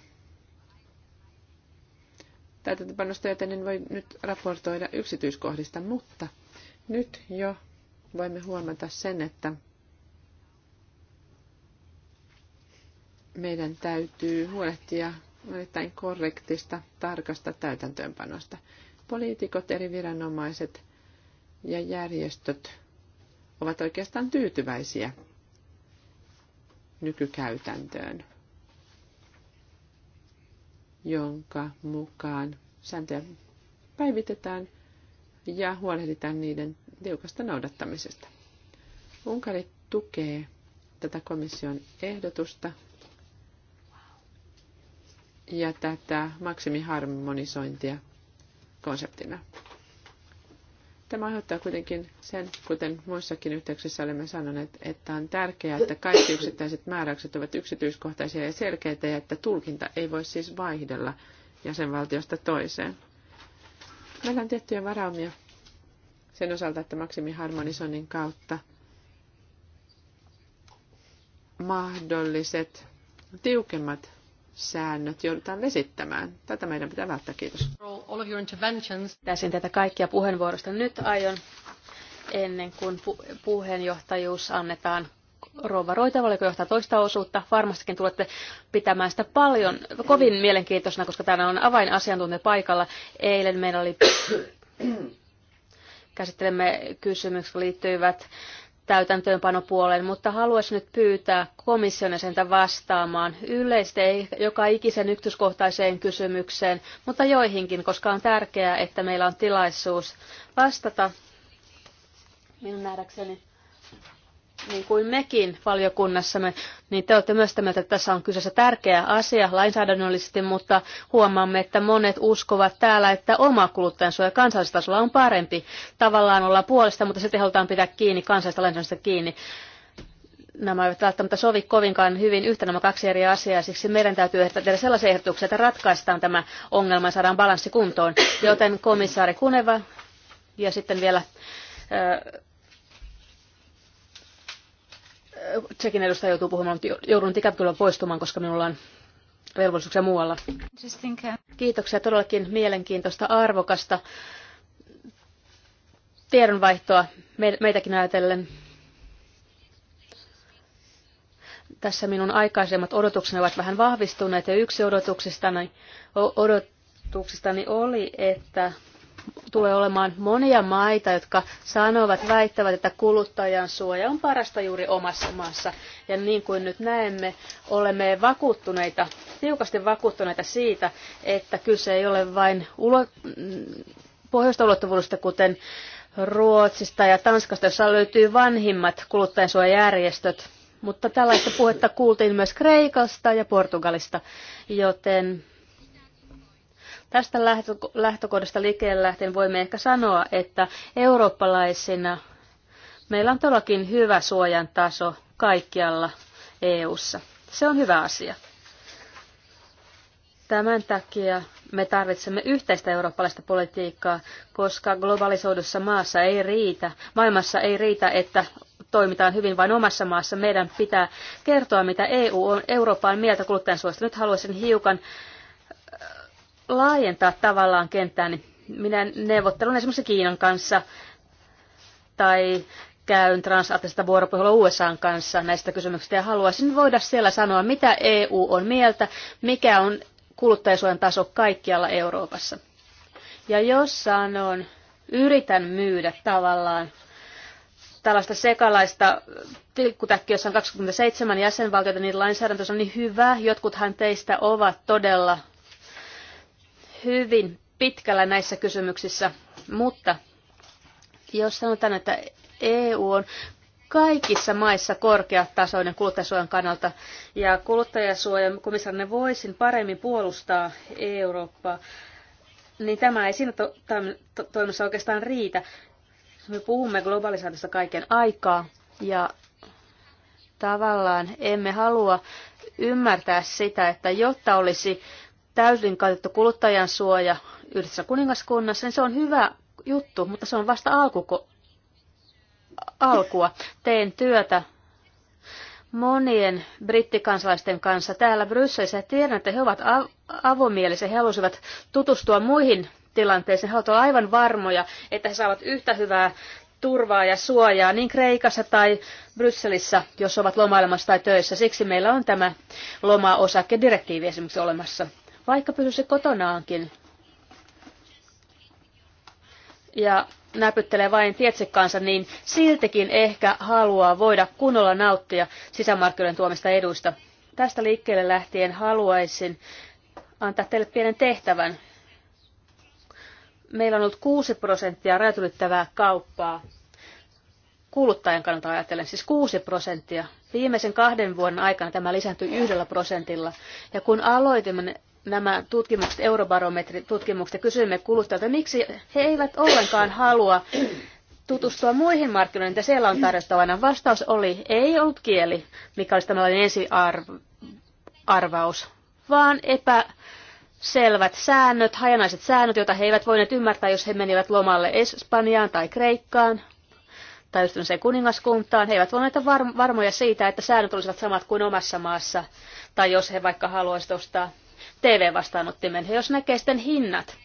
täytäntöpanosta, joten en voi nyt raportoida yksityiskohdista, mutta nyt jo voimme huomata sen, että meidän täytyy huolehtia erittäin korrektista, tarkasta täytäntöönpanosta. Poliitikot, eri viranomaiset ja järjestöt ovat oikeastaan tyytyväisiä nykykäytäntöön jonka mukaan sääntöjä päivitetään ja huolehditaan niiden tiukasta noudattamisesta. Unkari tukee tätä komission ehdotusta ja tätä maksimiharmonisointia konseptina. Tämä aiheuttaa kuitenkin sen, kuten muissakin yhteyksissä olemme sanoneet, että on tärkeää, että kaikki yksittäiset määräykset ovat yksityiskohtaisia ja selkeitä ja että tulkinta ei voi siis vaihdella jäsenvaltiosta toiseen. Meillä on tiettyjä varaumia sen osalta, että maksimiharmonisoinnin kautta mahdolliset tiukemmat säännöt joudutaan vesittämään. Tätä meidän pitää välttää. Kiitos. Täsin tätä kaikkia puheenvuorosta. Nyt aion, ennen kuin pu- puheenjohtajuus annetaan Rouva Roitavalko johtaa toista osuutta. Varmastikin tulette pitämään sitä paljon, kovin mielenkiintoisena, koska täällä on avainasiantuntija paikalla. Eilen meillä oli käsittelemme kysymyksiä, jotka liittyivät täytäntöönpanopuoleen, mutta haluaisin nyt pyytää komission sentä vastaamaan yleisesti ei joka ikisen yksityiskohtaiseen kysymykseen, mutta joihinkin, koska on tärkeää, että meillä on tilaisuus vastata minun nähdäkseni niin kuin mekin valiokunnassamme, niin te olette myös mieltä, että tässä on kyseessä tärkeä asia lainsäädännöllisesti, mutta huomaamme, että monet uskovat täällä, että oma kuluttajansuoja kansallistasolla on parempi. Tavallaan olla puolesta, mutta se halutaan pitää kiinni kansallista lainsäädännöstä kiinni. Nämä eivät välttämättä sovi kovinkaan hyvin yhtä nämä kaksi eri asiaa, siksi meidän täytyy tehdä sellaisia ehdotuksia, että ratkaistaan tämä ongelma ja saadaan balanssi kuntoon. Joten komissaari Kuneva ja sitten vielä Tsekin edustaja joutuu puhumaan, mutta joudun ikävä kyllä poistumaan, koska minulla on velvollisuuksia muualla. Kiitoksia, todellakin mielenkiintoista, arvokasta tiedonvaihtoa meitäkin ajatellen. Tässä minun aikaisemmat odotukseni ovat vähän vahvistuneet ja yksi odotuksistani, odotuksistani oli, että tulee olemaan monia maita, jotka sanovat, väittävät, että kuluttajan suoja on parasta juuri omassa maassa. Ja niin kuin nyt näemme, olemme vakuuttuneita, tiukasti vakuuttuneita siitä, että kyse ei ole vain ulo- pohjoista ulottuvuudesta, kuten Ruotsista ja Tanskasta, jossa löytyy vanhimmat kuluttajansuojajärjestöt. Mutta tällaista puhetta kuultiin myös Kreikasta ja Portugalista, joten Tästä lähtökohdasta liikkeelle lähtien voimme ehkä sanoa, että eurooppalaisina meillä on todellakin hyvä suojan taso kaikkialla EU:ssa. Se on hyvä asia. Tämän takia me tarvitsemme yhteistä eurooppalaista politiikkaa, koska globalisoidussa maassa ei riitä, maailmassa ei riitä, että toimitaan hyvin vain omassa maassa. Meidän pitää kertoa, mitä EU on Euroopan mieltä kuluttajansuojasta. Nyt haluaisin hiukan laajentaa tavallaan kenttää, niin minä neuvottelun esimerkiksi Kiinan kanssa tai käyn transatlantista vuoropuhelua USA kanssa näistä kysymyksistä ja haluaisin voida siellä sanoa, mitä EU on mieltä, mikä on kuluttajasuojan taso kaikkialla Euroopassa. Ja jos sanon, yritän myydä tavallaan tällaista sekalaista tilkkutäkkiä, jossa on 27 jäsenvaltiota, niin lainsäädäntö on niin hyvä. Jotkuthan teistä ovat todella hyvin pitkällä näissä kysymyksissä, mutta jos sanotaan, että EU on kaikissa maissa korkeatasoinen kuluttajasuojan kannalta. Ja kuluttajasuojan ne voisin paremmin puolustaa Eurooppaa, niin tämä ei siinä to- to- toimessa oikeastaan riitä. Me puhumme globalisaatiosta kaiken aikaa ja tavallaan emme halua ymmärtää sitä, että jotta olisi täysin katettu kuluttajan suoja yhdessä kuningaskunnassa, niin se on hyvä juttu, mutta se on vasta alkuko- alkua. Teen työtä monien brittikansalaisten kanssa täällä Brysselissä. Tiedän, että he ovat av- avomielisiä, he halusivat tutustua muihin tilanteisiin. He ovat aivan varmoja, että he saavat yhtä hyvää turvaa ja suojaa niin Kreikassa tai Brysselissä, jos ovat lomailemassa tai töissä. Siksi meillä on tämä loma-osakedirektiivi esimerkiksi olemassa vaikka pysyisi kotonaankin ja näpyttelee vain tietsekkaansa, niin siltikin ehkä haluaa voida kunnolla nauttia sisämarkkinoiden tuomista eduista. Tästä liikkeelle lähtien haluaisin antaa teille pienen tehtävän. Meillä on ollut 6 prosenttia räätylyttävää kauppaa. Kuluttajan kannalta ajatellen siis 6 prosenttia. Viimeisen kahden vuoden aikana tämä lisääntyi yhdellä prosentilla. Ja kun aloitimme nämä tutkimukset, eurobarometritutkimukset, ja kysyimme kuluttajilta, miksi he eivät ollenkaan halua tutustua muihin markkinoihin, mitä siellä on tarjottavana. Vastaus oli, ei ollut kieli, mikä olisi tämmöinen ensiarvaus, vaan epä, selvät säännöt, hajanaiset säännöt, joita he eivät voineet ymmärtää, jos he menivät lomalle Espanjaan tai Kreikkaan tai se kuningaskuntaan. He eivät voineet olla varmoja siitä, että säännöt olisivat samat kuin omassa maassa, tai jos he vaikka haluaisivat ostaa TV-vastaanottimen. Jos näkee sitten hinnat,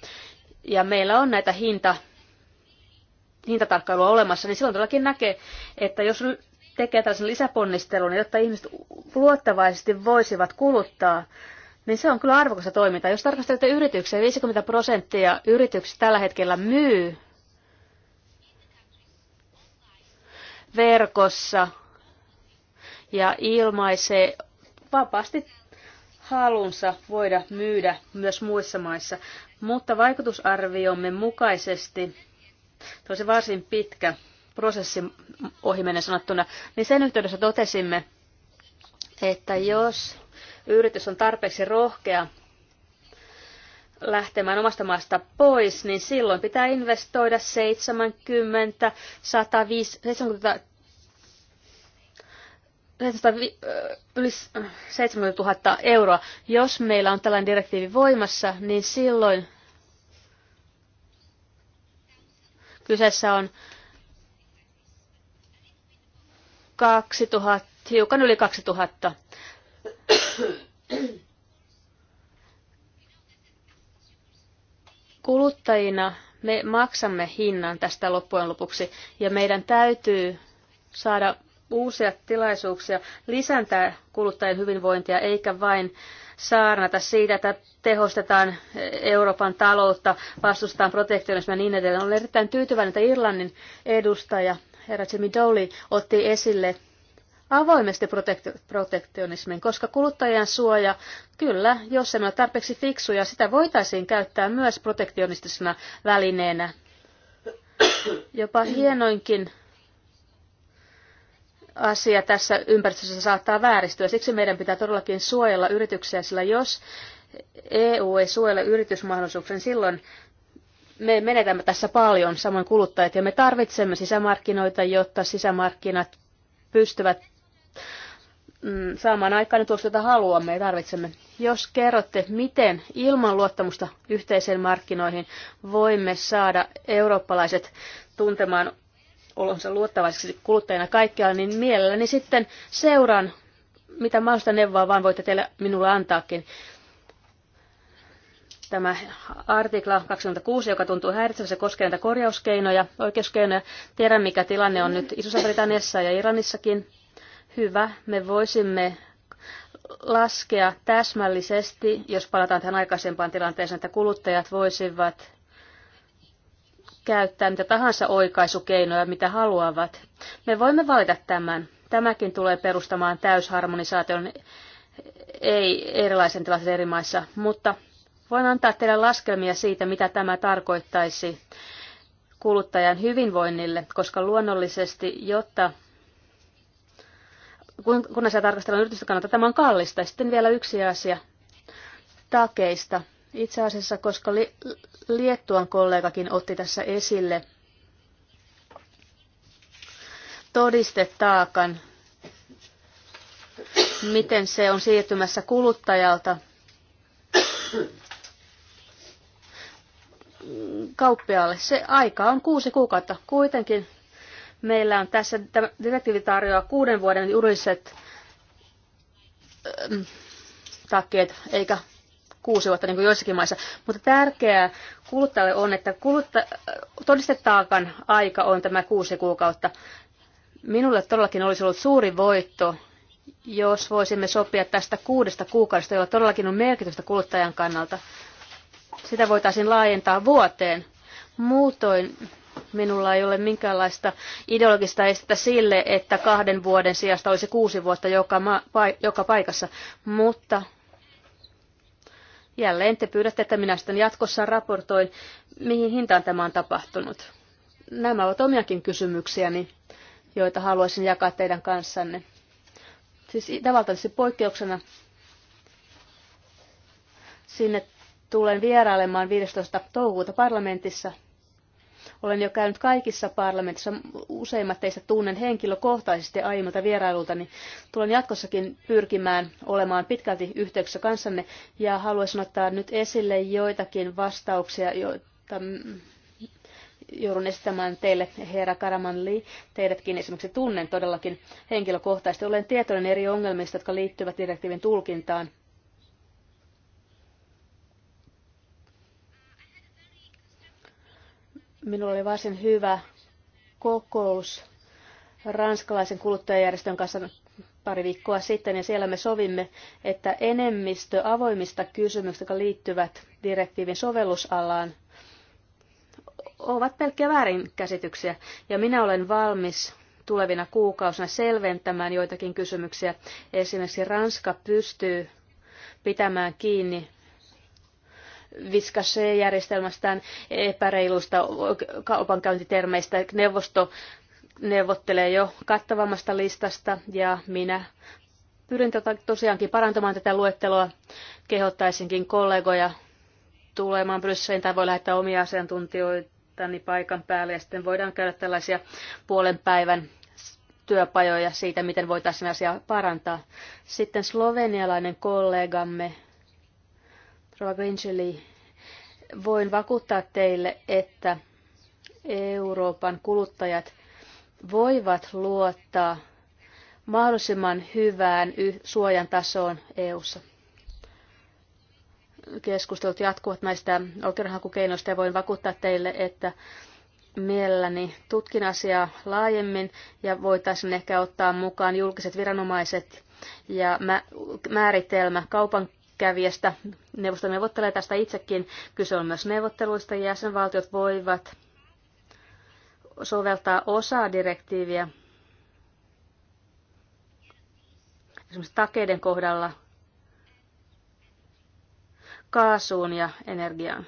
ja meillä on näitä hinta, hintatarkkailua olemassa, niin silloin todellakin näkee, että jos tekee tällaisen lisäponnistelun, jotta ihmiset luottavaisesti voisivat kuluttaa, niin se on kyllä arvokasta toimintaa. Jos tarkastelette yrityksiä, 50 prosenttia yrityksistä tällä hetkellä myy verkossa ja ilmaisee vapaasti halunsa voida myydä myös muissa maissa. Mutta vaikutusarviomme mukaisesti, se varsin pitkä prosessi ohimennen sanottuna, niin sen yhteydessä totesimme, että jos yritys on tarpeeksi rohkea lähtemään omasta maasta pois, niin silloin pitää investoida 70, 150, 70 yli 70 000 euroa. Jos meillä on tällainen direktiivi voimassa, niin silloin kyseessä on 2000, hiukan yli 2000. Kuluttajina me maksamme hinnan tästä loppujen lopuksi ja meidän täytyy saada uusia tilaisuuksia lisätä kuluttajien hyvinvointia, eikä vain saarnata siitä, että tehostetaan Euroopan taloutta, vastustetaan protektionismia ja niin edelleen. Olen erittäin tyytyväinen, että Irlannin edustaja herra Jimmy Dowley otti esille avoimesti protektionismin, koska kuluttajien suoja, kyllä, jos emme ole tarpeeksi fiksuja, sitä voitaisiin käyttää myös protektionistisena välineenä. Jopa hienoinkin asia tässä ympäristössä saattaa vääristyä. Siksi meidän pitää todellakin suojella yrityksiä, sillä jos EU ei suojele yritysmahdollisuuksia, niin silloin me menetämme tässä paljon, samoin kuluttajat, ja me tarvitsemme sisämarkkinoita, jotta sisämarkkinat pystyvät mm, saamaan aikaan tuosta, jota haluamme ja tarvitsemme. Jos kerrotte, miten ilman luottamusta yhteiseen markkinoihin voimme saada eurooppalaiset tuntemaan olonsa luottavaiseksi kuluttajana kaikkialla, niin mielelläni sitten seuraan, mitä mausta neuvoa vaan voitte teille minulle antaakin. Tämä artikla 26, joka tuntuu häiritsevässä, koskee näitä korjauskeinoja, oikeuskeinoja. Tiedän, mikä tilanne on nyt Isossa-Britanniassa ja Iranissakin. Hyvä, me voisimme laskea täsmällisesti, jos palataan tähän aikaisempaan tilanteeseen, että kuluttajat voisivat käyttää mitä tahansa oikaisukeinoja, mitä haluavat. Me voimme valita tämän. Tämäkin tulee perustamaan täysharmonisaation ei erilaisen tilanteen eri maissa, mutta voin antaa teille laskelmia siitä, mitä tämä tarkoittaisi kuluttajan hyvinvoinnille, koska luonnollisesti, jotta kun, kun asia tarkastellaan yritystä kannalta, tämä on kallista. sitten vielä yksi asia takeista. Itse asiassa, koska Liettuan kollegakin otti tässä esille todistetaakan, miten se on siirtymässä kuluttajalta kauppiaalle. Se aika on kuusi kuukautta. Kuitenkin meillä on tässä, tämä direktiivi tarjoaa kuuden vuoden juridiset takkeet, eikä kuusi vuotta, niin kuin joissakin maissa. Mutta tärkeää kuluttajalle on, että kulutta, todistetaakan aika on tämä kuusi kuukautta. Minulle todellakin olisi ollut suuri voitto, jos voisimme sopia tästä kuudesta kuukaudesta, jolla todellakin on merkitystä kuluttajan kannalta. Sitä voitaisiin laajentaa vuoteen. Muutoin minulla ei ole minkäänlaista ideologista estettä sille, että kahden vuoden sijasta olisi kuusi vuotta joka, ma- pa- joka paikassa, mutta Jälleen te pyydätte, että minä sitten jatkossa raportoin, mihin hintaan tämä on tapahtunut. Nämä ovat omiakin kysymyksiäni, joita haluaisin jakaa teidän kanssanne. Siis tavallaan poikkeuksena sinne tulen vierailemaan 15. toukokuuta parlamentissa olen jo käynyt kaikissa parlamentissa, useimmat teistä tunnen henkilökohtaisesti aiemmilta vierailultani. Tulen jatkossakin pyrkimään olemaan pitkälti yhteyksissä kanssanne ja haluaisin ottaa nyt esille joitakin vastauksia, joita joudun esittämään teille, herra Karamanli, teidätkin esimerkiksi tunnen todellakin henkilökohtaisesti. Olen tietoinen eri ongelmista, jotka liittyvät direktiivin tulkintaan Minulla oli varsin hyvä kokous ranskalaisen kuluttajajärjestön kanssa pari viikkoa sitten, ja siellä me sovimme, että enemmistö avoimista kysymyksistä, jotka liittyvät direktiivin sovellusalaan, ovat pelkkiä väärinkäsityksiä, ja minä olen valmis tulevina kuukausina selventämään joitakin kysymyksiä. Esimerkiksi Ranska pystyy pitämään kiinni Viskase-järjestelmästään epäreiluista kaupankäyntitermeistä. Neuvosto neuvottelee jo kattavammasta listasta ja minä pyrin tota tosiaankin parantamaan tätä luetteloa. Kehottaisinkin kollegoja tulemaan Brysseliin tai voi lähettää omia asiantuntijoitani paikan päälle ja sitten voidaan käydä tällaisia puolen päivän työpajoja siitä, miten voitaisiin asiaa parantaa. Sitten slovenialainen kollegamme Rova Grincheli, voin vakuuttaa teille, että Euroopan kuluttajat voivat luottaa mahdollisimman hyvään suojan tasoon EU:ssa. Keskustelut jatkuvat näistä oikeudenhakukeinoista ja voin vakuuttaa teille, että mielelläni tutkin asiaa laajemmin ja voitaisiin ehkä ottaa mukaan julkiset viranomaiset ja määritelmä kaupan kävijästä. Neuvosto neuvottelee tästä itsekin. Kyse on myös neuvotteluista. Jäsenvaltiot voivat soveltaa osaa direktiiviä. Esimerkiksi takeiden kohdalla kaasuun ja energiaan.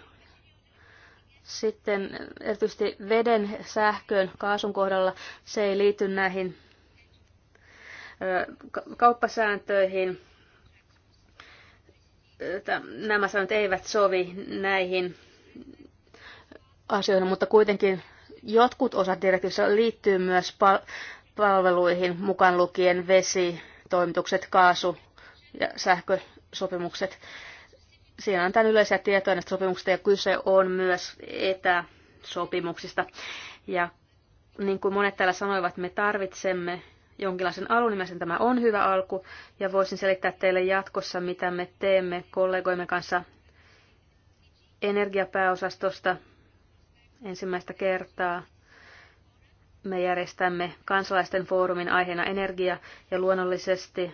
Sitten erityisesti veden, sähkön, kaasun kohdalla se ei liity näihin kauppasääntöihin, nämä sanat eivät sovi näihin asioihin, mutta kuitenkin jotkut osat direktiivissä liittyy myös pal- palveluihin, mukaan lukien vesi, toimitukset, kaasu ja sähkösopimukset. Siinä on tämän yleisiä tietoja näistä sopimuksista ja kyse on myös etäsopimuksista. Ja niin kuin monet täällä sanoivat, me tarvitsemme jonkinlaisen alunimisen tämä on hyvä alku ja voisin selittää teille jatkossa, mitä me teemme kollegoimme kanssa energiapääosastosta ensimmäistä kertaa. Me järjestämme kansalaisten foorumin aiheena energia ja luonnollisesti,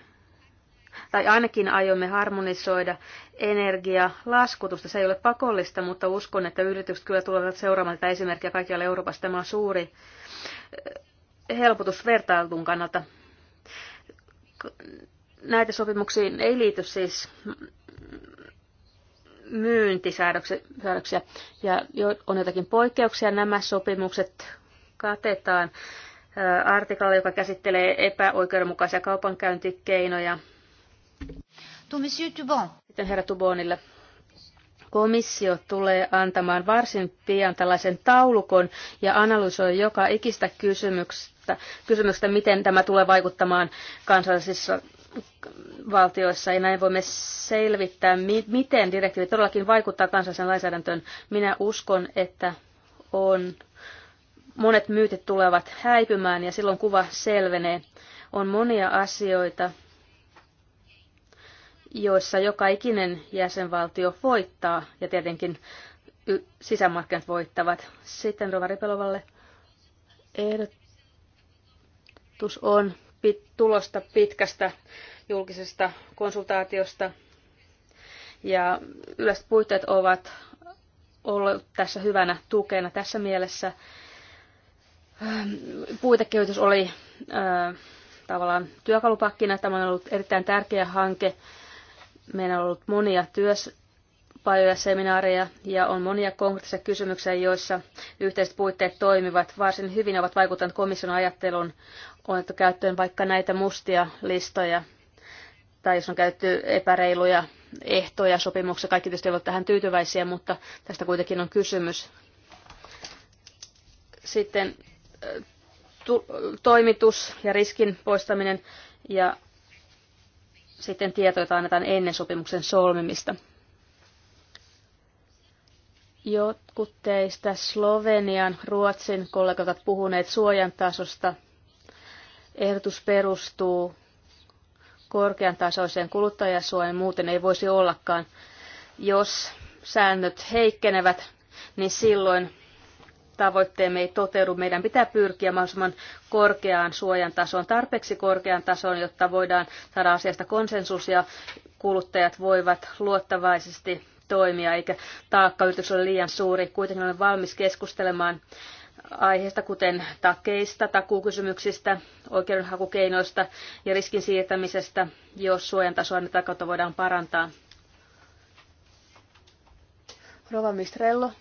tai ainakin aiomme harmonisoida energialaskutusta. Se ei ole pakollista, mutta uskon, että yritykset kyllä tulevat seuraamaan tätä esimerkkiä kaikkialla Euroopassa. Tämä on suuri helpotus vertailun kannalta. Näitä sopimuksiin ei liity siis myyntisäädöksiä ja on jotakin poikkeuksia. Nämä sopimukset katetaan artikalla, joka käsittelee epäoikeudenmukaisia kaupankäyntikeinoja. Sitten herra Tubonille Komissio tulee antamaan varsin pian tällaisen taulukon ja analysoi joka ikistä kysymystä, kysymystä miten tämä tulee vaikuttamaan kansallisissa valtioissa ja näin voimme selvittää, miten direktiivi todellakin vaikuttaa kansalliseen lainsäädäntöön. Minä uskon, että on, monet myytit tulevat häipymään ja silloin kuva selvenee. On monia asioita, joissa joka ikinen jäsenvaltio voittaa ja tietenkin sisämarkkinat voittavat. Sitten Rovaripelovalle ehdotus on pit, tulosta pitkästä julkisesta konsultaatiosta. Ja yleiset puitteet ovat olleet tässä hyvänä tukena tässä mielessä. Ähm, puitekehitys oli äh, tavallaan työkalupakkina. Tämä on ollut erittäin tärkeä hanke Meillä on ollut monia työpajoja, seminaareja ja on monia konkreettisia kysymyksiä, joissa yhteiset puitteet toimivat varsin hyvin ovat vaikuttaneet komission ajatteluun. On otettu käyttöön vaikka näitä mustia listoja tai jos on käytetty epäreiluja ehtoja sopimuksessa. Kaikki tietysti ovat tähän tyytyväisiä, mutta tästä kuitenkin on kysymys. Sitten toimitus ja riskin poistaminen ja sitten tietoja annetaan ennen sopimuksen solmimista. Jotkut teistä Slovenian, Ruotsin kollegat ovat puhuneet suojan tasosta. Ehdotus perustuu korkean tasoiseen kuluttajasuojan, muuten ei voisi ollakaan. Jos säännöt heikkenevät, niin silloin tavoitteemme ei toteudu, meidän pitää pyrkiä mahdollisimman korkeaan suojan tasoon, tarpeeksi korkeaan tasoon, jotta voidaan saada asiasta konsensus ja kuluttajat voivat luottavaisesti toimia, eikä taakka yritys ole liian suuri. Kuitenkin olen valmis keskustelemaan aiheesta, kuten takeista, takuukysymyksistä, oikeudenhakukeinoista ja riskin siirtämisestä, jos suojan tasoa näitä takautta voidaan parantaa. Rova Mistrello.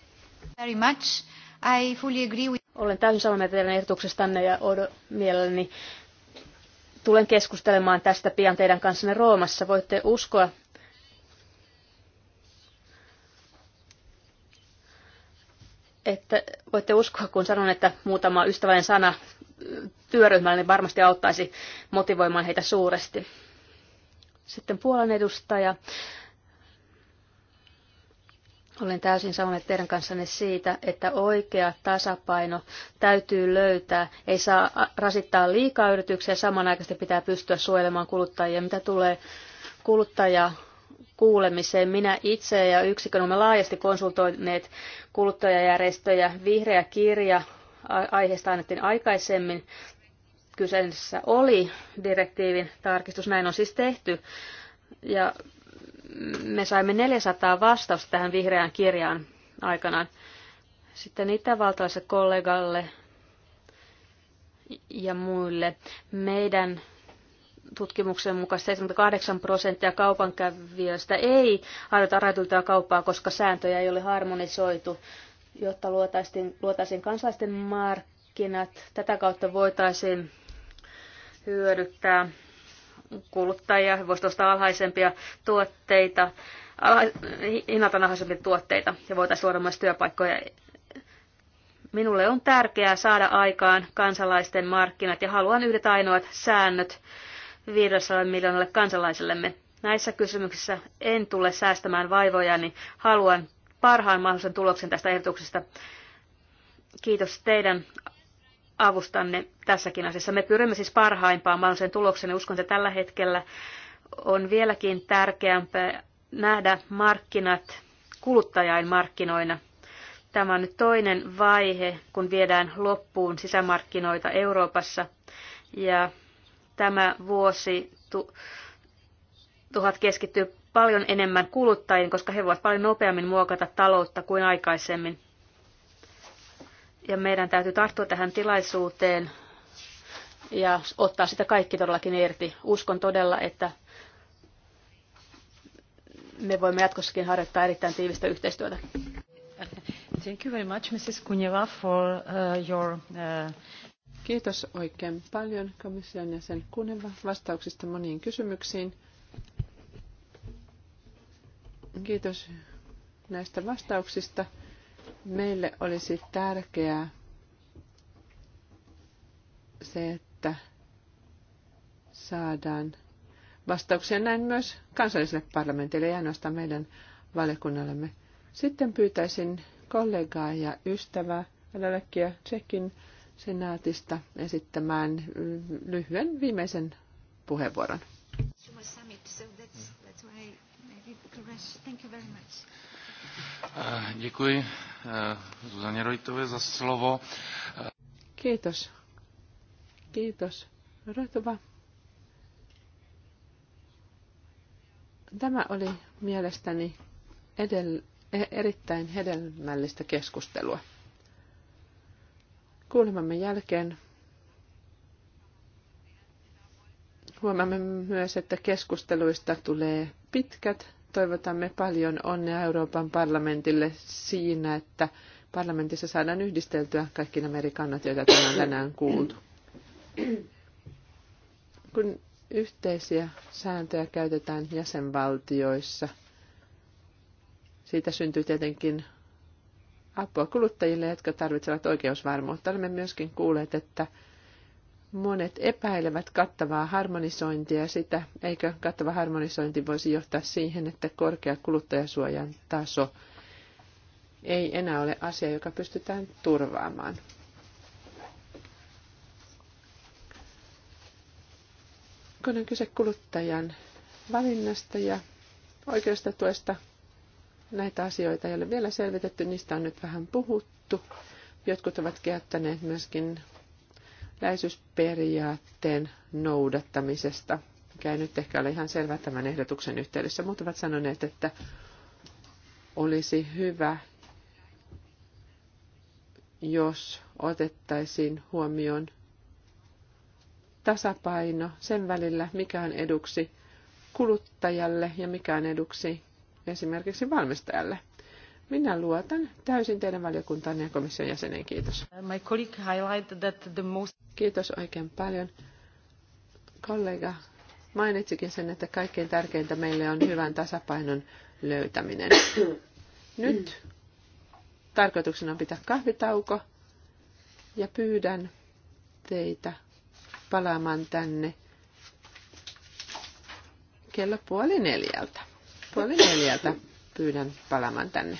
Very much. I fully agree with... Olen täysin samaa mieltä teidän ehdotuksestanne ja mielelläni tulen keskustelemaan tästä pian teidän kanssanne Roomassa. Voitte uskoa, että voitte uskoa, kun sanon, että muutama ystävällinen sana työryhmälle niin varmasti auttaisi motivoimaan heitä suuresti. Sitten Puolan edustaja olen täysin samaa teidän kanssanne siitä, että oikea tasapaino täytyy löytää. Ei saa rasittaa liikaa yrityksiä, samanaikaisesti pitää pystyä suojelemaan kuluttajia. Mitä tulee kuluttaja kuulemiseen. Minä itse ja yksikön olemme laajasti konsultoineet kuluttajajärjestöjä. Vihreä kirja aiheesta annettiin aikaisemmin. Kyseessä oli direktiivin tarkistus, näin on siis tehty. Ja me saimme 400 vastausta tähän vihreään kirjaan aikanaan. Sitten itävaltalaiselle kollegalle ja muille. Meidän tutkimuksen mukaan 78 prosenttia kaupankävijöistä ei harjoita rajoitettua kauppaa, koska sääntöjä ei ole harmonisoitu, jotta luotaisiin, luotaisiin kansalaisten markkinat. Tätä kautta voitaisiin hyödyttää kuluttajia, voisivat ostaa alhaisempia tuotteita, alha- on alhaisempia tuotteita ja voitaisiin luoda myös työpaikkoja. Minulle on tärkeää saada aikaan kansalaisten markkinat ja haluan yhdet ainoat säännöt 500 miljoonalle kansalaisellemme. Näissä kysymyksissä en tule säästämään vaivojani. Niin haluan parhaan mahdollisen tuloksen tästä ehdotuksesta. Kiitos teidän avustanne tässäkin asiassa. Me pyrimme siis parhaimpaan mahdolliseen tulokseen. Uskon, että tällä hetkellä on vieläkin tärkeämpää nähdä markkinat kuluttajain markkinoina. Tämä on nyt toinen vaihe, kun viedään loppuun sisämarkkinoita Euroopassa. Ja tämä vuosi tu, tuhat keskittyy paljon enemmän kuluttajiin, koska he voivat paljon nopeammin muokata taloutta kuin aikaisemmin ja meidän täytyy tarttua tähän tilaisuuteen ja ottaa sitä kaikki todellakin irti. Uskon todella, että me voimme jatkossakin harjoittaa erittäin tiivistä yhteistyötä. Thank you very much, Mrs. Kunjeva, for uh, your... Uh... Kiitos oikein paljon komission jäsen Kuneva vastauksista moniin kysymyksiin. Kiitos näistä vastauksista. Meille olisi tärkeää se, että saadaan vastauksia näin myös kansalliselle parlamentille ja ainoastaan meidän valiokunnallemme. Sitten pyytäisin kollegaa ja ystävää Lelekia Tsekin senaatista esittämään lyhyen viimeisen puheenvuoron. Eh, děkuji eh, Zuzaně za slovo. Eh, Kiitos. Kiitos. Roitova. Tämä oli mielestäni edell- e-, erittäin hedelmällistä keskustelua. Kuulemamme jälkeen huomaamme myös, että keskusteluista tulee pitkät toivotamme paljon onnea Euroopan parlamentille siinä, että parlamentissa saadaan yhdisteltyä kaikki nämä eri kannat, joita tänään, tänään kuultu. Kun yhteisiä sääntöjä käytetään jäsenvaltioissa, siitä syntyy tietenkin apua kuluttajille, jotka tarvitsevat oikeusvarmuutta. Olemme myöskin kuulleet, että Monet epäilevät kattavaa harmonisointia sitä, eikö kattava harmonisointi voisi johtaa siihen, että korkea kuluttajasuojan taso ei enää ole asia, joka pystytään turvaamaan. Kun on kyse kuluttajan valinnasta ja oikeasta tuesta, näitä asioita ei ole vielä selvitetty, niistä on nyt vähän puhuttu. Jotkut ovat käyttäneet myöskin läheisyysperiaatteen noudattamisesta, mikä ei nyt ehkä ole ihan selvä tämän ehdotuksen yhteydessä. Muut ovat sanoneet, että olisi hyvä, jos otettaisiin huomioon tasapaino sen välillä, mikä on eduksi kuluttajalle ja mikä on eduksi esimerkiksi valmistajalle. Minä luotan täysin teidän valiokuntaan ja komission jäseneen. Kiitos. My colleague highlighted that the most... Kiitos oikein paljon. Kollega mainitsikin sen, että kaikkein tärkeintä meille on hyvän tasapainon löytäminen. Nyt tarkoituksena on pitää kahvitauko ja pyydän teitä palaamaan tänne kello puoli neljältä. Puoli neljältä pyydän palaamaan tänne.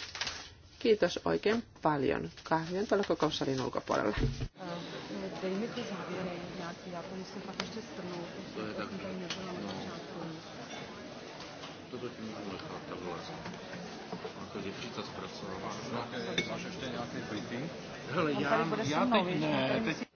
Kiitos oikein paljon. Kahvi on tuolla kokoussalin ulkopuolella dejme ty závěry nějaký, já to musím pak ještě strnout, protože to jsem tady no. nebyla na začátku. To zatím můžu nechat takhle. Jako děvčica zpracovává. Máš ještě nějaký briefing? Hele, já, já teď ne, teď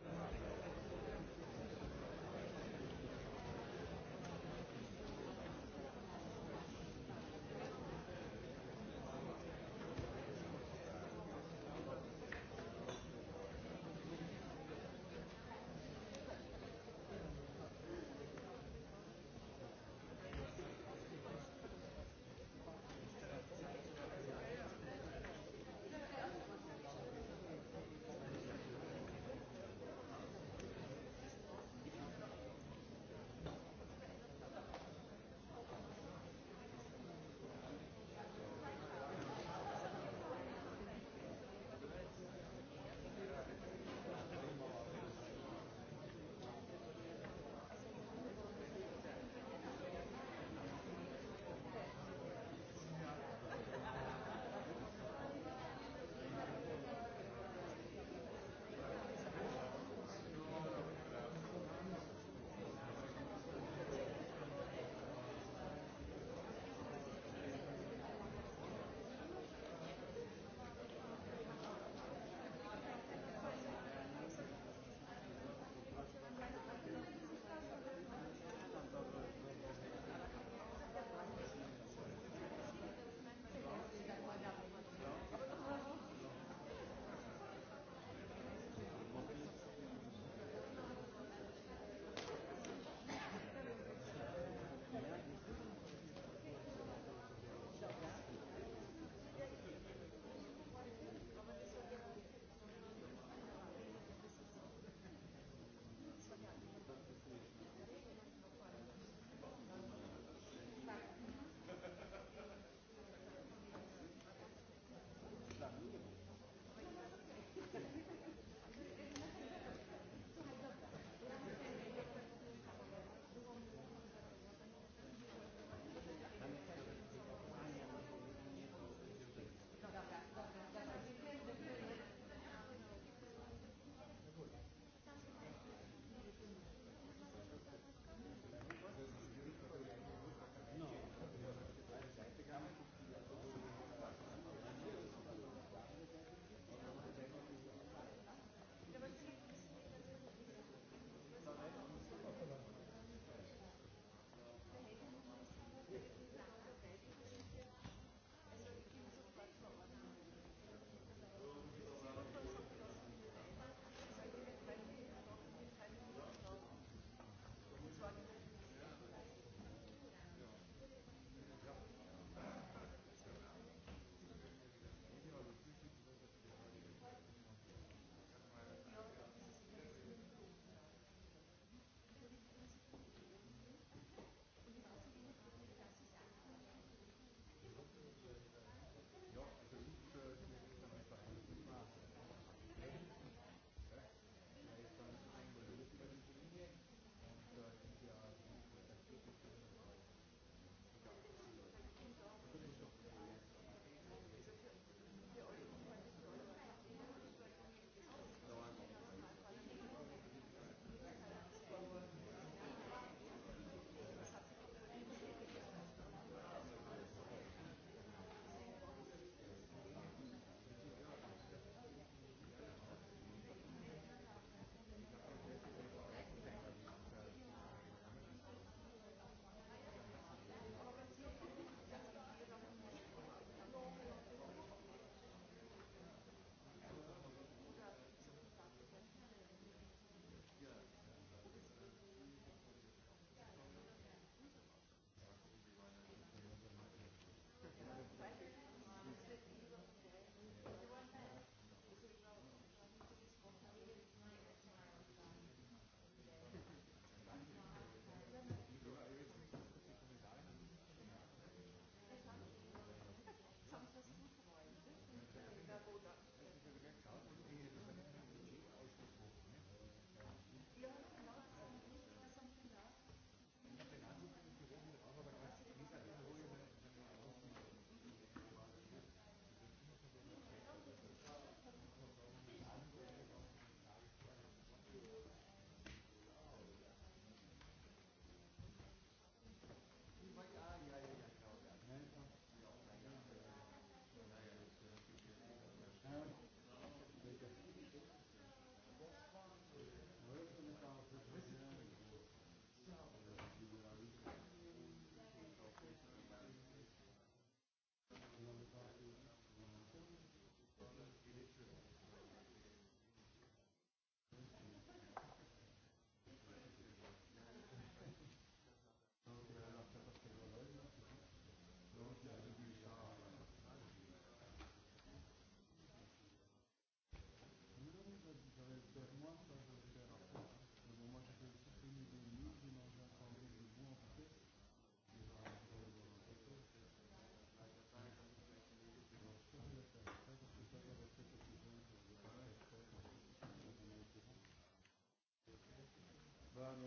Non,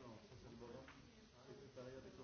non, ça c'est le bonhomme. C'est derrière les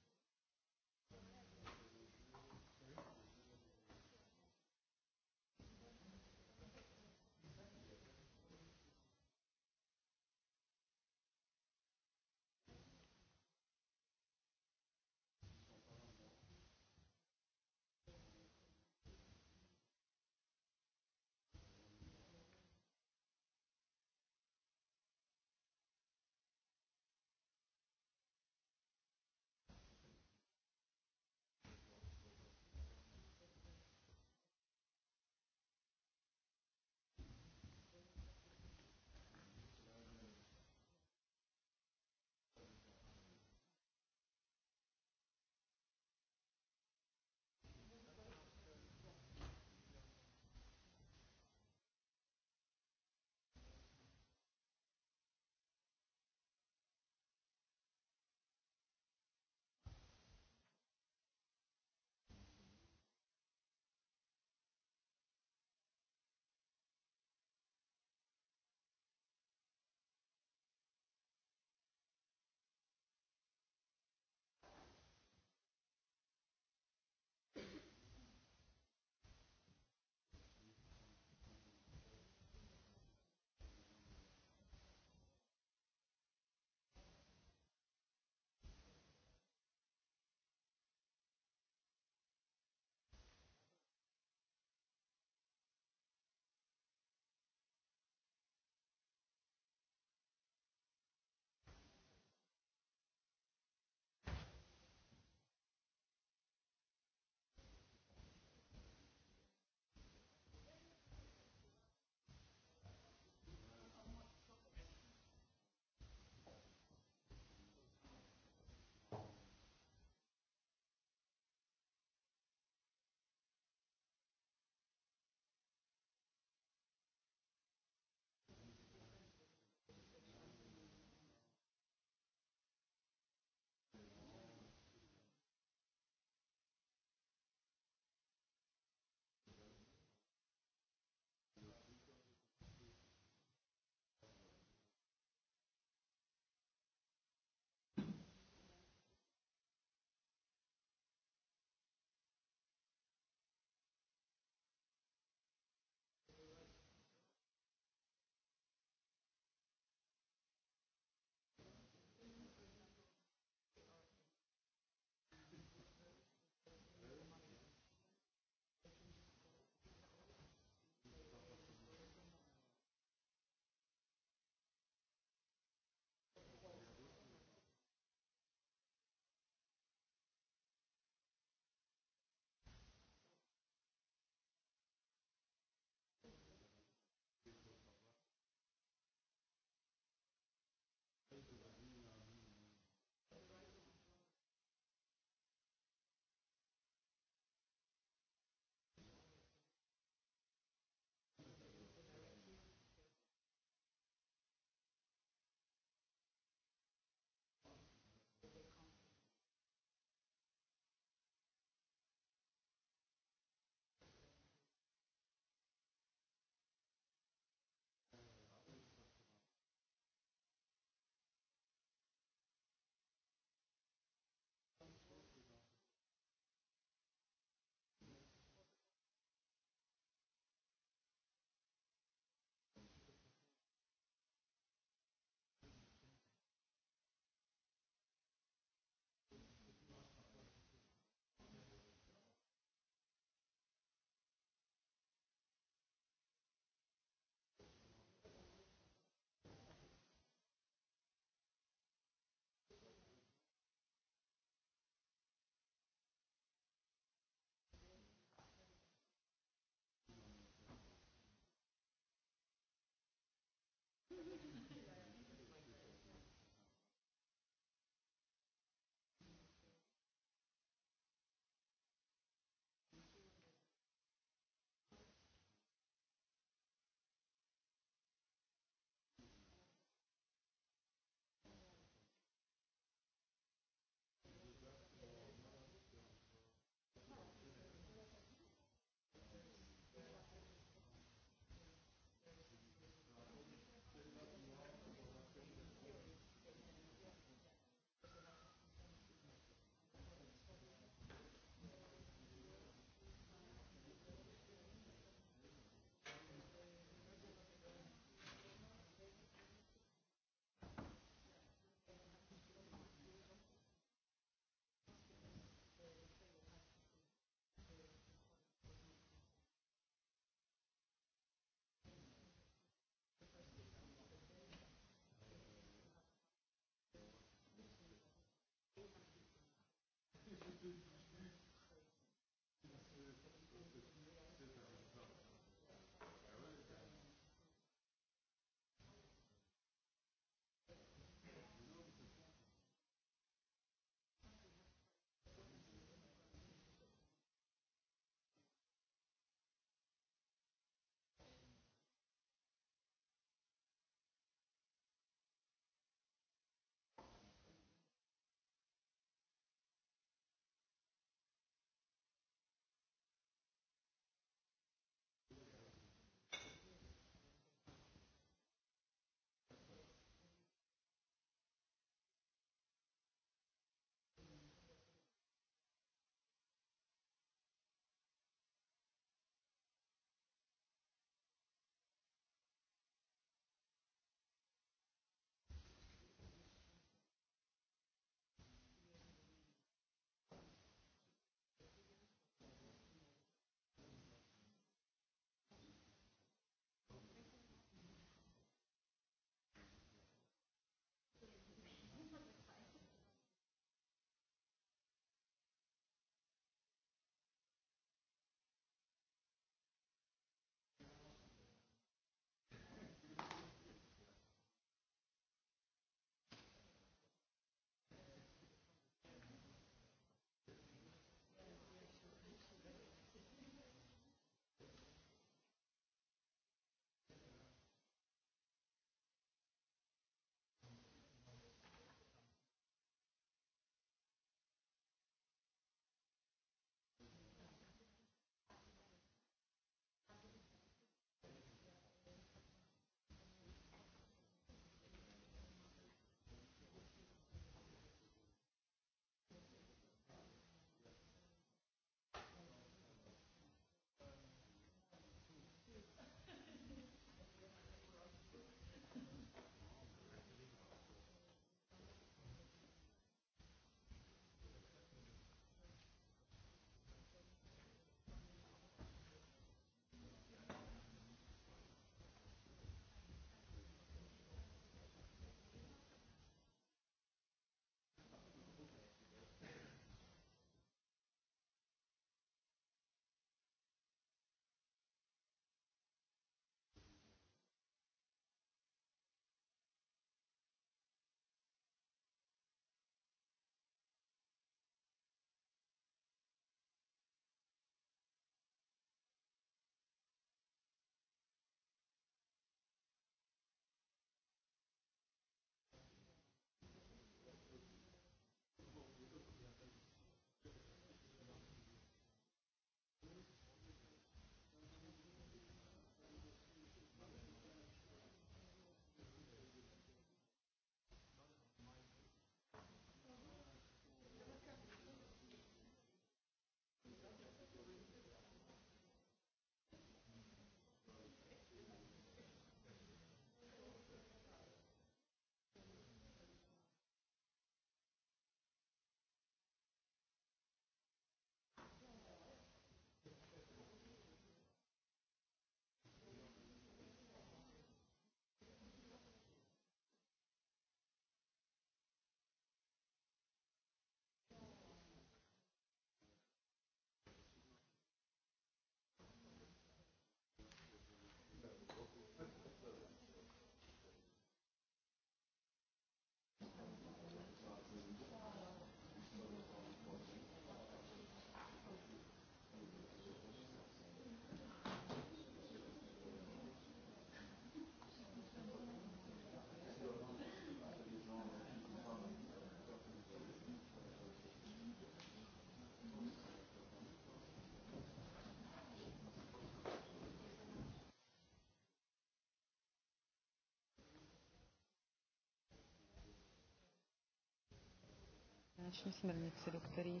finanční směrnici, do který,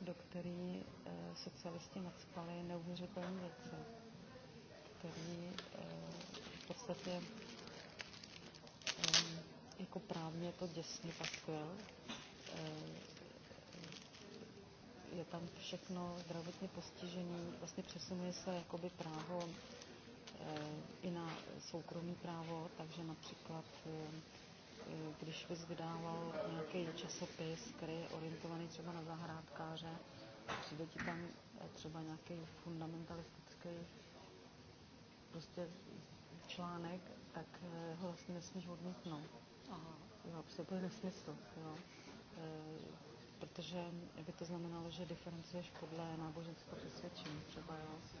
do který eh, socialisti nadspali neuvěřitelné věci, který eh, v podstatě eh, jako právně to děsně paskvěl. Je tam všechno zdravotně postižený, vlastně přesunuje se jakoby právo i na soukromý právo, takže například když vys vydával nějaký časopis, který je orientovaný třeba na zahrádkáře, přijde ti tam eh, třeba nějaký fundamentalistický prostě článek, tak eh, ho vlastně nesmíš odmítnout. Aha. Jo, prostě to je nesmysl. Jo. E, protože by to znamenalo, že diferencuješ podle náboženského přesvědčení třeba, jo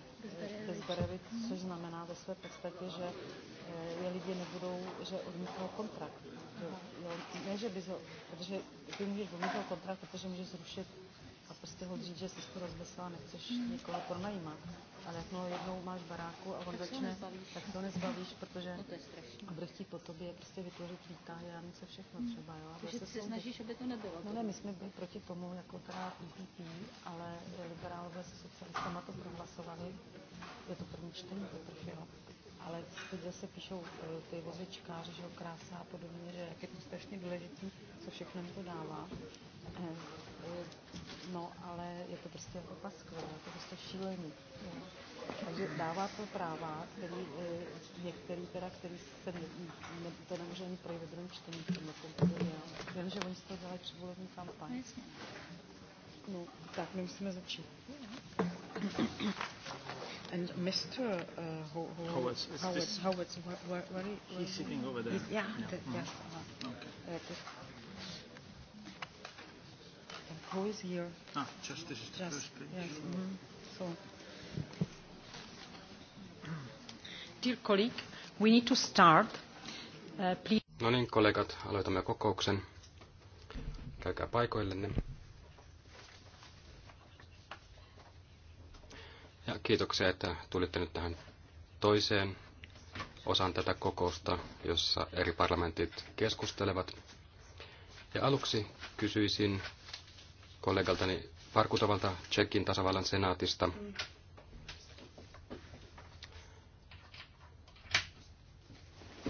Bezberevic, což znamená ve své podstatě, že eh, je lidi nebudou, že odmítnou kontrakt. Jo, ne, že by, ho, protože ty můžeš odmítnout kontrakt, protože můžeš zrušit prostě ho dřív, že jsi to rozmyslela, nechceš hmm. někoho pronajímat. Ale jak ho jednou máš baráku a on tak začne, tak to nezbavíš, protože no a bude chtít po tobě je prostě vytvořit výtahy a něco všechno hmm. třeba. Jo? Takže se snažíš, aby to nebylo. No ne, my jsme byli proti tomu, jako teda EPP, ale liberálové se socialistama to prohlasovali. Je to první čtení, to trfilo ale teď zase píšou e, ty vozičkáři, že jo, krása a podobně, že jak je to strašně důležité, co všechno mi to dává. E, No, ale je to prostě jako paskvil, je to prostě šílený. Jo. Takže dává to práva, který, eh, některý teda, který se ne, ne, to nemůže ani projít ve druhém čtení, Vím, že oni z toho dělají předvolební kampaň. No, tak my musíme začít. And Mr. Uh, Ho, Ho, Howard, Howard, Howard, where, where, where, where he's sitting over there. He's, yeah, yeah. The, yeah. Okay. Uh, who is here? Ah, just this is the just, first page. Yes, mm -hmm. so. Dear colleague, we need to start. Uh, please. No niin, kollegat, aloitamme kokouksen. Käykää paikoillenne. Ja kiitoksia, että tulitte nyt tähän toiseen osaan tätä kokousta, jossa eri parlamentit keskustelevat. Ja aluksi kysyisin kollegaltani Parkutovalta Tsekin tasavallan senaatista.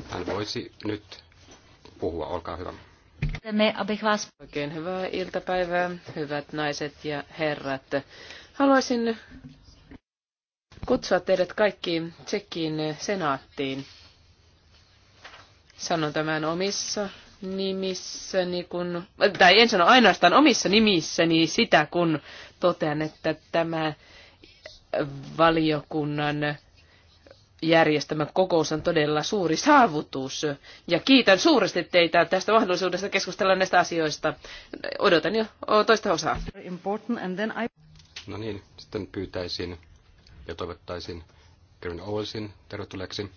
Hän voisi nyt puhua, olkaa hyvä. Oikein hyvää iltapäivää, hyvät naiset ja herrat. Haluaisin kutsua teidät kaikki Tsekin senaattiin. Sanon tämän omissa nimissäni, niin kun, tai en sano ainoastaan omissa nimissäni sitä, kun totean, että tämä valiokunnan järjestämä kokous on todella suuri saavutus. Ja kiitän suuresti teitä tästä mahdollisuudesta keskustella näistä asioista. Odotan jo toista osaa. No niin, sitten pyytäisin ja toivottaisin Kevin Owesin tervetulleeksi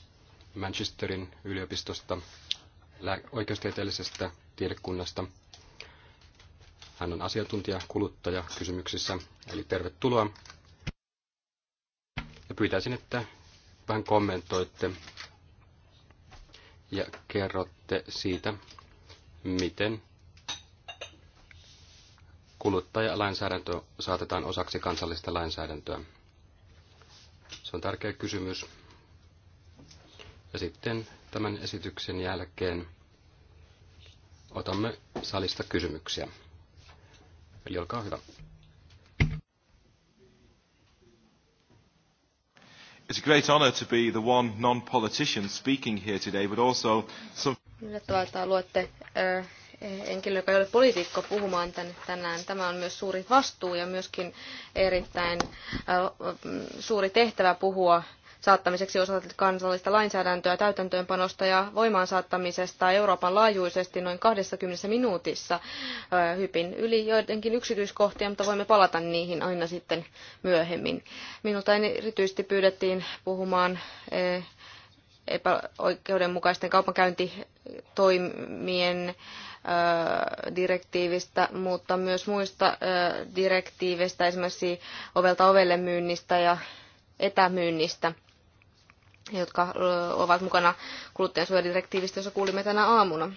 Manchesterin yliopistosta oikeustieteellisestä tiedekunnasta. Hän on asiantuntija kuluttaja kysymyksissä, eli tervetuloa. Ja pyytäisin, että vähän kommentoitte ja kerrotte siitä, miten kuluttajalainsäädäntö saatetaan osaksi kansallista lainsäädäntöä. Se on tärkeä kysymys. Ja sitten tämän esityksen jälkeen Otamme salista kysymyksiä. Eli olkaa hyvä. It's a great honor to be the one non-politician speaking here today, but also some... Yllättävää, että luette eh, henkilö, joka ei ole poliitikko, puhumaan tänne tänään. Tämä on myös suuri vastuu ja myöskin erittäin eh, suuri tehtävä puhua saattamiseksi osaksi kansallista lainsäädäntöä täytäntöönpanosta ja voimaansaattamisesta Euroopan laajuisesti noin 20 minuutissa hypin yli joidenkin yksityiskohtia, mutta voimme palata niihin aina sitten myöhemmin. Minulta erityisesti pyydettiin puhumaan e, epäoikeudenmukaisten kaupankäyntitoimien direktiivistä, mutta myös muista direktiiveistä, esimerkiksi ovelta ovelle myynnistä ja etämyynnistä jotka ovat mukana kuluttajansuojadirektiivistä, jossa kuulimme tänä aamuna.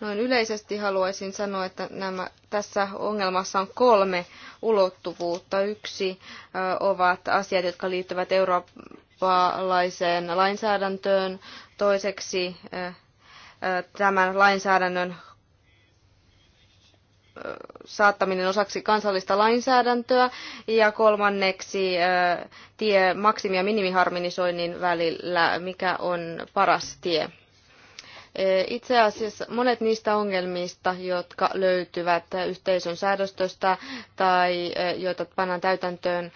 Noin yleisesti haluaisin sanoa, että nämä, tässä ongelmassa on kolme ulottuvuutta. Yksi ovat asiat, jotka liittyvät eurooppalaiseen lainsäädäntöön. Toiseksi tämän lainsäädännön saattaminen osaksi kansallista lainsäädäntöä ja kolmanneksi tie maksimi- ja minimiharminisoinnin välillä, mikä on paras tie. E, itse asiassa monet niistä ongelmista, jotka löytyvät yhteisön säädöstöstä tai joita pannaan täytäntöön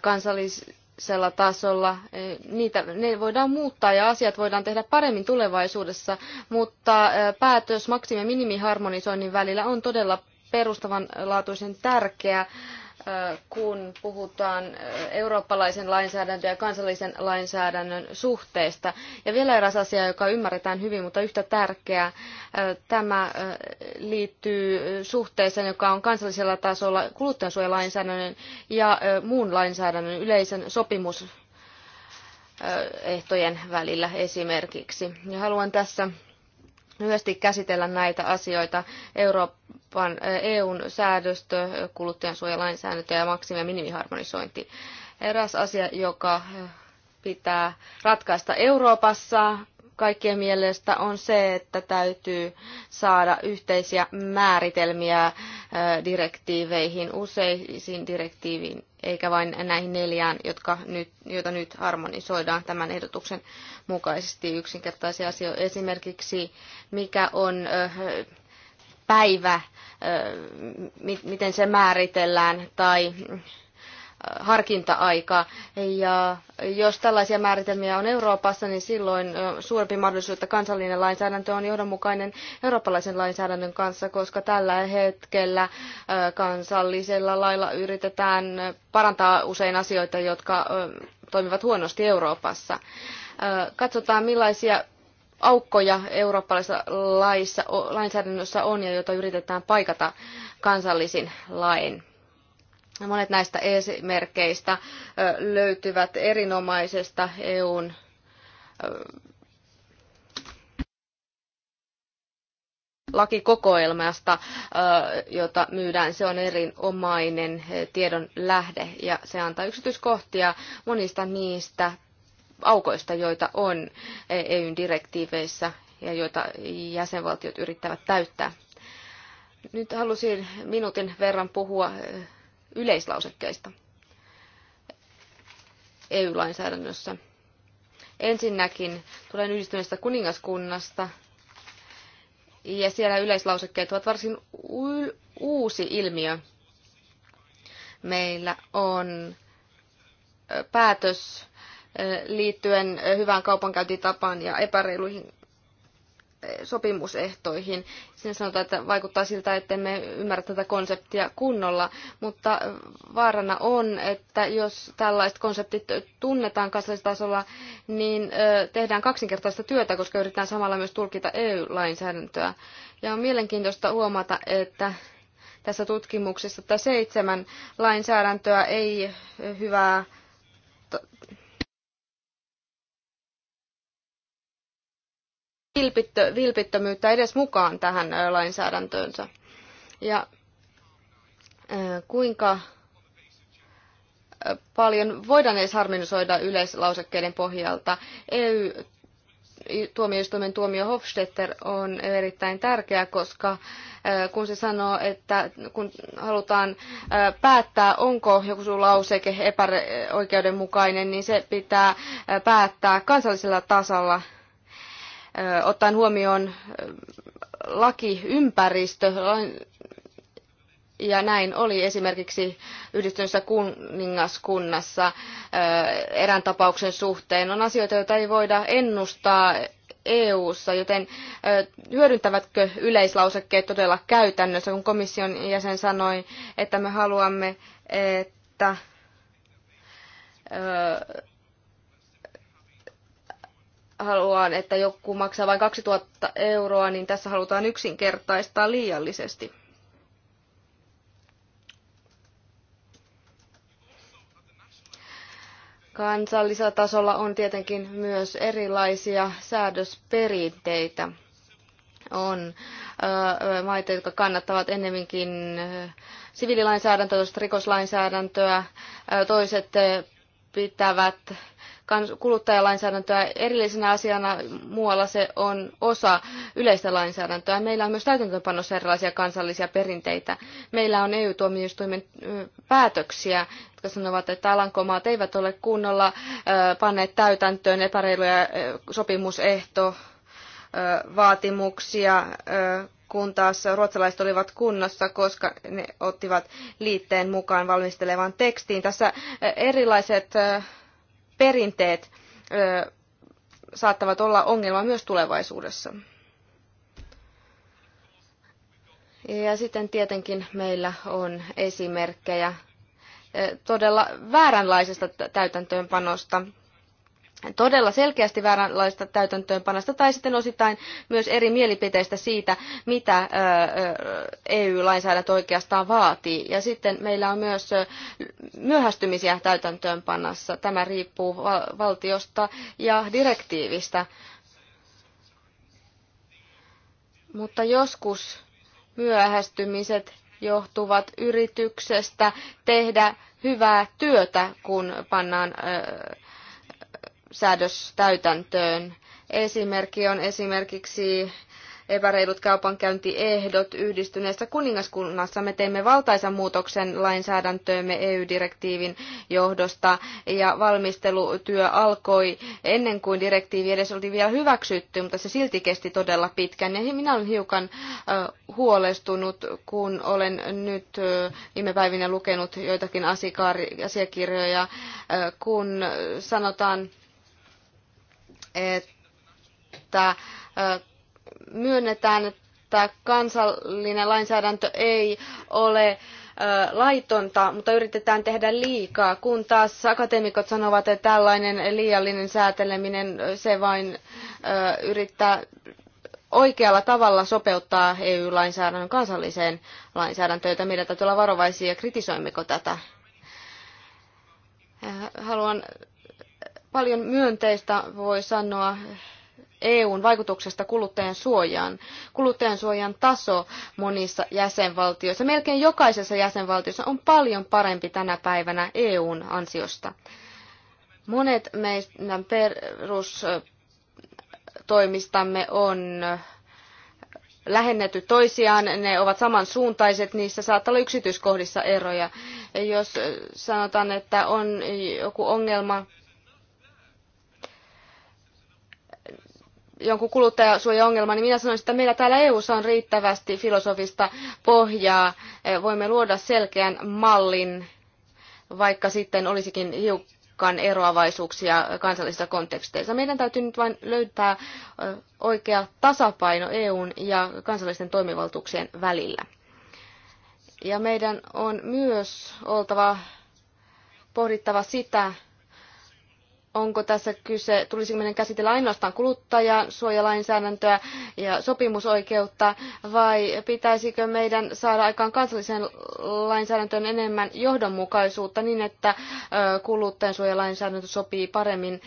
kansallisella tasolla, e, niitä, ne voidaan muuttaa ja asiat voidaan tehdä paremmin tulevaisuudessa, mutta päätös maksimi- ja minimiharmonisoinnin välillä on todella perustavanlaatuisen tärkeä, kun puhutaan eurooppalaisen lainsäädännön ja kansallisen lainsäädännön suhteesta. Ja vielä eräs asia, joka ymmärretään hyvin, mutta yhtä tärkeä, tämä liittyy suhteeseen, joka on kansallisella tasolla kuluttajansuojalainsäädännön ja muun lainsäädännön yleisen sopimusehtojen välillä esimerkiksi. Ja haluan tässä lyhyesti käsitellä näitä asioita Euroopan Euroopan, EUn säädöstö, kuluttajansuojalainsäädäntö ja maksimi- ja minimiharmonisointi. Eräs asia, joka pitää ratkaista Euroopassa kaikkien mielestä, on se, että täytyy saada yhteisiä määritelmiä direktiiveihin, useisiin direktiiviin, eikä vain näihin neljään, jotka nyt, joita nyt harmonisoidaan tämän ehdotuksen mukaisesti yksinkertaisia asioita. Esimerkiksi mikä on päivä, miten se määritellään, tai harkinta aika Ja jos tällaisia määritelmiä on Euroopassa, niin silloin suurempi mahdollisuus, että kansallinen lainsäädäntö on johdonmukainen eurooppalaisen lainsäädännön kanssa, koska tällä hetkellä kansallisella lailla yritetään parantaa usein asioita, jotka toimivat huonosti Euroopassa. Katsotaan, millaisia aukkoja eurooppalaisessa laissa, lainsäädännössä on ja joita yritetään paikata kansallisin lain. Monet näistä esimerkkeistä löytyvät erinomaisesta EUn lakikokoelmasta, jota myydään. Se on erinomainen tiedon lähde ja se antaa yksityiskohtia monista niistä aukoista, joita on e- EUn direktiiveissä ja joita jäsenvaltiot yrittävät täyttää. Nyt halusin minuutin verran puhua e, yleislausekkeista EU-lainsäädännössä. Ensinnäkin tulen yhdistyneestä kuningaskunnasta ja siellä yleislausekkeet ovat varsin uusi ilmiö. Meillä on e, päätös liittyen hyvään kaupankäyntitapaan ja epäreiluihin sopimusehtoihin. Sen sanotaan, että vaikuttaa siltä, että emme ymmärrä tätä konseptia kunnolla, mutta vaarana on, että jos tällaiset konseptit tunnetaan kansallistasolla, niin tehdään kaksinkertaista työtä, koska yritetään samalla myös tulkita EU-lainsäädäntöä. Ja on mielenkiintoista huomata, että tässä tutkimuksessa, että seitsemän lainsäädäntöä ei hyvää vilpittö, vilpittömyyttä edes mukaan tähän lainsäädäntöönsä. Ja kuinka paljon voidaan edes harminisoida yleislausekkeiden pohjalta. EU-tuomioistuimen tuomio Hofstetter on erittäin tärkeä, koska kun se sanoo, että kun halutaan päättää, onko joku lauseke epäoikeudenmukainen, niin se pitää päättää kansallisella tasolla ottaen huomioon lakiympäristö, ja näin oli esimerkiksi yhdistyneessä kuningaskunnassa erään tapauksen suhteen. On asioita, joita ei voida ennustaa EU-ssa, joten hyödyntävätkö yleislausekkeet todella käytännössä, kun komission jäsen sanoi, että me haluamme, että haluan, että joku maksaa vain 2000 euroa, niin tässä halutaan yksinkertaistaa liiallisesti. Kansallisella tasolla on tietenkin myös erilaisia säädösperinteitä. On öö, maita, jotka kannattavat ennemminkin öö, siviililainsäädäntöä, rikoslainsäädäntöä, öö, toiset pitävät kuluttajalainsäädäntöä erillisenä asiana, muualla se on osa yleistä lainsäädäntöä. Meillä on myös täytäntöönpanossa erilaisia kansallisia perinteitä. Meillä on EU-tuomioistuimen päätöksiä, jotka sanovat, että Alankomaat eivät ole kunnolla panneet täytäntöön epäreiluja sopimusehto vaatimuksia kun taas ruotsalaiset olivat kunnossa, koska ne ottivat liitteen mukaan valmistelevan tekstiin. Tässä eh, erilaiset eh, perinteet eh, saattavat olla ongelma myös tulevaisuudessa. Ja sitten tietenkin meillä on esimerkkejä todella vääränlaisesta täytäntöönpanosta todella selkeästi vääränlaista täytäntöönpanosta tai sitten osittain myös eri mielipiteistä siitä, mitä EU-lainsäädäntö oikeastaan vaatii. Ja sitten meillä on myös myöhästymisiä täytäntöönpanossa. Tämä riippuu valtiosta ja direktiivistä. Mutta joskus myöhästymiset johtuvat yrityksestä tehdä hyvää työtä, kun pannaan ö, säädöstäytäntöön. Esimerkki on esimerkiksi epäreilut kaupankäyntiehdot yhdistyneessä kuningaskunnassa. Me teimme valtaisan muutoksen lainsäädäntöömme EU-direktiivin johdosta ja valmistelutyö alkoi ennen kuin direktiivi edes oli vielä hyväksytty, mutta se silti kesti todella pitkän. Ja minä olen hiukan huolestunut, kun olen nyt viime päivinä lukenut joitakin asiakirjoja, kun sanotaan, että myönnetään, että kansallinen lainsäädäntö ei ole laitonta, mutta yritetään tehdä liikaa, kun taas akateemikot sanovat, että tällainen liiallinen sääteleminen, se vain yrittää oikealla tavalla sopeuttaa EU-lainsäädännön kansalliseen lainsäädäntöön, jota meidän täytyy olla varovaisia, kritisoimmeko tätä. Haluan Paljon myönteistä voi sanoa EUn vaikutuksesta kuluttajan suojaan. Kuluttajan suojan taso monissa jäsenvaltioissa, melkein jokaisessa jäsenvaltiossa on paljon parempi tänä päivänä EUn ansiosta. Monet meidän perustoimistamme on lähennetty toisiaan, ne ovat samansuuntaiset, niissä saattaa olla yksityiskohdissa eroja. Jos sanotaan, että on joku ongelma jonkun kuluttajasuojaongelman, niin minä sanoisin, että meillä täällä eu on riittävästi filosofista pohjaa. E, voimme luoda selkeän mallin, vaikka sitten olisikin hiukan eroavaisuuksia kansallisissa konteksteissa. Meidän täytyy nyt vain löytää oikea tasapaino EUn ja kansallisten toimivaltuuksien välillä. Ja meidän on myös oltava pohdittava sitä, onko tässä kyse, tulisiko meidän käsitellä ainoastaan kuluttajan suojalainsäädäntöä ja sopimusoikeutta vai pitäisikö meidän saada aikaan kansalliseen lainsäädäntöön enemmän johdonmukaisuutta niin, että kuluttajan suojalainsäädäntö sopii paremmin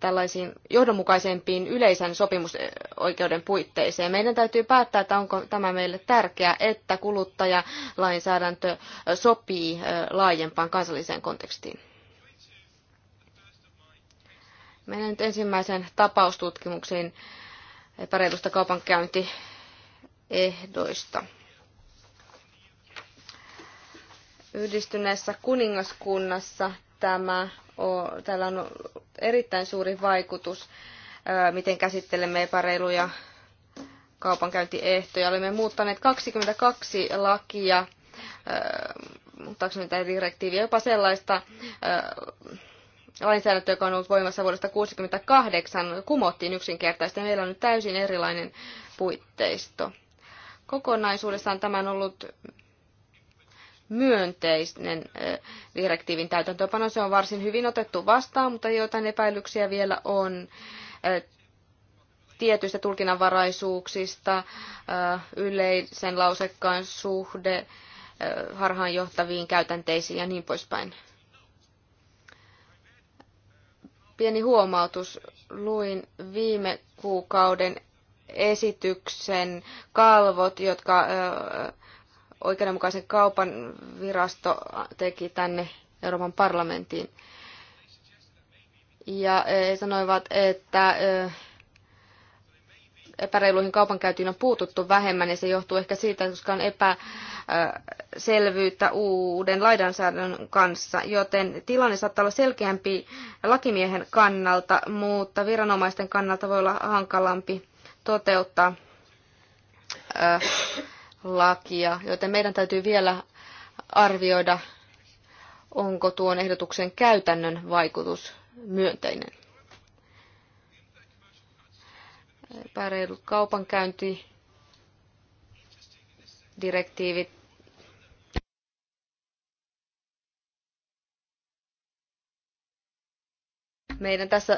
tällaisiin johdonmukaisempiin yleisen sopimusoikeuden puitteisiin. Meidän täytyy päättää, että onko tämä meille tärkeää, että kuluttajalainsäädäntö sopii laajempaan kansalliseen kontekstiin. Menen nyt ensimmäisen tapaustutkimuksiin epäreilusta kaupankäyntiehdoista. Yhdistyneessä kuningaskunnassa tämä on, tällä on erittäin suuri vaikutus, miten käsittelemme epäreiluja kaupankäyntiehtoja. Olemme muuttaneet 22 lakia, muuttaakseni tätä direktiiviä, jopa sellaista lainsäädäntö, joka on ollut voimassa vuodesta 1968, kumottiin yksinkertaisesti. Meillä on nyt täysin erilainen puitteisto. Kokonaisuudessaan tämä on ollut myönteinen direktiivin täytäntöönpano. Se on varsin hyvin otettu vastaan, mutta joitain epäilyksiä vielä on tietyistä tulkinnanvaraisuuksista, yleisen lausekkaan suhde, harhaanjohtaviin käytänteisiin ja niin poispäin. Pieni huomautus. Luin viime kuukauden esityksen kalvot, jotka oikeudenmukaisen kaupan virasto teki tänne Euroopan parlamenttiin. Ja sanoivat, että epäreiluihin kaupankäytiin on puututtu vähemmän ja se johtuu ehkä siitä, koska on epäselvyyttä uuden lainsäädännön kanssa, joten tilanne saattaa olla selkeämpi lakimiehen kannalta, mutta viranomaisten kannalta voi olla hankalampi toteuttaa lakia, joten meidän täytyy vielä arvioida, onko tuon ehdotuksen käytännön vaikutus myönteinen. epäreilut kaupankäyntidirektiivit meidän tässä ö,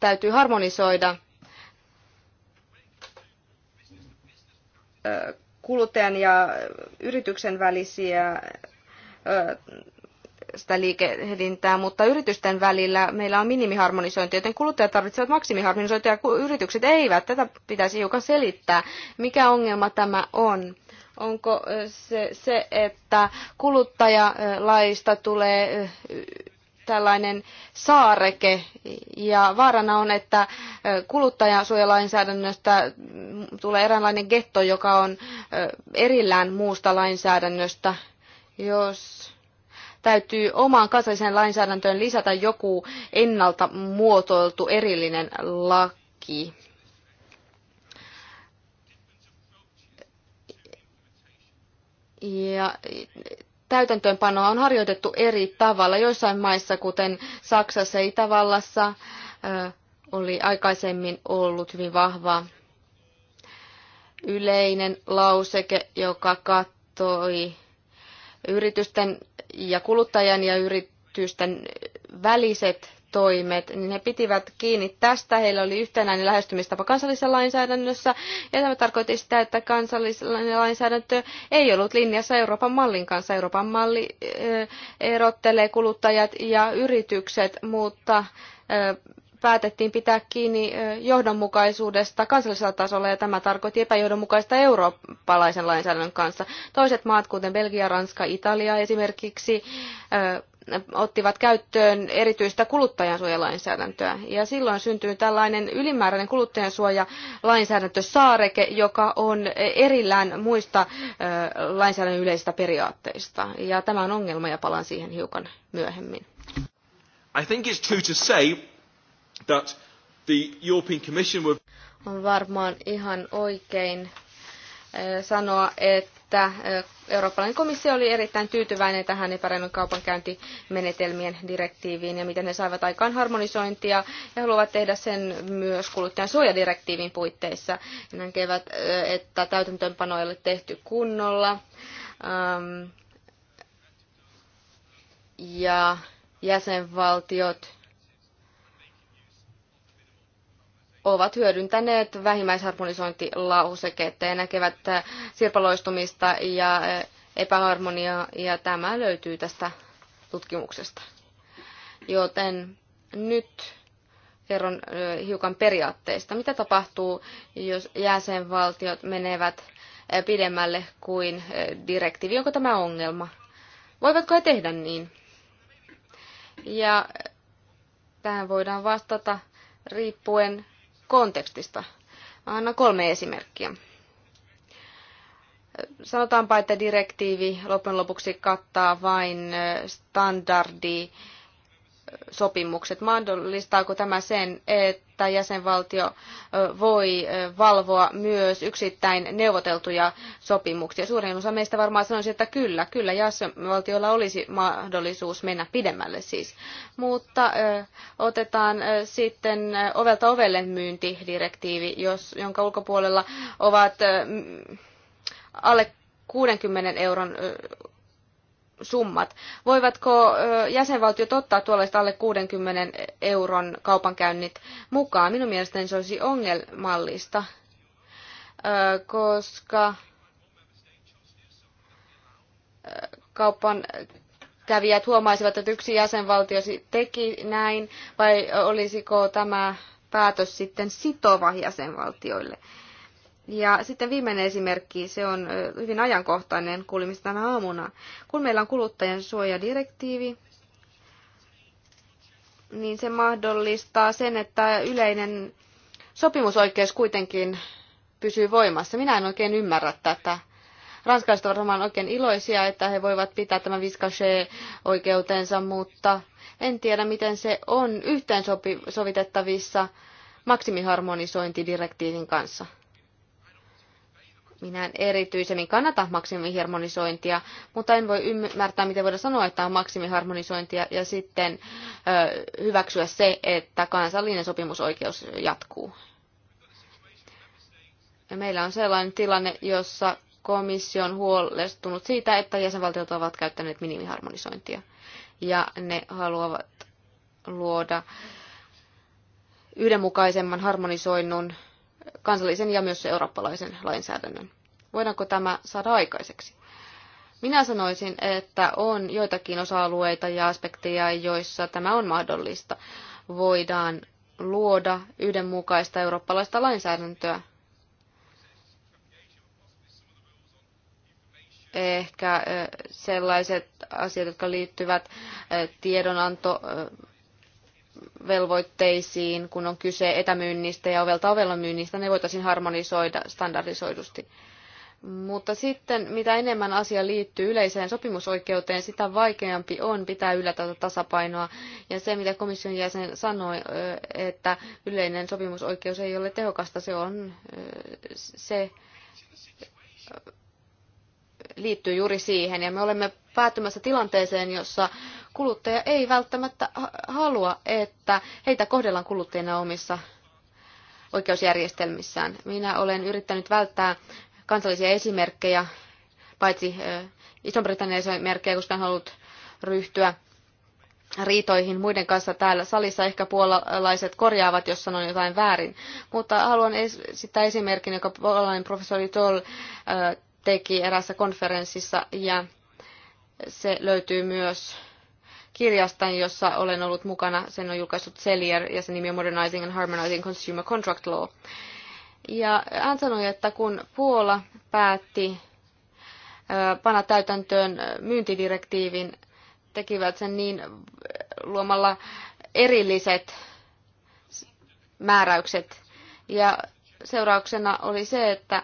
täytyy harmonisoida ö, kuluttajan ja yrityksen välisiä ö, sitä liikehdintää, mutta yritysten välillä meillä on minimiharmonisointi, joten kuluttajat tarvitsevat maksimiharmonisointia, kun yritykset eivät. Tätä pitäisi hiukan selittää. Mikä ongelma tämä on? Onko se, se että kuluttajalaista tulee tällainen saareke ja vaarana on, että kuluttajansuojalainsäädännöstä tulee eräänlainen getto, joka on erillään muusta lainsäädännöstä. Jos täytyy omaan kansalliseen lainsäädäntöön lisätä joku ennalta muotoiltu erillinen laki. Ja täytäntöönpanoa on harjoitettu eri tavalla. Joissain maissa, kuten Saksassa ja Itävallassa, oli aikaisemmin ollut hyvin vahva yleinen lauseke, joka kattoi yritysten ja kuluttajan ja yritysten väliset toimet, niin he pitivät kiinni tästä. Heillä oli yhtenäinen lähestymistapa kansallisessa lainsäädännössä, ja tämä tarkoitti sitä, että kansallinen lainsäädäntö ei ollut linjassa Euroopan mallin kanssa. Euroopan malli erottelee kuluttajat ja yritykset, mutta päätettiin pitää kiinni johdonmukaisuudesta kansallisella tasolla ja tämä tarkoitti epäjohdonmukaista eurooppalaisen lainsäädännön kanssa. Toiset maat, kuten Belgia, Ranska, Italia esimerkiksi, ottivat käyttöön erityistä kuluttajansuojalainsäädäntöä. Ja silloin syntyy tällainen ylimääräinen kuluttajansuojalainsäädäntösaareke, joka on erillään muista lainsäädännön yleisistä periaatteista. Ja tämä on ongelma ja palaan siihen hiukan myöhemmin. I think it's true to say that the European Commission were... On varmaan ihan oikein eh, sanoa, että eh, Euroopan komissio oli erittäin tyytyväinen tähän epäreilun kaupankäyntimenetelmien direktiiviin ja miten ne saivat aikaan harmonisointia ja haluavat tehdä sen myös kuluttajan suojadirektiivin puitteissa. Ne näkevät, eh, että täytäntöönpano ei ole tehty kunnolla. ja jäsenvaltiot ovat hyödyntäneet vähimmäisharmonisointilauseketta ja näkevät äh, sirpaloistumista ja äh, epäharmoniaa, ja tämä löytyy tästä tutkimuksesta. Joten nyt kerron äh, hiukan periaatteista. Mitä tapahtuu, jos jäsenvaltiot menevät pidemmälle kuin direktiivi? Onko tämä ongelma? Voivatko he tehdä niin? Ja tähän voidaan vastata riippuen kontekstista. Annan kolme esimerkkiä. Sanotaanpa, että direktiivi loppujen lopuksi kattaa vain standardi sopimukset? Mahdollistaako tämä sen, että jäsenvaltio voi valvoa myös yksittäin neuvoteltuja sopimuksia? Suurin osa meistä varmaan sanoisi, että kyllä, kyllä jäsenvaltiolla olisi mahdollisuus mennä pidemmälle siis. Mutta otetaan sitten ovelta ovelle myyntidirektiivi, jos, jonka ulkopuolella ovat alle 60 euron summat. Voivatko jäsenvaltiot ottaa tuollaiset alle 60 euron kaupankäynnit mukaan? Minun mielestäni se olisi ongelmallista, koska kaupan kävijät huomaisivat, että yksi jäsenvaltio teki näin, vai olisiko tämä päätös sitten sitova jäsenvaltioille? Ja sitten viimeinen esimerkki, se on hyvin ajankohtainen kuulimista tänä aamuna. Kun meillä on kuluttajan suojadirektiivi, niin se mahdollistaa sen, että yleinen sopimusoikeus kuitenkin pysyy voimassa. Minä en oikein ymmärrä tätä. Ranskalaiset ovat varmaan oikein iloisia, että he voivat pitää tämän viskashe-oikeutensa, mutta en tiedä, miten se on yhteensovitettavissa maksimiharmonisointidirektiivin kanssa. Minä en erityisemmin kannata maksimiharmonisointia, mutta en voi ymmärtää, miten voidaan sanoa, että on maksimiharmonisointia ja sitten ö, hyväksyä se, että kansallinen sopimusoikeus jatkuu. Ja meillä on sellainen tilanne, jossa komissio on huolestunut siitä, että jäsenvaltiot ovat käyttäneet minimiharmonisointia ja ne haluavat luoda yhdenmukaisemman harmonisoinnun kansallisen ja myös eurooppalaisen lainsäädännön. Voidaanko tämä saada aikaiseksi? Minä sanoisin, että on joitakin osa-alueita ja aspekteja, joissa tämä on mahdollista. Voidaan luoda yhdenmukaista eurooppalaista lainsäädäntöä. Ehkä sellaiset asiat, jotka liittyvät tiedonanto velvoitteisiin, kun on kyse etämyynnistä ja ovelta ovella myynnistä, ne voitaisiin harmonisoida standardisoidusti. Mutta sitten mitä enemmän asia liittyy yleiseen sopimusoikeuteen, sitä vaikeampi on pitää yllä tätä tasapainoa. Ja se, mitä komission jäsen sanoi, että yleinen sopimusoikeus ei ole tehokasta, se on se liittyy juuri siihen. Ja me olemme päätymässä tilanteeseen, jossa kuluttaja ei välttämättä halua, että heitä kohdellaan kuluttajina omissa oikeusjärjestelmissään. Minä olen yrittänyt välttää kansallisia esimerkkejä, paitsi Iso-Britannian esimerkkejä, koska en halunnut ryhtyä riitoihin muiden kanssa täällä salissa. Ehkä puolalaiset korjaavat, jos sanon jotain väärin. Mutta haluan esittää esimerkin, joka puolalainen professori Toll teki erässä konferenssissa ja se löytyy myös kirjasta, jossa olen ollut mukana. Sen on julkaissut Selier ja sen nimi on Modernizing and Harmonizing Consumer Contract Law. Ja hän sanoi, että kun Puola päätti panna täytäntöön myyntidirektiivin, tekivät sen niin luomalla erilliset määräykset. Ja seurauksena oli se, että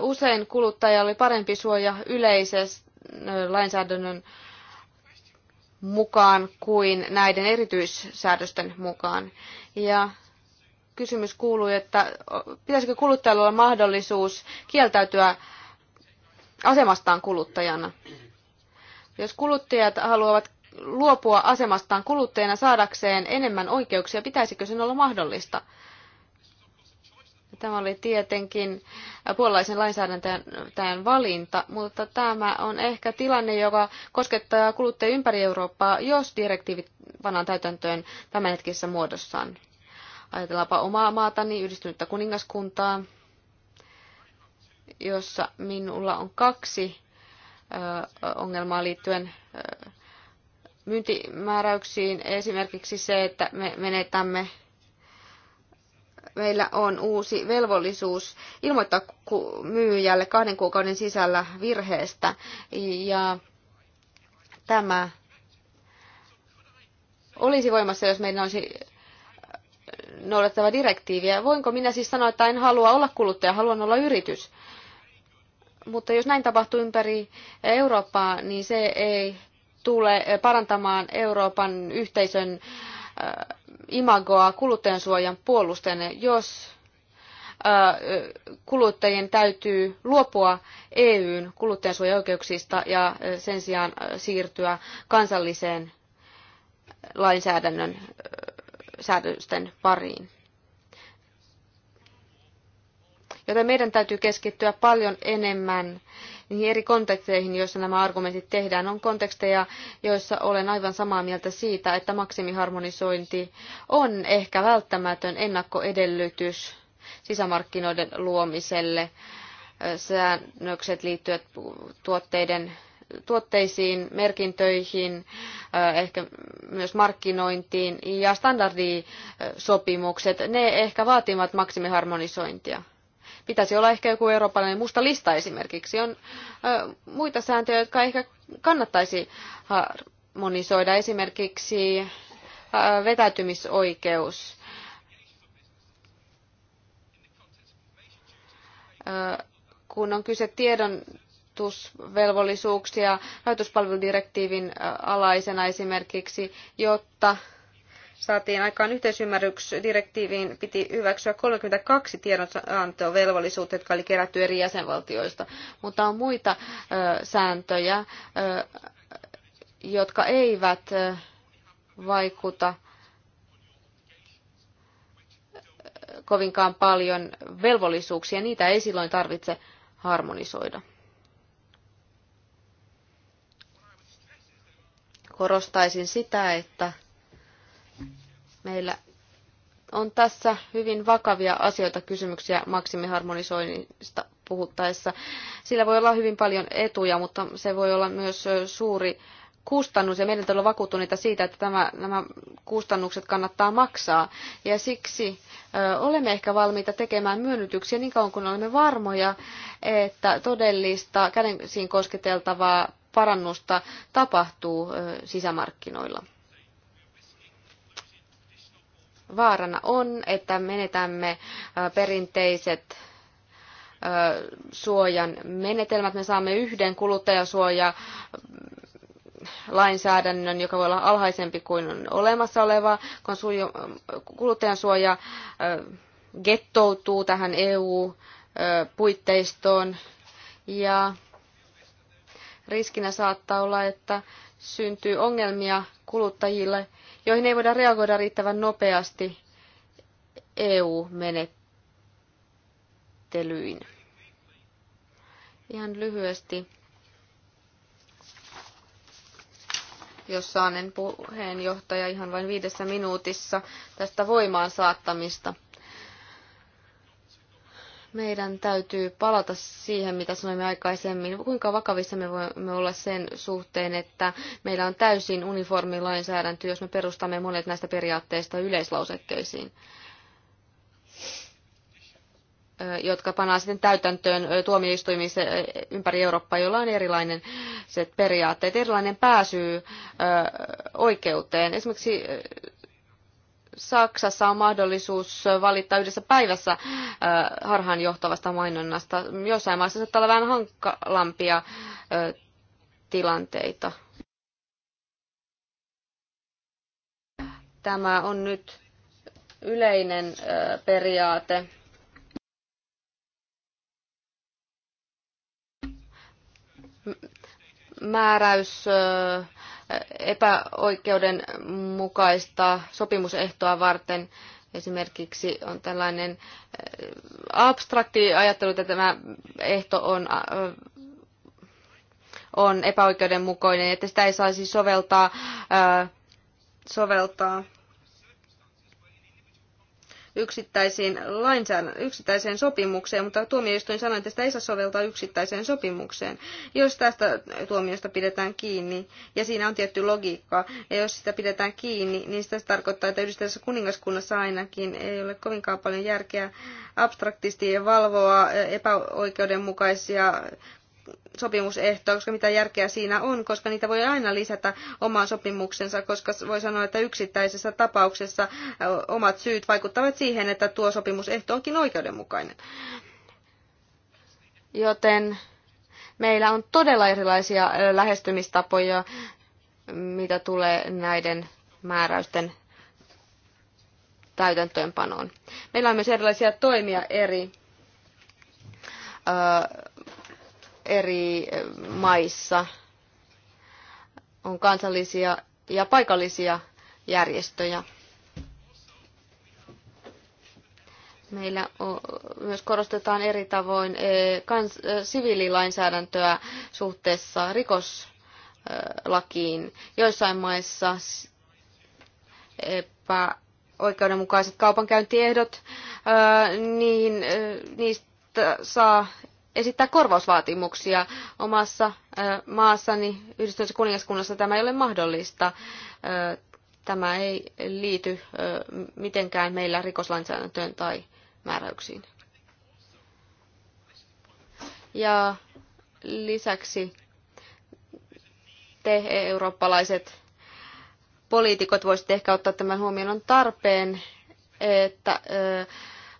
Usein kuluttajalla oli parempi suoja yleisen lainsäädännön mukaan kuin näiden erityissäädösten mukaan. Ja kysymys kuuluu, että pitäisikö kuluttajalla olla mahdollisuus kieltäytyä asemastaan kuluttajana? Jos kuluttajat haluavat luopua asemastaan kuluttajana saadakseen enemmän oikeuksia, pitäisikö sen olla mahdollista? Tämä oli tietenkin puolalaisen lainsäädäntäjän valinta, mutta tämä on ehkä tilanne, joka koskettaa kuluttajia ympäri Eurooppaa, jos direktiivit pannaan täytäntöön tämänhetkisessä muodossaan. Ajatellaanpa omaa maatani, yhdistynyttä kuningaskuntaa, jossa minulla on kaksi ongelmaa liittyen myyntimääräyksiin. Esimerkiksi se, että me menetämme meillä on uusi velvollisuus ilmoittaa myyjälle kahden kuukauden sisällä virheestä. Ja tämä olisi voimassa, jos meidän olisi noudattava direktiiviä. Voinko minä siis sanoa, että en halua olla kuluttaja, haluan olla yritys? Mutta jos näin tapahtuu ympäri Eurooppaa, niin se ei tule parantamaan Euroopan yhteisön Äh, imagoa kuluttajansuojan puolustajana, jos äh, kuluttajien täytyy luopua EUn kuluttajansuojaoikeuksista ja äh, sen sijaan siirtyä kansalliseen lainsäädännön säädösten pariin. Joten meidän täytyy keskittyä paljon enemmän niihin eri konteksteihin, joissa nämä argumentit tehdään. On konteksteja, joissa olen aivan samaa mieltä siitä, että maksimiharmonisointi on ehkä välttämätön ennakkoedellytys sisämarkkinoiden luomiselle. Säännökset liittyvät tuotteiden tuotteisiin, merkintöihin, ehkä myös markkinointiin ja standardisopimukset, ne ehkä vaativat maksimiharmonisointia. Pitäisi olla ehkä joku eurooppalainen musta lista esimerkiksi. On muita sääntöjä, jotka ehkä kannattaisi harmonisoida, esimerkiksi vetäytymisoikeus. Kun on kyse tiedon rahoitusvelvollisuuksia rahoituspalveludirektiivin alaisena esimerkiksi, jotta saatiin aikaan yhteisymmärryks direktiiviin, piti hyväksyä 32 tiedonantovelvollisuutta, jotka oli kerätty eri jäsenvaltioista, mutta on muita sääntöjä, jotka eivät vaikuta kovinkaan paljon velvollisuuksia, niitä ei silloin tarvitse harmonisoida. Korostaisin sitä, että Meillä on tässä hyvin vakavia asioita, kysymyksiä maksimiharmonisoinnista puhuttaessa. Sillä voi olla hyvin paljon etuja, mutta se voi olla myös suuri kustannus, ja meidän on vakuuttuneita siitä, että tämä, nämä kustannukset kannattaa maksaa. Ja siksi ö, olemme ehkä valmiita tekemään myönnytyksiä niin kauan kuin olemme varmoja, että todellista kädensiin kosketeltavaa parannusta tapahtuu ö, sisämarkkinoilla vaarana on, että menetämme perinteiset suojan menetelmät. Me saamme yhden kuluttajasuoja lainsäädännön, joka voi olla alhaisempi kuin on olemassa oleva, kun kuluttajansuoja gettoutuu tähän EU-puitteistoon. Ja riskinä saattaa olla, että syntyy ongelmia kuluttajille – joihin ei voida reagoida riittävän nopeasti EU-menettelyin. Ihan lyhyesti, jos saanen puheenjohtaja ihan vain viidessä minuutissa tästä voimaan saattamista – meidän täytyy palata siihen, mitä sanoimme aikaisemmin, kuinka vakavissa me voimme olla sen suhteen, että meillä on täysin uniformilainsäädäntö, jos me perustamme monet näistä periaatteista yleislausekkeisiin jotka pannaan sitten täytäntöön tuomioistuimissa ympäri Eurooppaa, jolla on erilainen periaatteet, erilainen pääsy oikeuteen. Esimerkiksi Saksassa on mahdollisuus valittaa yhdessä päivässä äh, harhaanjohtavasta mainonnasta. Jossain maassa saattaa olla vähän hankalampia äh, tilanteita. Tämä on nyt yleinen äh, periaate. Määräys epäoikeudenmukaista sopimusehtoa varten. Esimerkiksi on tällainen äh, abstrakti ajattelu, että tämä ehto on äh, on epäoikeudenmukainen, että sitä ei saisi soveltaa, äh, soveltaa yksittäisiin, lainsäädä, yksittäiseen sopimukseen, mutta tuomioistuin sanoi, että sitä ei saa soveltaa yksittäiseen sopimukseen, jos tästä tuomiosta pidetään kiinni, ja siinä on tietty logiikka, ja jos sitä pidetään kiinni, niin sitä se tarkoittaa, että yhdistetyssä kuningaskunnassa ainakin ei ole kovinkaan paljon järkeä abstraktisti valvoa epäoikeudenmukaisia sopimusehtoa, koska mitä järkeä siinä on, koska niitä voi aina lisätä omaan sopimuksensa, koska voi sanoa, että yksittäisessä tapauksessa omat syyt vaikuttavat siihen, että tuo sopimusehto onkin oikeudenmukainen. Joten meillä on todella erilaisia lähestymistapoja, mitä tulee näiden määräysten täytäntöönpanoon. Meillä on myös erilaisia toimia eri eri maissa on kansallisia ja paikallisia järjestöjä. Meillä myös korostetaan eri tavoin e, kans, e, siviililainsäädäntöä suhteessa rikoslakiin. Joissain maissa epäoikeudenmukaiset kaupankäyntiehdot, e, niin niistä saa esittää korvausvaatimuksia omassa maassani, yhdistyneessä kuningaskunnassa tämä ei ole mahdollista. Tämä ei liity mitenkään meillä rikoslainsäädäntöön tai määräyksiin. Ja lisäksi te eurooppalaiset poliitikot voisitte ehkä ottaa tämän huomioon on tarpeen, että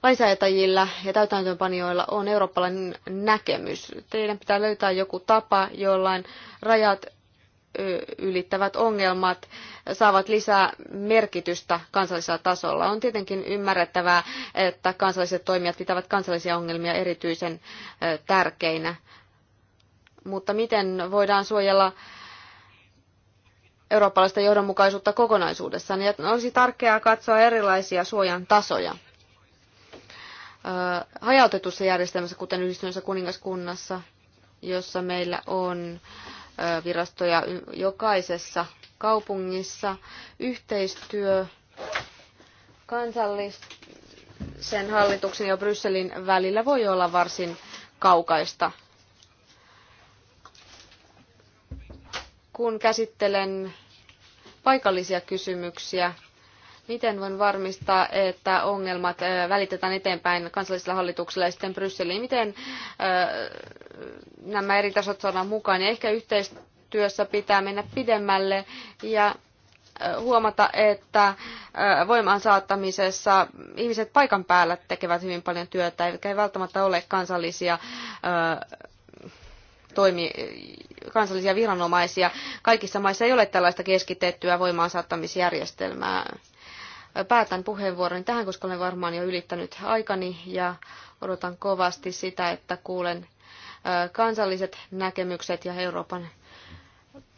lainsäätäjillä ja täytäntöönpanijoilla on eurooppalainen näkemys. Teidän pitää löytää joku tapa, jollain rajat ylittävät ongelmat saavat lisää merkitystä kansallisella tasolla. On tietenkin ymmärrettävää, että kansalliset toimijat pitävät kansallisia ongelmia erityisen tärkeinä. Mutta miten voidaan suojella eurooppalaista johdonmukaisuutta kokonaisuudessaan? olisi tärkeää katsoa erilaisia suojan tasoja. Äh, hajautetussa järjestelmässä, kuten yhdistyneessä kuningaskunnassa, jossa meillä on äh, virastoja jokaisessa kaupungissa. Yhteistyö kansallisen hallituksen ja Brysselin välillä voi olla varsin kaukaista. Kun käsittelen paikallisia kysymyksiä, Miten voin varmistaa, että ongelmat välitetään eteenpäin kansallisilla hallituksilla ja sitten Brysseliin? Miten nämä eri tasot saadaan mukaan? Ja ehkä yhteistyössä pitää mennä pidemmälle ja huomata, että voimaan saattamisessa ihmiset paikan päällä tekevät hyvin paljon työtä, eivätkä ei välttämättä ole kansallisia toimi, kansallisia viranomaisia. Kaikissa maissa ei ole tällaista keskitettyä voimaan saattamisjärjestelmää päätän puheenvuoroni tähän, koska olen varmaan jo ylittänyt aikani ja odotan kovasti sitä, että kuulen kansalliset näkemykset ja Euroopan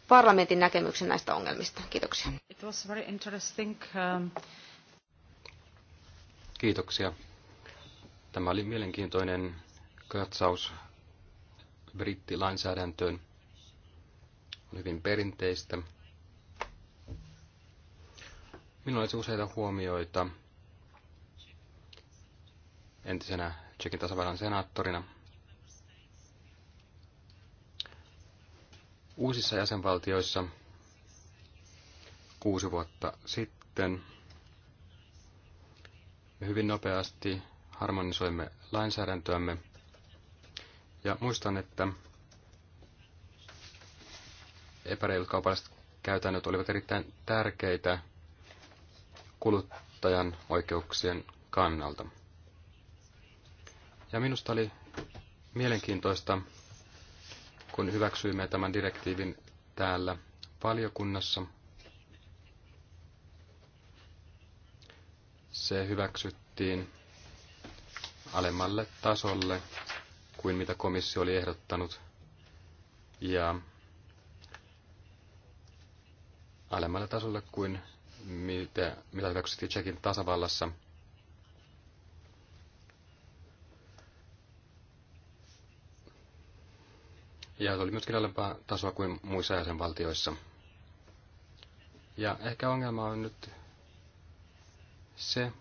parlamentin näkemyksen näistä ongelmista. Kiitoksia. Um, Kiitoksia. Tämä oli mielenkiintoinen katsaus brittilainsäädäntöön. On hyvin perinteistä Minulla olisi useita huomioita entisenä Tsekin tasavallan senaattorina. Uusissa jäsenvaltioissa kuusi vuotta sitten me hyvin nopeasti harmonisoimme lainsäädäntöämme. Ja muistan, että epäreilut kaupalliset käytännöt olivat erittäin tärkeitä kuluttajan oikeuksien kannalta. Ja minusta oli mielenkiintoista, kun hyväksyimme tämän direktiivin täällä valiokunnassa. Se hyväksyttiin alemmalle tasolle kuin mitä komissio oli ehdottanut. Ja alemmalle tasolle kuin mitä, mitä hyväksyttiin Tsekin tasavallassa. Ja se oli myöskin alempaa tasoa kuin muissa jäsenvaltioissa. Ja ehkä ongelma on nyt se,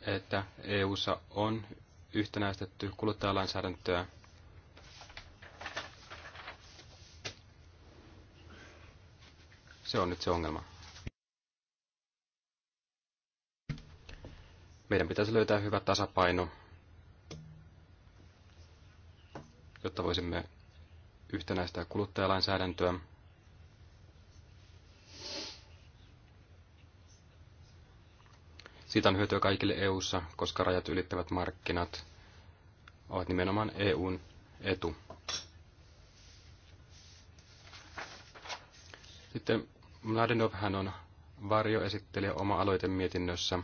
että EU:ssa on yhtenäistetty kuluttajalainsäädäntöä Se on nyt se ongelma. Meidän pitäisi löytää hyvä tasapaino, jotta voisimme yhtenäistää kuluttajalainsäädäntöä. Siitä on hyötyä kaikille EU:ssa, koska rajat ylittävät markkinat ovat nimenomaan EUn etu. Sitten Mladenov hän on varjoesittelijä oma aloitemietinnössä,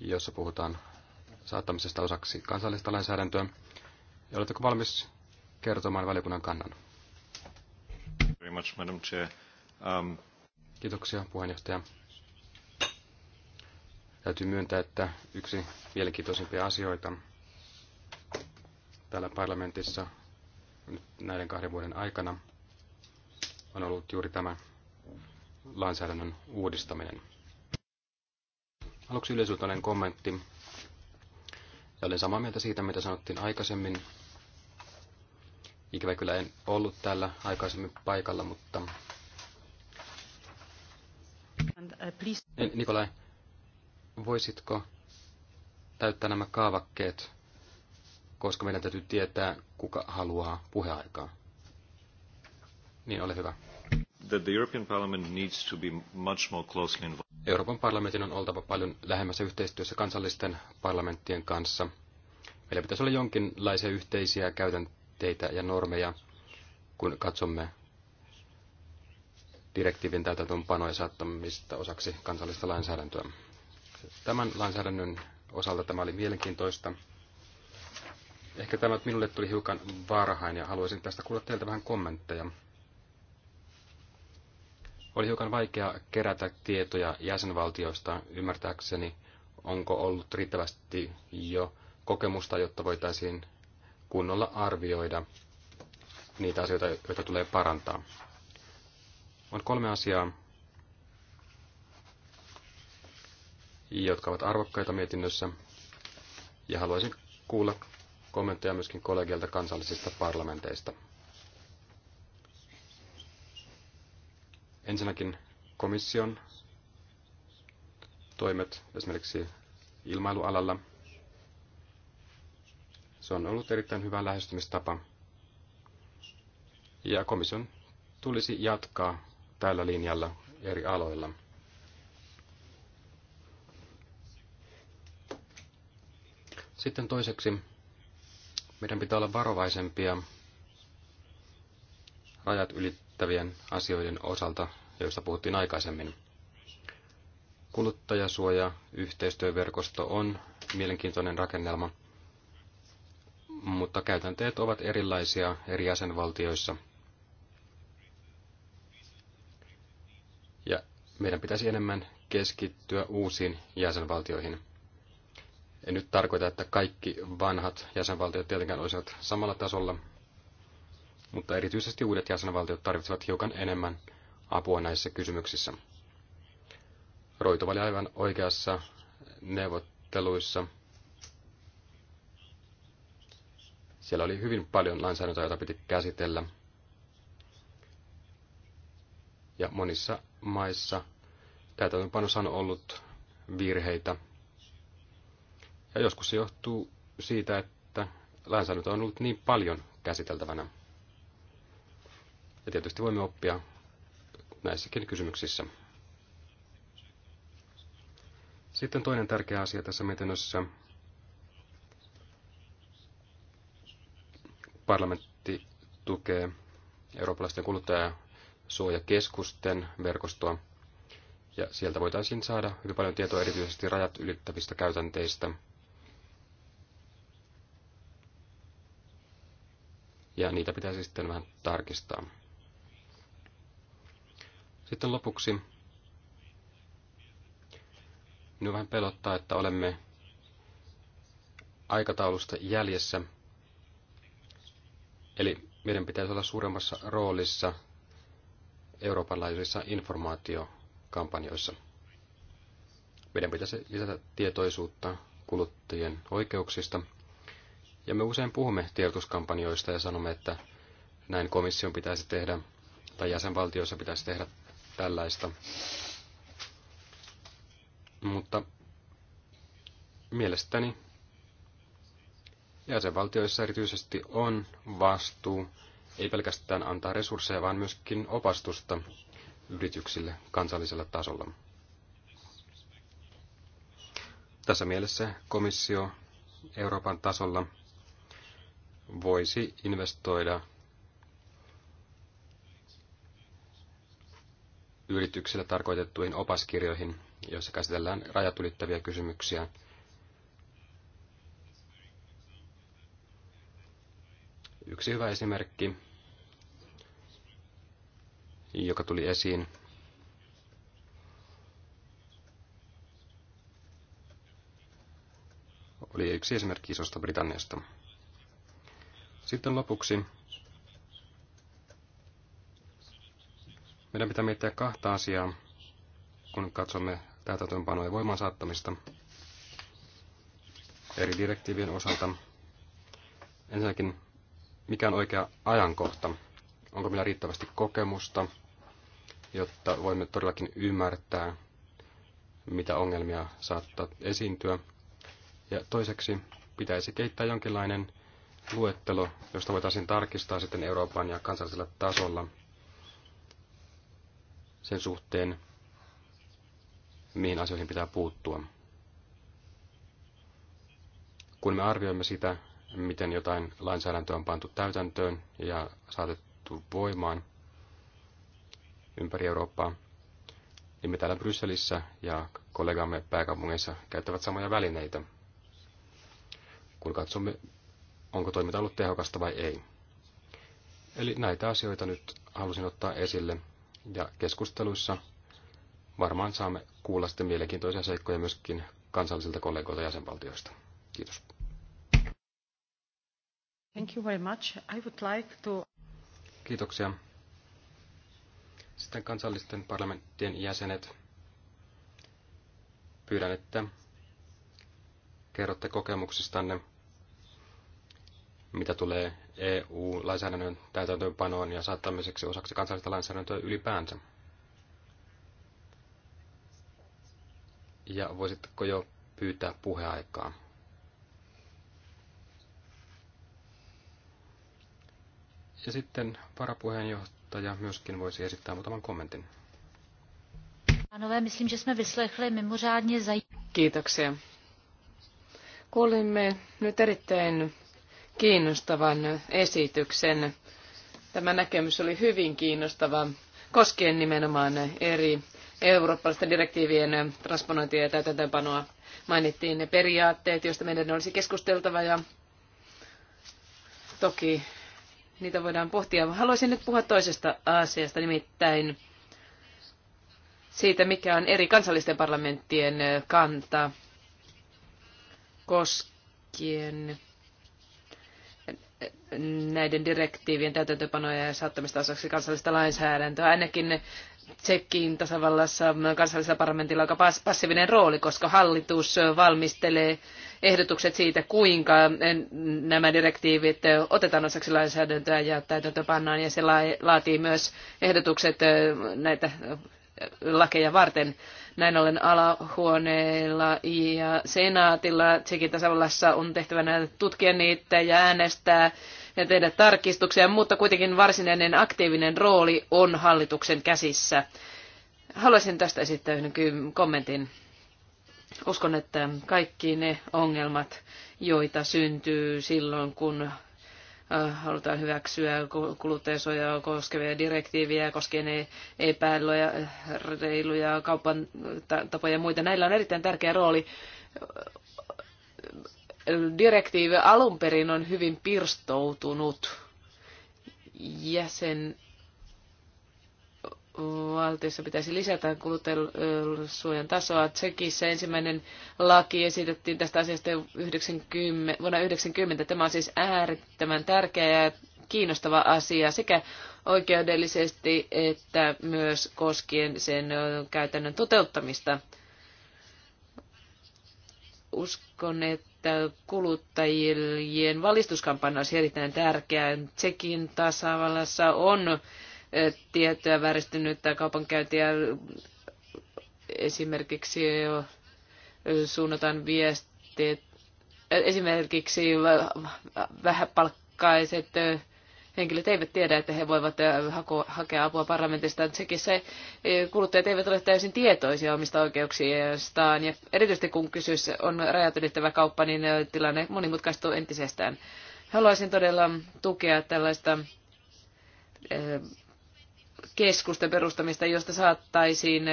jossa puhutaan saattamisesta osaksi kansallista lainsäädäntöä. Ja oletteko valmis kertomaan valiokunnan kannan? Very much, Madam Chair. Um... Kiitoksia, puheenjohtaja. Täytyy myöntää, että yksi mielenkiintoisimpia asioita täällä parlamentissa nyt näiden kahden vuoden aikana – on ollut juuri tämä lainsäädännön uudistaminen. Aluksi yleisöltäinen kommentti. Ja olen samaa mieltä siitä, mitä sanottiin aikaisemmin. Ikävä kyllä en ollut täällä aikaisemmin paikalla, mutta... Uh, niin, Nikolai, voisitko täyttää nämä kaavakkeet, koska meidän täytyy tietää, kuka haluaa puheaikaa. Niin, ole hyvä. That the European Parliament needs to be much more closely involved. Euroopan parlamentin on oltava paljon lähemmässä yhteistyössä kansallisten parlamenttien kanssa. Meillä pitäisi olla jonkinlaisia yhteisiä käytänteitä ja normeja, kun katsomme direktiivin täytäntöönpanoa ja saattamista osaksi kansallista lainsäädäntöä. Tämän lainsäädännön osalta tämä oli mielenkiintoista. Ehkä tämä minulle tuli hiukan varhain ja haluaisin tästä kuulla teiltä vähän kommentteja. Oli hiukan vaikea kerätä tietoja jäsenvaltioista ymmärtääkseni, onko ollut riittävästi jo kokemusta, jotta voitaisiin kunnolla arvioida niitä asioita, joita tulee parantaa. On kolme asiaa, jotka ovat arvokkaita mietinnössä, ja haluaisin kuulla kommentteja myöskin kollegialta kansallisista parlamenteista. Ensinnäkin komission toimet esimerkiksi ilmailualalla. Se on ollut erittäin hyvä lähestymistapa. Ja komission tulisi jatkaa tällä linjalla eri aloilla. Sitten toiseksi meidän pitää olla varovaisempia rajat ylittäviä merkittävien asioiden osalta, joista puhuttiin aikaisemmin. Kuluttajasuoja, yhteistyöverkosto on mielenkiintoinen rakennelma, mutta käytänteet ovat erilaisia eri jäsenvaltioissa. Ja meidän pitäisi enemmän keskittyä uusiin jäsenvaltioihin. En nyt tarkoita, että kaikki vanhat jäsenvaltiot tietenkään olisivat samalla tasolla, mutta erityisesti uudet jäsenvaltiot tarvitsevat hiukan enemmän apua näissä kysymyksissä. Roito oli aivan oikeassa neuvotteluissa. Siellä oli hyvin paljon lainsäädäntöä, jota piti käsitellä. Ja monissa maissa täytäntöönpanossa on ollut virheitä. Ja joskus se johtuu siitä, että lainsäädäntö on ollut niin paljon käsiteltävänä. Ja tietysti voimme oppia näissäkin kysymyksissä. Sitten toinen tärkeä asia tässä mietinnössä. Parlamentti tukee eurooppalaisten kuluttajasuojakeskusten verkostoa. Ja sieltä voitaisiin saada hyvin paljon tietoa erityisesti rajat ylittävistä käytänteistä. Ja niitä pitäisi sitten vähän tarkistaa. Sitten lopuksi minua vähän pelottaa, että olemme aikataulusta jäljessä. Eli meidän pitäisi olla suuremmassa roolissa Euroopan laajuisissa informaatiokampanjoissa. Meidän pitäisi lisätä tietoisuutta kuluttajien oikeuksista. Ja me usein puhumme tiedotuskampanjoista ja sanomme, että näin komission pitäisi tehdä tai jäsenvaltioissa pitäisi tehdä tällaista. Mutta mielestäni jäsenvaltioissa erityisesti on vastuu ei pelkästään antaa resursseja, vaan myöskin opastusta yrityksille kansallisella tasolla. Tässä mielessä komissio Euroopan tasolla voisi investoida yrityksille tarkoitettuihin opaskirjoihin, joissa käsitellään rajat ylittäviä kysymyksiä. Yksi hyvä esimerkki, joka tuli esiin, oli yksi esimerkki Isosta Britanniasta. Sitten lopuksi Meidän pitää miettiä kahta asiaa, kun katsomme täytäntöönpanoa ja voimaan saattamista eri direktiivien osalta. Ensinnäkin, mikä on oikea ajankohta? Onko meillä riittävästi kokemusta, jotta voimme todellakin ymmärtää, mitä ongelmia saattaa esiintyä? Ja toiseksi, pitäisi kehittää jonkinlainen luettelo, josta voitaisiin tarkistaa sitten Euroopan ja kansallisella tasolla – sen suhteen, mihin asioihin pitää puuttua. Kun me arvioimme sitä, miten jotain lainsäädäntöä on pantu täytäntöön ja saatettu voimaan ympäri Eurooppaa, niin me täällä Brysselissä ja kollegamme pääkaupungeissa käyttävät samoja välineitä, kun katsomme, onko toiminta ollut tehokasta vai ei. Eli näitä asioita nyt halusin ottaa esille – ja keskusteluissa varmaan saamme kuulla sitten mielenkiintoisia seikkoja myöskin kansallisilta kollegoilta jäsenvaltioista. Kiitos. Thank you very much. I would like to... Kiitoksia. Sitten kansallisten parlamenttien jäsenet. Pyydän, että kerrotte kokemuksistanne mitä tulee EU-lainsäädännön täytäntöönpanoon ja saattamiseksi osaksi kansallista lainsäädäntöä ylipäänsä. Ja voisitko jo pyytää puheaikaa? Ja sitten varapuheenjohtaja myöskin voisi esittää muutaman kommentin. Kiitoksia. Kuulimme nyt erittäin kiinnostavan esityksen. Tämä näkemys oli hyvin kiinnostava koskien nimenomaan eri eurooppalaisten direktiivien transponointia ja täytäntöönpanoa. Mainittiin ne periaatteet, joista meidän olisi keskusteltava ja toki niitä voidaan pohtia. Haluaisin nyt puhua toisesta asiasta, nimittäin siitä, mikä on eri kansallisten parlamenttien kanta koskien näiden direktiivien täytäntöpanoja ja saattamista osaksi kansallista lainsäädäntöä. Ainakin Tsekkiin tasavallassa kansallisella parlamentilla aika passiivinen rooli, koska hallitus valmistelee ehdotukset siitä, kuinka nämä direktiivit otetaan osaksi lainsäädäntöä ja täytäntöpannaan, ja se laatii myös ehdotukset näitä lakeja varten. Näin ollen alahuoneilla ja senaatilla Tsekin tasavallassa on tehtävänä tutkia niitä ja äänestää ja tehdä tarkistuksia, mutta kuitenkin varsinainen aktiivinen rooli on hallituksen käsissä. Haluaisin tästä esittää yhden kommentin. Uskon, että kaikki ne ongelmat, joita syntyy silloin, kun halutaan hyväksyä kuluttajasuojaa koskevia direktiivejä koskien e- epäilyjä, reiluja kaupan tapoja ja muita. Näillä on erittäin tärkeä rooli. Direktiivi alun perin on hyvin pirstoutunut. Jäsen, valtiossa pitäisi lisätä kuluttajansuojan tasoa. Tsekissä ensimmäinen laki esitettiin tästä asiasta 90, vuonna 1990. Tämä on siis äärettömän tärkeä ja kiinnostava asia sekä oikeudellisesti että myös koskien sen käytännön toteuttamista. Uskon, että kuluttajien valistuskampanja olisi erittäin tärkeää. Tsekin tasavallassa on tietoja, vääristynyttä kaupankäyntiä esimerkiksi suunnataan viestit, esimerkiksi vähäpalkkaiset henkilöt eivät tiedä, että he voivat hakea apua parlamentista. Tsekissä kuluttajat eivät ole täysin tietoisia omista oikeuksistaan. Ja erityisesti kun kysymys on rajat ylittävä kauppa, niin tilanne monimutkaistuu entisestään. Haluaisin todella tukea tällaista keskusten perustamista, josta saattaisiin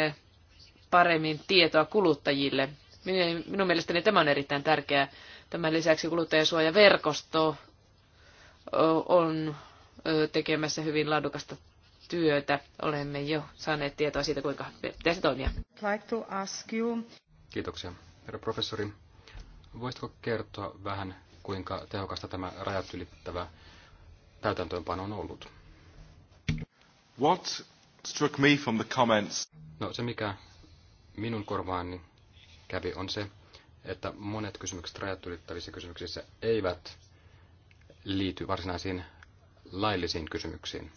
paremmin tietoa kuluttajille. Minun mielestäni tämä on erittäin tärkeää. Tämän lisäksi kuluttajasuojaverkosto on tekemässä hyvin laadukasta työtä. Olemme jo saaneet tietoa siitä, kuinka pitäisi toimia. Like to ask you. Kiitoksia. Herra professori, voisitko kertoa vähän, kuinka tehokasta tämä rajat ylittävä täytäntöönpano on ollut? What struck me from the comments? No se, mikä minun korvaani kävi, on se, että monet kysymykset rajat ylittävissä kysymyksissä eivät liity varsinaisiin laillisiin kysymyksiin.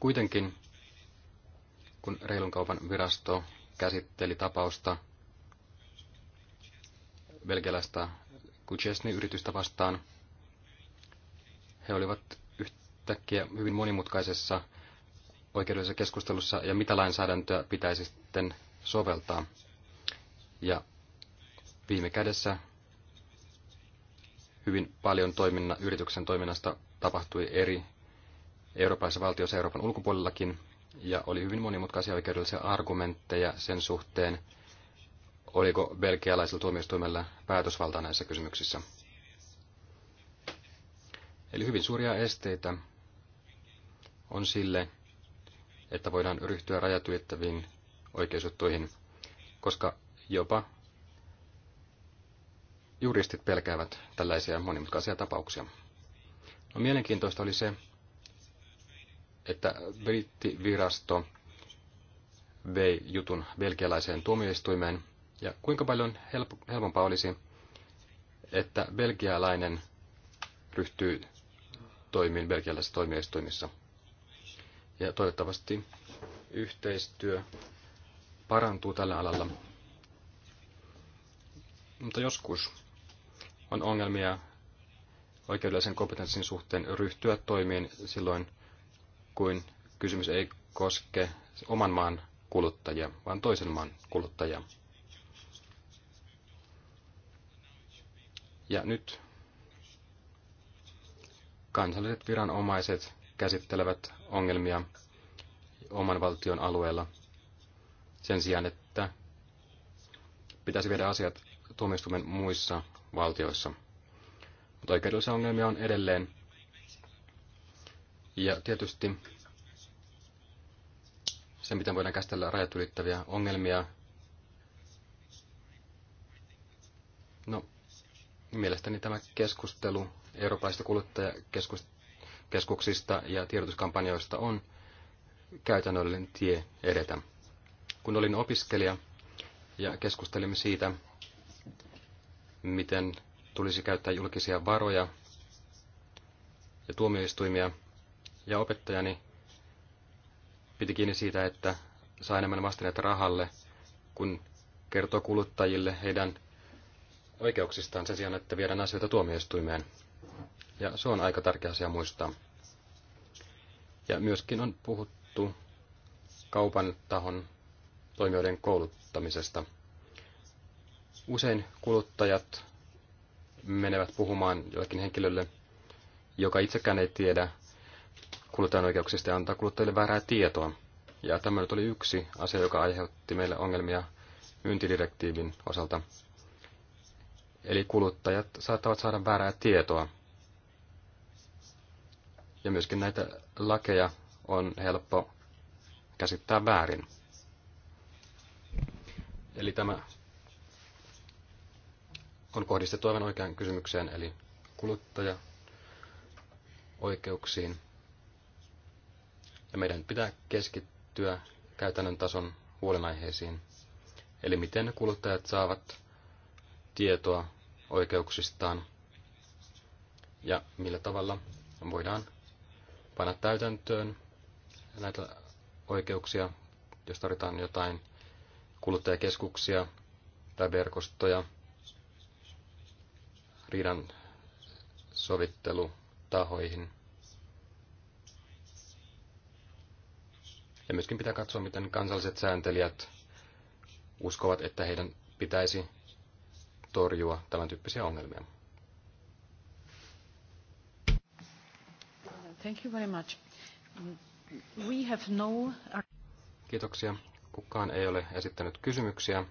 Kuitenkin, kun reilun kaupan virasto käsitteli tapausta belgialaista Kuchesni-yritystä vastaan, he olivat yhtäkkiä hyvin monimutkaisessa oikeudellisessa keskustelussa ja mitä lainsäädäntöä pitäisi sitten soveltaa. Ja viime kädessä hyvin paljon toiminna, yrityksen toiminnasta tapahtui eri eurooppalaisissa valtioissa Euroopan ulkopuolellakin, ja oli hyvin monimutkaisia oikeudellisia argumentteja sen suhteen, oliko belgialaisella tuomioistuimella päätösvaltaa näissä kysymyksissä. Eli hyvin suuria esteitä on sille, että voidaan ryhtyä rajat ylittäviin oikeusjuttuihin, koska jopa juristit pelkäävät tällaisia monimutkaisia tapauksia. No, mielenkiintoista oli se, että brittivirasto vei jutun belgialaiseen tuomioistuimeen, ja kuinka paljon helpompaa olisi, että belgialainen ryhtyy toimiin belgialaisessa tuomioistuimissa. Ja toivottavasti yhteistyö parantuu tällä alalla. Mutta joskus on ongelmia oikeudellisen kompetenssin suhteen ryhtyä toimiin silloin, kuin kysymys ei koske oman maan kuluttajia, vaan toisen maan kuluttajia. Ja nyt kansalliset viranomaiset käsittelevät ongelmia oman valtion alueella sen sijaan, että pitäisi viedä asiat tuomioistuimen muissa valtioissa. Mutta oikeudellisia ongelmia on edelleen. Ja tietysti se, miten voidaan käsitellä rajat ylittäviä ongelmia, no mielestäni tämä keskustelu eurooppalaisista kuluttajakeskustelua keskuksista ja tiedotuskampanjoista on käytännöllinen tie edetä. Kun olin opiskelija ja keskustelimme siitä, miten tulisi käyttää julkisia varoja ja tuomioistuimia, ja opettajani piti kiinni siitä, että saa enemmän vastineita rahalle, kun kertoo kuluttajille heidän oikeuksistaan sen sijaan, että viedään asioita tuomioistuimeen. Ja se on aika tärkeä asia muistaa. Ja myöskin on puhuttu kaupan tahon toimijoiden kouluttamisesta. Usein kuluttajat menevät puhumaan jollekin henkilölle, joka itsekään ei tiedä kuluttajan oikeuksista ja antaa kuluttajille väärää tietoa. Ja tämä nyt oli yksi asia, joka aiheutti meille ongelmia myyntidirektiivin osalta. Eli kuluttajat saattavat saada väärää tietoa ja myöskin näitä lakeja on helppo käsittää väärin. Eli tämä on kohdistettu aivan oikeaan kysymykseen, eli kuluttaja oikeuksiin. Ja meidän pitää keskittyä käytännön tason huolenaiheisiin. Eli miten kuluttajat saavat tietoa oikeuksistaan ja millä tavalla voidaan panna täytäntöön näitä oikeuksia, jos tarvitaan jotain kuluttajakeskuksia tai verkostoja, riidan sovittelutahoihin. Ja myöskin pitää katsoa, miten kansalliset sääntelijät uskovat, että heidän pitäisi torjua tämän tyyppisiä ongelmia. Thank you very much. We have no... Kiitoksia. Kukaan ei ole esittänyt kysymyksiä.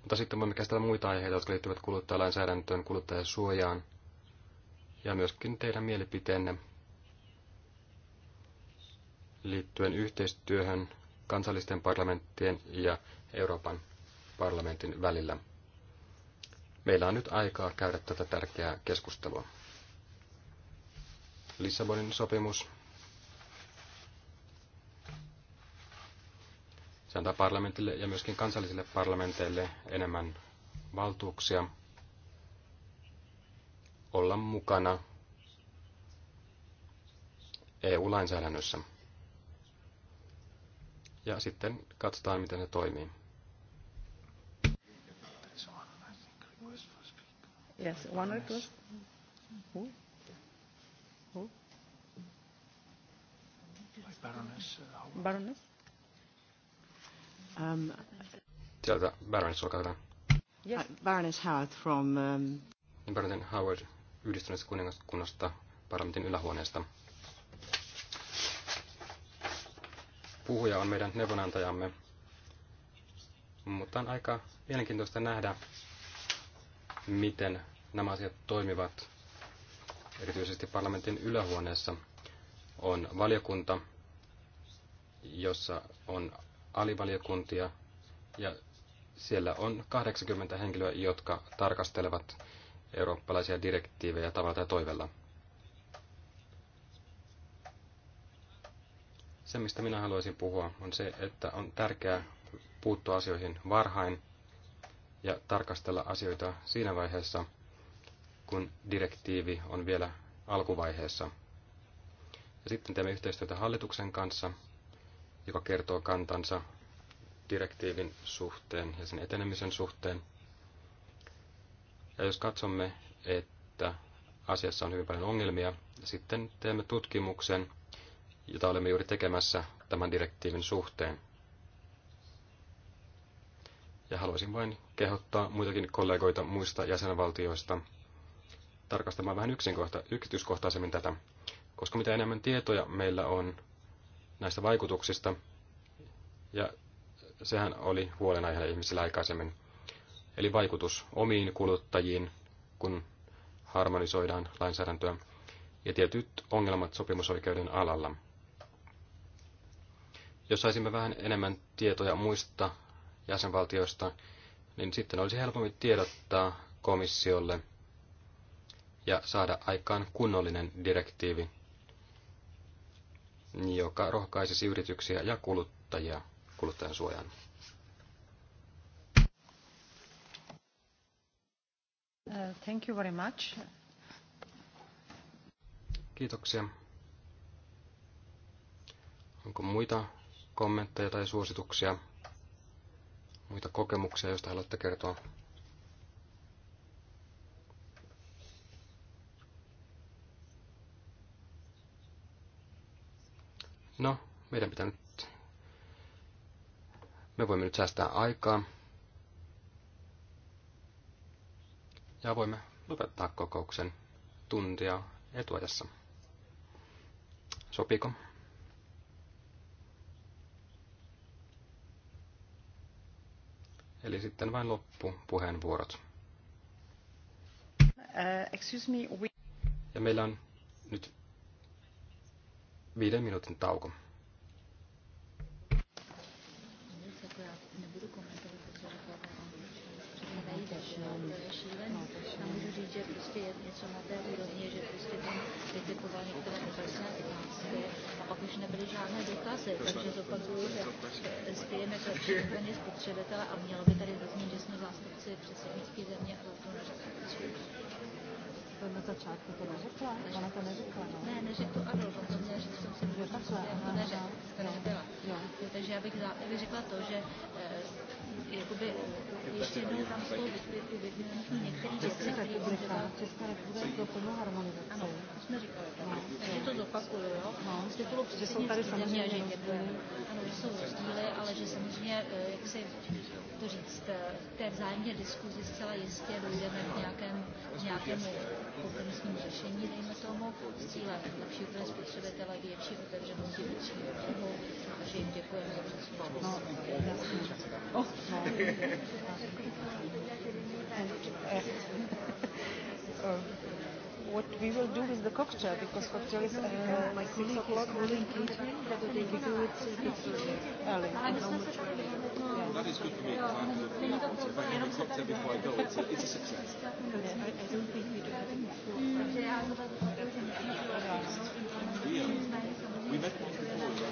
Mutta sitten voimme käsitellä muita aiheita, jotka liittyvät kuluttajalainsäädäntöön, kuluttajasuojaan ja myöskin teidän mielipiteenne liittyen yhteistyöhön kansallisten parlamenttien ja Euroopan parlamentin välillä. Meillä on nyt aikaa käydä tätä tärkeää keskustelua. Lissabonin sopimus. Se antaa parlamentille ja myöskin kansallisille parlamenteille enemmän valtuuksia olla mukana EU-lainsäädännössä. Ja sitten katsotaan, miten se toimii. Yes, one or two. Who? Who? Baroness. Uh, Baroness. Um, Sieltä Baroness, olkaa hyvä. Yes. Uh, Baroness Howard from... Um... Baroness Howard yhdistyneestä kuningaskunnasta parlamentin ylähuoneesta. Puhuja on meidän neuvonantajamme, mutta on aika mielenkiintoista nähdä, miten nämä asiat toimivat, erityisesti parlamentin ylähuoneessa, on valiokunta, jossa on alivaliokuntia, ja siellä on 80 henkilöä, jotka tarkastelevat eurooppalaisia direktiivejä tavalla tai toivella. Se, mistä minä haluaisin puhua, on se, että on tärkeää puuttua asioihin varhain ja tarkastella asioita siinä vaiheessa, kun direktiivi on vielä alkuvaiheessa. Ja sitten teemme yhteistyötä hallituksen kanssa, joka kertoo kantansa direktiivin suhteen ja sen etenemisen suhteen. Ja jos katsomme, että asiassa on hyvin paljon ongelmia, sitten teemme tutkimuksen, jota olemme juuri tekemässä tämän direktiivin suhteen. Ja haluaisin vain kehottaa muitakin kollegoita muista jäsenvaltioista tarkastamaan vähän yksinkohta, yksityiskohtaisemmin tätä, koska mitä enemmän tietoja meillä on näistä vaikutuksista, ja sehän oli huolenaiheena ihmisillä aikaisemmin, eli vaikutus omiin kuluttajiin, kun harmonisoidaan lainsäädäntöä, ja tietyt ongelmat sopimusoikeuden alalla. Jos saisimme vähän enemmän tietoja muista jäsenvaltioista, niin sitten olisi helpompi tiedottaa komissiolle ja saada aikaan kunnollinen direktiivi, joka rohkaisisi yrityksiä ja kuluttajia kuluttajan suojaan. Uh, thank you very much. Kiitoksia. Onko muita kommentteja tai suosituksia? muita kokemuksia, joista haluatte kertoa? No, meidän pitää nyt... Me voimme nyt säästää aikaa. Ja voimme lopettaa kokouksen tuntia etuajassa. Sopiiko? Eli sitten vain loppu puheenvuorot. Uh, excuse me, we... Ja meillä on nyt viiden minuutin tauko. prostě něco na té úrovni, že prostě tam kritikovali některé obecné otázky a pak už nebyly žádné dotazy, takže zopakuju, že spějeme to všechny spotřebitele a mělo by tady zaznít, že jsme zástupci předsednické země a zástupci To na začátku to neřekla, ona to neřekla. No. Ne, neřekla, ano, protože že jsem si jo, takhle, jako neřekla, no, nebyla. Jo. Jo, takže já bych, za, já bych řekla to, že eh, jakoby ještě jednou tam jsou některé věci, které republika, Česká republika je doplnila harmonizace. Ano, to jsme říkali. No, takže to zopakuju, jo. No, z titulu že jsou tady samozřejmě země, že ano, že jsou rozdíly, ale že samozřejmě, jak si to říct, té vzájemné diskuzi zcela jistě dojdeme k nějakému, nějakému kompromisním řešení, dejme tomu, s cílem lepší pro spotřebitele, větší otevřenosti vnitřního trhu, takže jim děkujeme za příspěvek. what we will do with the cocktail, because cocktail is uh, my colleague o'clock. is calling Catherine they will do it early. That is good for me, because I'm going uh, cocktail before I go. It's a, it's a success. Yeah, I, I don't think we do we uh, met once before the,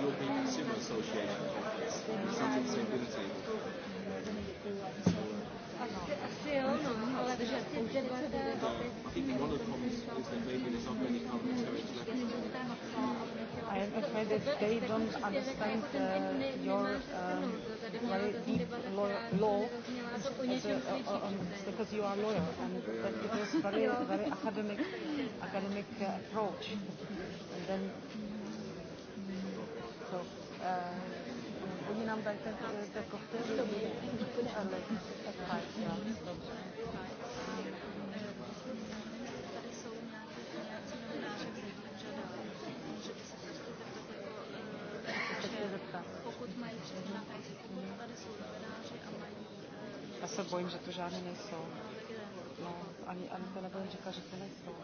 European Consumer Association conference. We sat at the table. I am afraid that they don't understand uh, your um, very deep law, law um, uh, um, because you are a lawyer and that it very very academic academic uh, approach and then so. Uh, Oni nám dají ten, ten se prostě takto jako, pokud Já se bojím, že to žádné nejsou. No, ani, ani to nebude říkat, že to nejsou.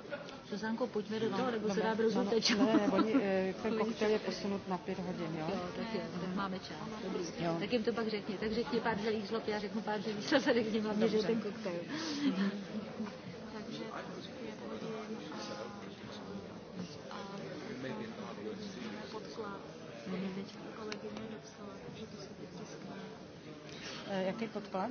Suzanko, pojďme do toho, nebo se dá brzo teď. Ne, ne, oni, eh, ten posunut na pět hodin, jo? Jo, tak jo, tak máme čas. Dobrý. Jo. Tak jim to pak řekni. Tak řekni pár zelých zlob, já řeknu pár zelých zlob a řekni hlavně, že ten koktel. Takže podklad. Kolegyně dopsala, takže to se vytiskne. Eh, jaký podklad?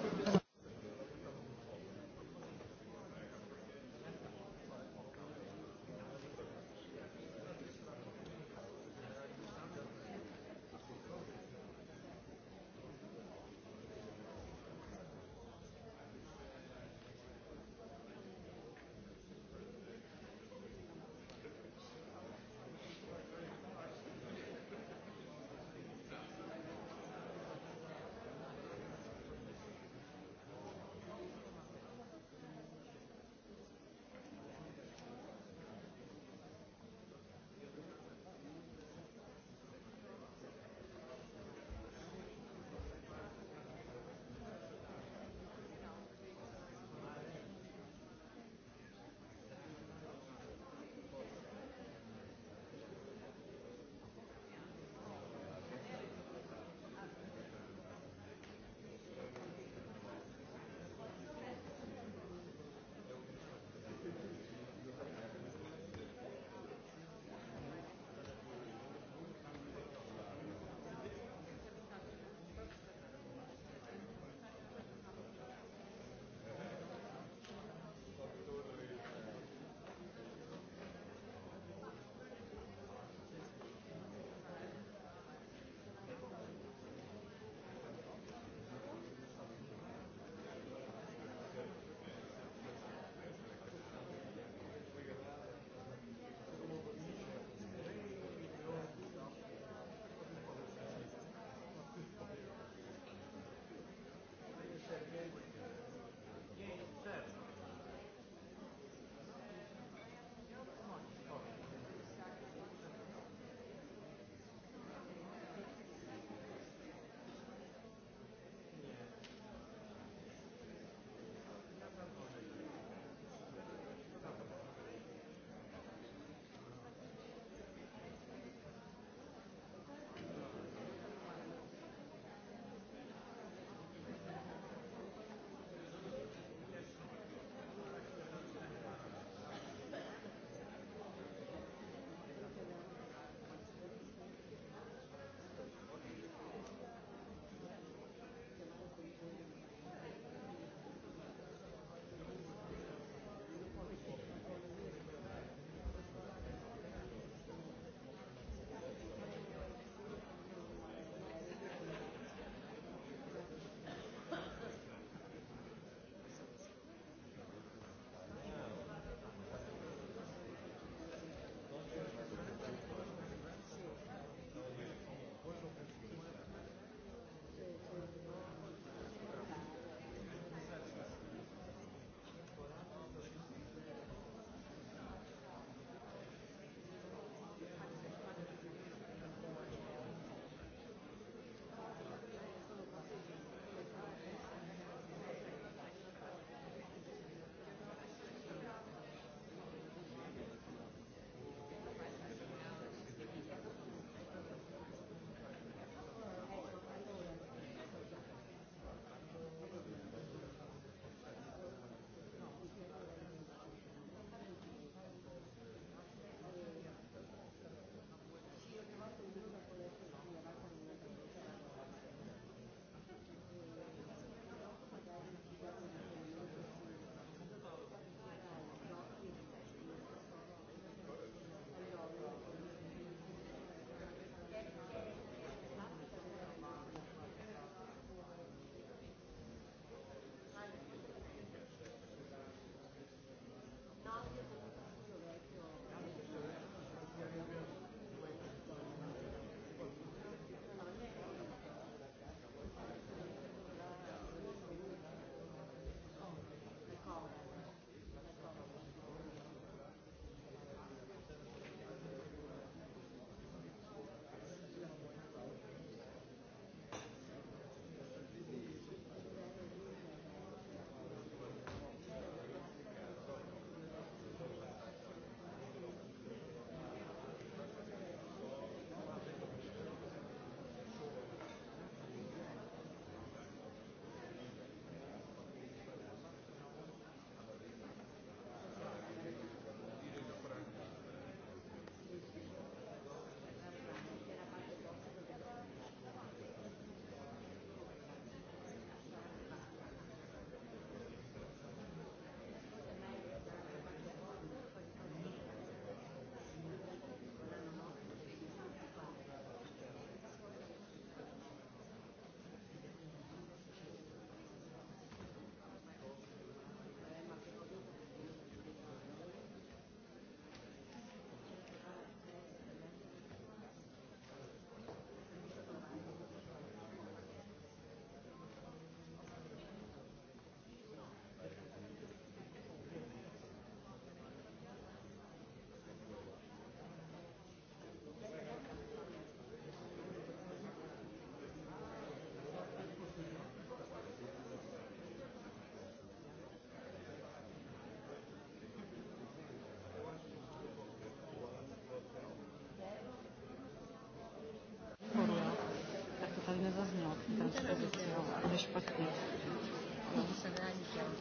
než pak ty.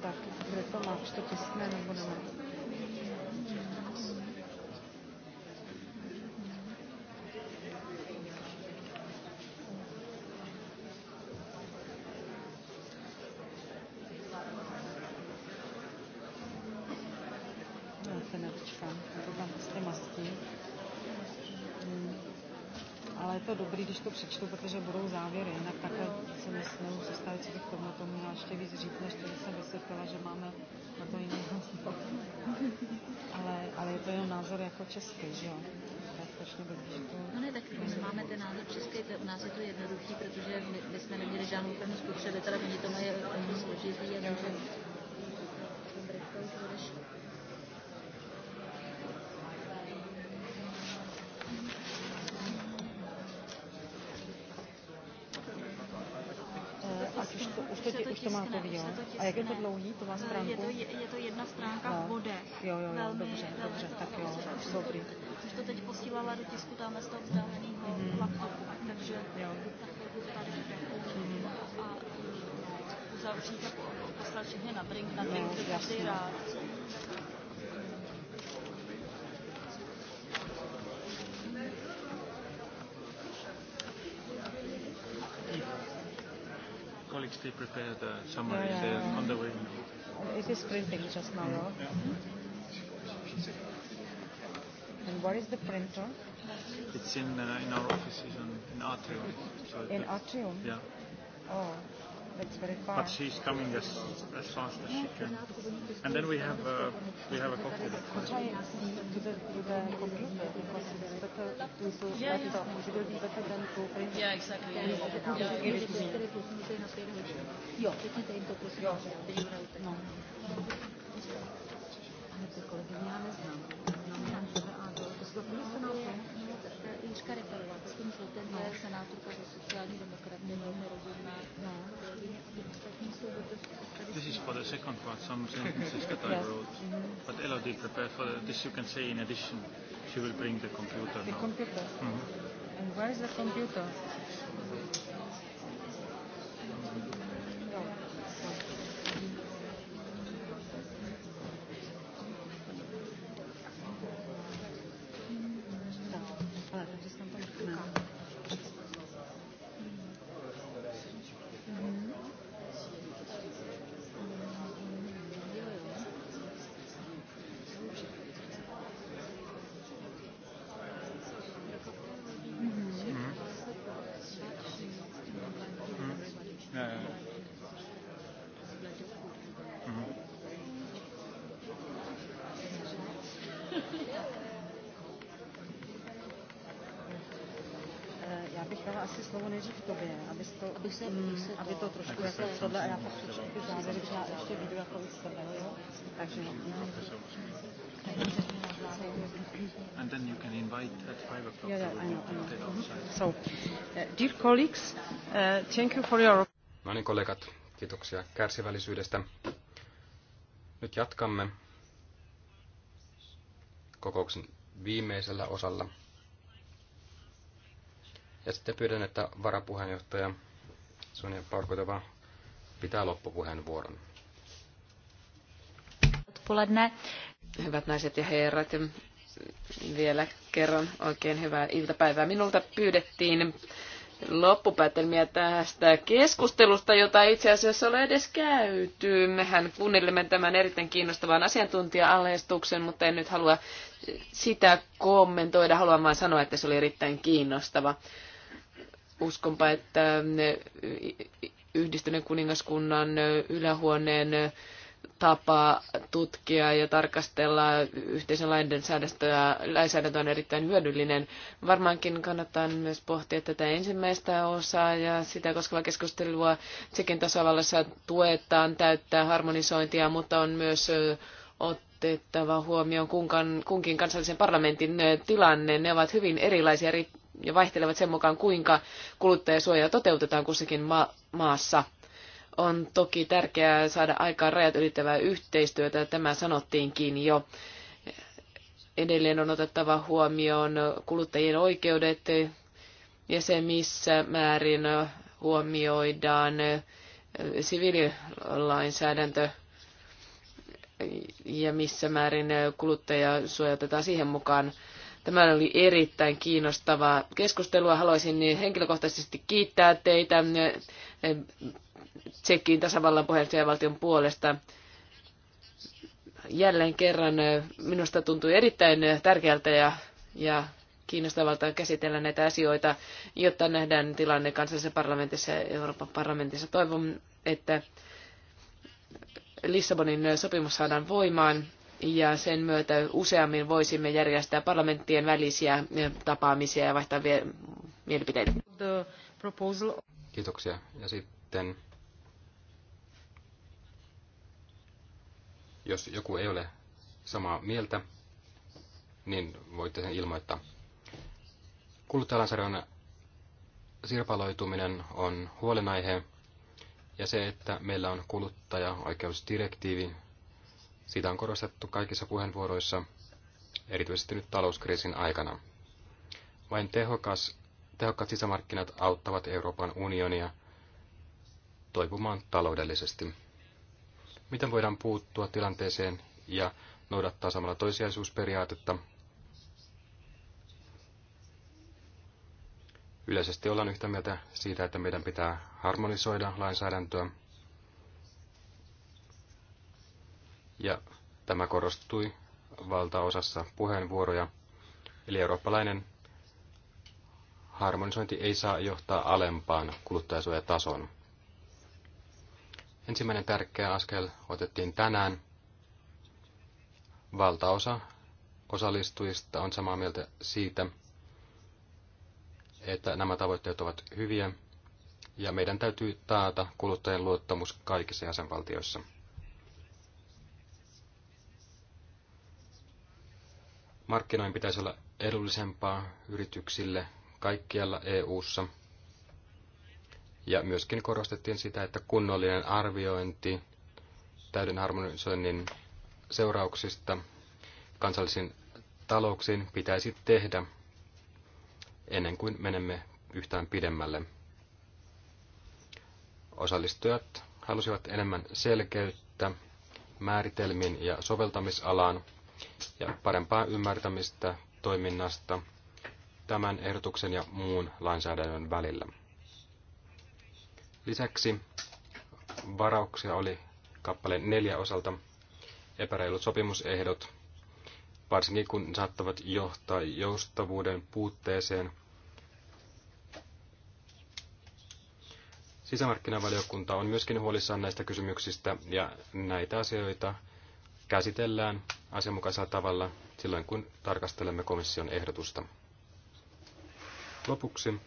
Tak, kde to má? Što tiskne nebo nemá? Já se je to dobrý, když to přečtu, protože budou závěry, jinak takhle si nesmím představit, co bych tomu tomu měla ještě víc říct, než to, že jsem vysvětlila, že máme na to jiný ale, ale je to jenom názor jako český, že jo? strašně blbý, že to... No ne, tak my máme ten názor český, to, u nás je to jednoduchý, protože my, my jsme neměli žádnou první zkušenost, teda oni to mají složitý, a už to máte jo? A jak je to dlouhý, to má stránku? Eh, je to, je, je to jedna stránka no. v bode. Jo, jo, jo, velmi, dobře, velmi dobře, to, tak jo, to, dobrý. Už to teď posílala do tisku tamhle z toho vzdáleného mm-hmm. laptopu, takže jo. tady mm-hmm. a uzavřít a poslat všechny na brink, na brink, no, každý rád. nicely prepared uh, summary yeah, yeah, yeah. on the way. It is printing just now. Mm. Yeah. Mm-hmm. And what is the printer? It's in uh, in our offices in, in Atrium. So in Atrium? Yeah. Oh. That's very far. But she's coming as, as fast as she can. And then we have a, uh, we have a cocktail. Could I ask to the, to the computer because it's better with the yeah, laptop. Yeah. It be better than to Yeah, exactly. Yeah, yeah. yeah. Give it to me. No. to Nici care pe luat, sunt potentă no. senatul care sociální demokraté velmi rozumná. No. This is for the second part, some sentences that I wrote. Mm -hmm. But Elodie prepared for this, you can say in addition, she will bring the computer the now. The computer? Mm -hmm. And where is the computer? to, bych se, bych se aby to trošku jako tohle, já pak přečtu ty když já ještě vidu jako u sebe, jo? Takže And then you can invite at five o'clock. Yeah, yeah, I know, I know. So, uh, dear colleagues, uh, thank you for your... No niin, kollegat, kiitoksia kärsivällisyydestä. Nyt jatkamme kokouksen viimeisellä osalla. Ja sitten pyydän, että varapuheenjohtaja Sonja Parkotova pitää loppupuheenvuoron. Hyvät naiset ja herrat, vielä kerran oikein hyvää iltapäivää. Minulta pyydettiin loppupäätelmiä tästä keskustelusta, jota itse asiassa ole edes käyty. Mehän kuunnelimme tämän erittäin kiinnostavan asiantuntija-alheistuksen, mutta en nyt halua sitä kommentoida. Haluan vain sanoa, että se oli erittäin kiinnostava uskonpa, että äh, yhdistyneen kuningaskunnan äh, ylähuoneen äh, tapa tutkia ja tarkastella yhteisen lainsäädäntöä, lainsäädäntö on erittäin hyödyllinen. Varmaankin kannattaa myös pohtia tätä ensimmäistä osaa ja sitä koskevaa keskustelua. Sekin tasavallassa tuetaan täyttää harmonisointia, mutta on myös otettava huomioon kunkin kansallisen parlamentin tilanne. Ne ovat hyvin erilaisia ja vaihtelevat sen mukaan, kuinka kuluttajasuojaa toteutetaan kussakin ma- maassa. On toki tärkeää saada aikaan rajat ylittävää yhteistyötä, tämä sanottiinkin jo. Edelleen on otettava huomioon kuluttajien oikeudet ja se, missä määrin huomioidaan siviililainsäädäntö ja missä määrin kuluttajasuoja suojatetaan siihen mukaan. Tämä oli erittäin kiinnostavaa keskustelua. Haluaisin niin henkilökohtaisesti kiittää teitä Tsekkiin tasavallan valtion puolesta. Jälleen kerran minusta tuntui erittäin tärkeältä ja, ja kiinnostavalta käsitellä näitä asioita, jotta nähdään tilanne kansallisessa parlamentissa ja Euroopan parlamentissa. Toivon, että Lissabonin sopimus saadaan voimaan ja sen myötä useammin voisimme järjestää parlamenttien välisiä eh, tapaamisia ja vaihtaa mielipiteitä. Kiitoksia. Ja sitten, jos joku ei ole samaa mieltä, niin voitte sen ilmoittaa. Kuluttajalansarjan sirpaloituminen on huolenaihe ja se, että meillä on kuluttaja kuluttaja-oikeusdirektiivi sitä on korostettu kaikissa puheenvuoroissa, erityisesti nyt talouskriisin aikana. Vain tehokas, tehokkaat sisämarkkinat auttavat Euroopan unionia toipumaan taloudellisesti. Miten voidaan puuttua tilanteeseen ja noudattaa samalla toisiaisuusperiaatetta? Yleisesti ollaan yhtä mieltä siitä, että meidän pitää harmonisoida lainsäädäntöä ja tämä korostui valtaosassa puheenvuoroja. Eli eurooppalainen harmonisointi ei saa johtaa alempaan kuluttajasuojatason. Ensimmäinen tärkeä askel otettiin tänään. Valtaosa osallistujista on samaa mieltä siitä, että nämä tavoitteet ovat hyviä ja meidän täytyy taata kuluttajien luottamus kaikissa jäsenvaltioissa. Markkinoin pitäisi olla edullisempaa yrityksille kaikkialla EU:ssa. Ja myöskin korostettiin sitä, että kunnollinen arviointi täyden harmonisoinnin seurauksista kansallisiin talouksiin pitäisi tehdä ennen kuin menemme yhtään pidemmälle. Osallistujat halusivat enemmän selkeyttä määritelmiin ja soveltamisalaan ja parempaa ymmärtämistä toiminnasta tämän ehdotuksen ja muun lainsäädännön välillä. Lisäksi varauksia oli kappaleen neljä osalta epäreilut sopimusehdot, varsinkin kun saattavat johtaa joustavuuden puutteeseen. Sisämarkkinavaliokunta on myöskin huolissaan näistä kysymyksistä ja näitä asioita käsitellään asianmukaisella tavalla silloin, kun tarkastelemme komission ehdotusta. Lopuksi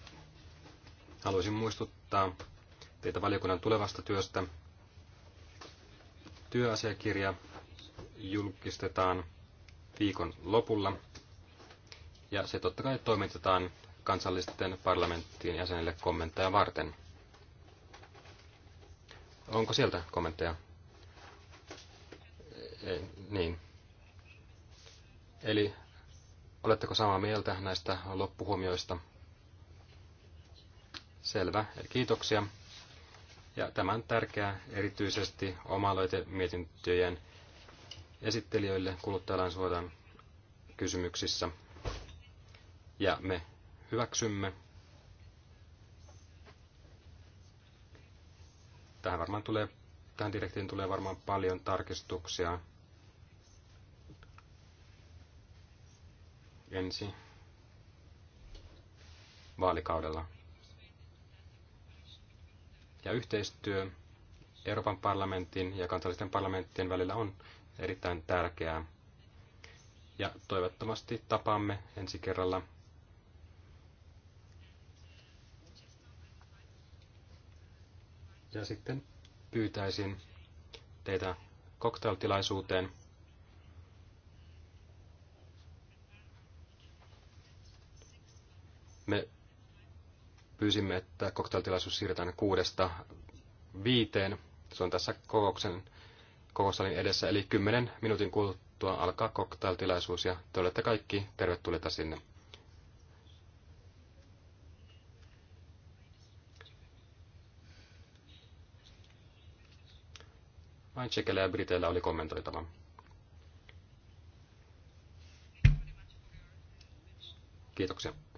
haluaisin muistuttaa teitä valiokunnan tulevasta työstä. Työasiakirja julkistetaan viikon lopulla ja se totta kai toimitetaan kansallisten parlamenttien jäsenille kommentteja varten. Onko sieltä kommentteja? Eh, niin. Eli oletteko samaa mieltä näistä loppuhuomioista? Selvä. Eli kiitoksia. Ja tämä on tärkeää erityisesti oma mietintöjen esittelijöille kuluttajalainsuojan kysymyksissä. Ja me hyväksymme. Tähän varmaan tulee, tähän direktiin tulee varmaan paljon tarkistuksia. ensi vaalikaudella. Ja yhteistyö Euroopan parlamentin ja kansallisten parlamenttien välillä on erittäin tärkeää. Ja toivottavasti tapaamme ensi kerralla. Ja sitten pyytäisin teitä koktailtilaisuuteen. Me pyysimme, että koktailtilaisuus siirretään kuudesta viiteen. Se on tässä kokouksen kokousalin edessä, eli kymmenen minuutin kuluttua alkaa koktailtilaisuus ja te olette kaikki tervetulleita sinne. Vain tsekellä ja briteillä oli kommentoitava. Kiitoksia.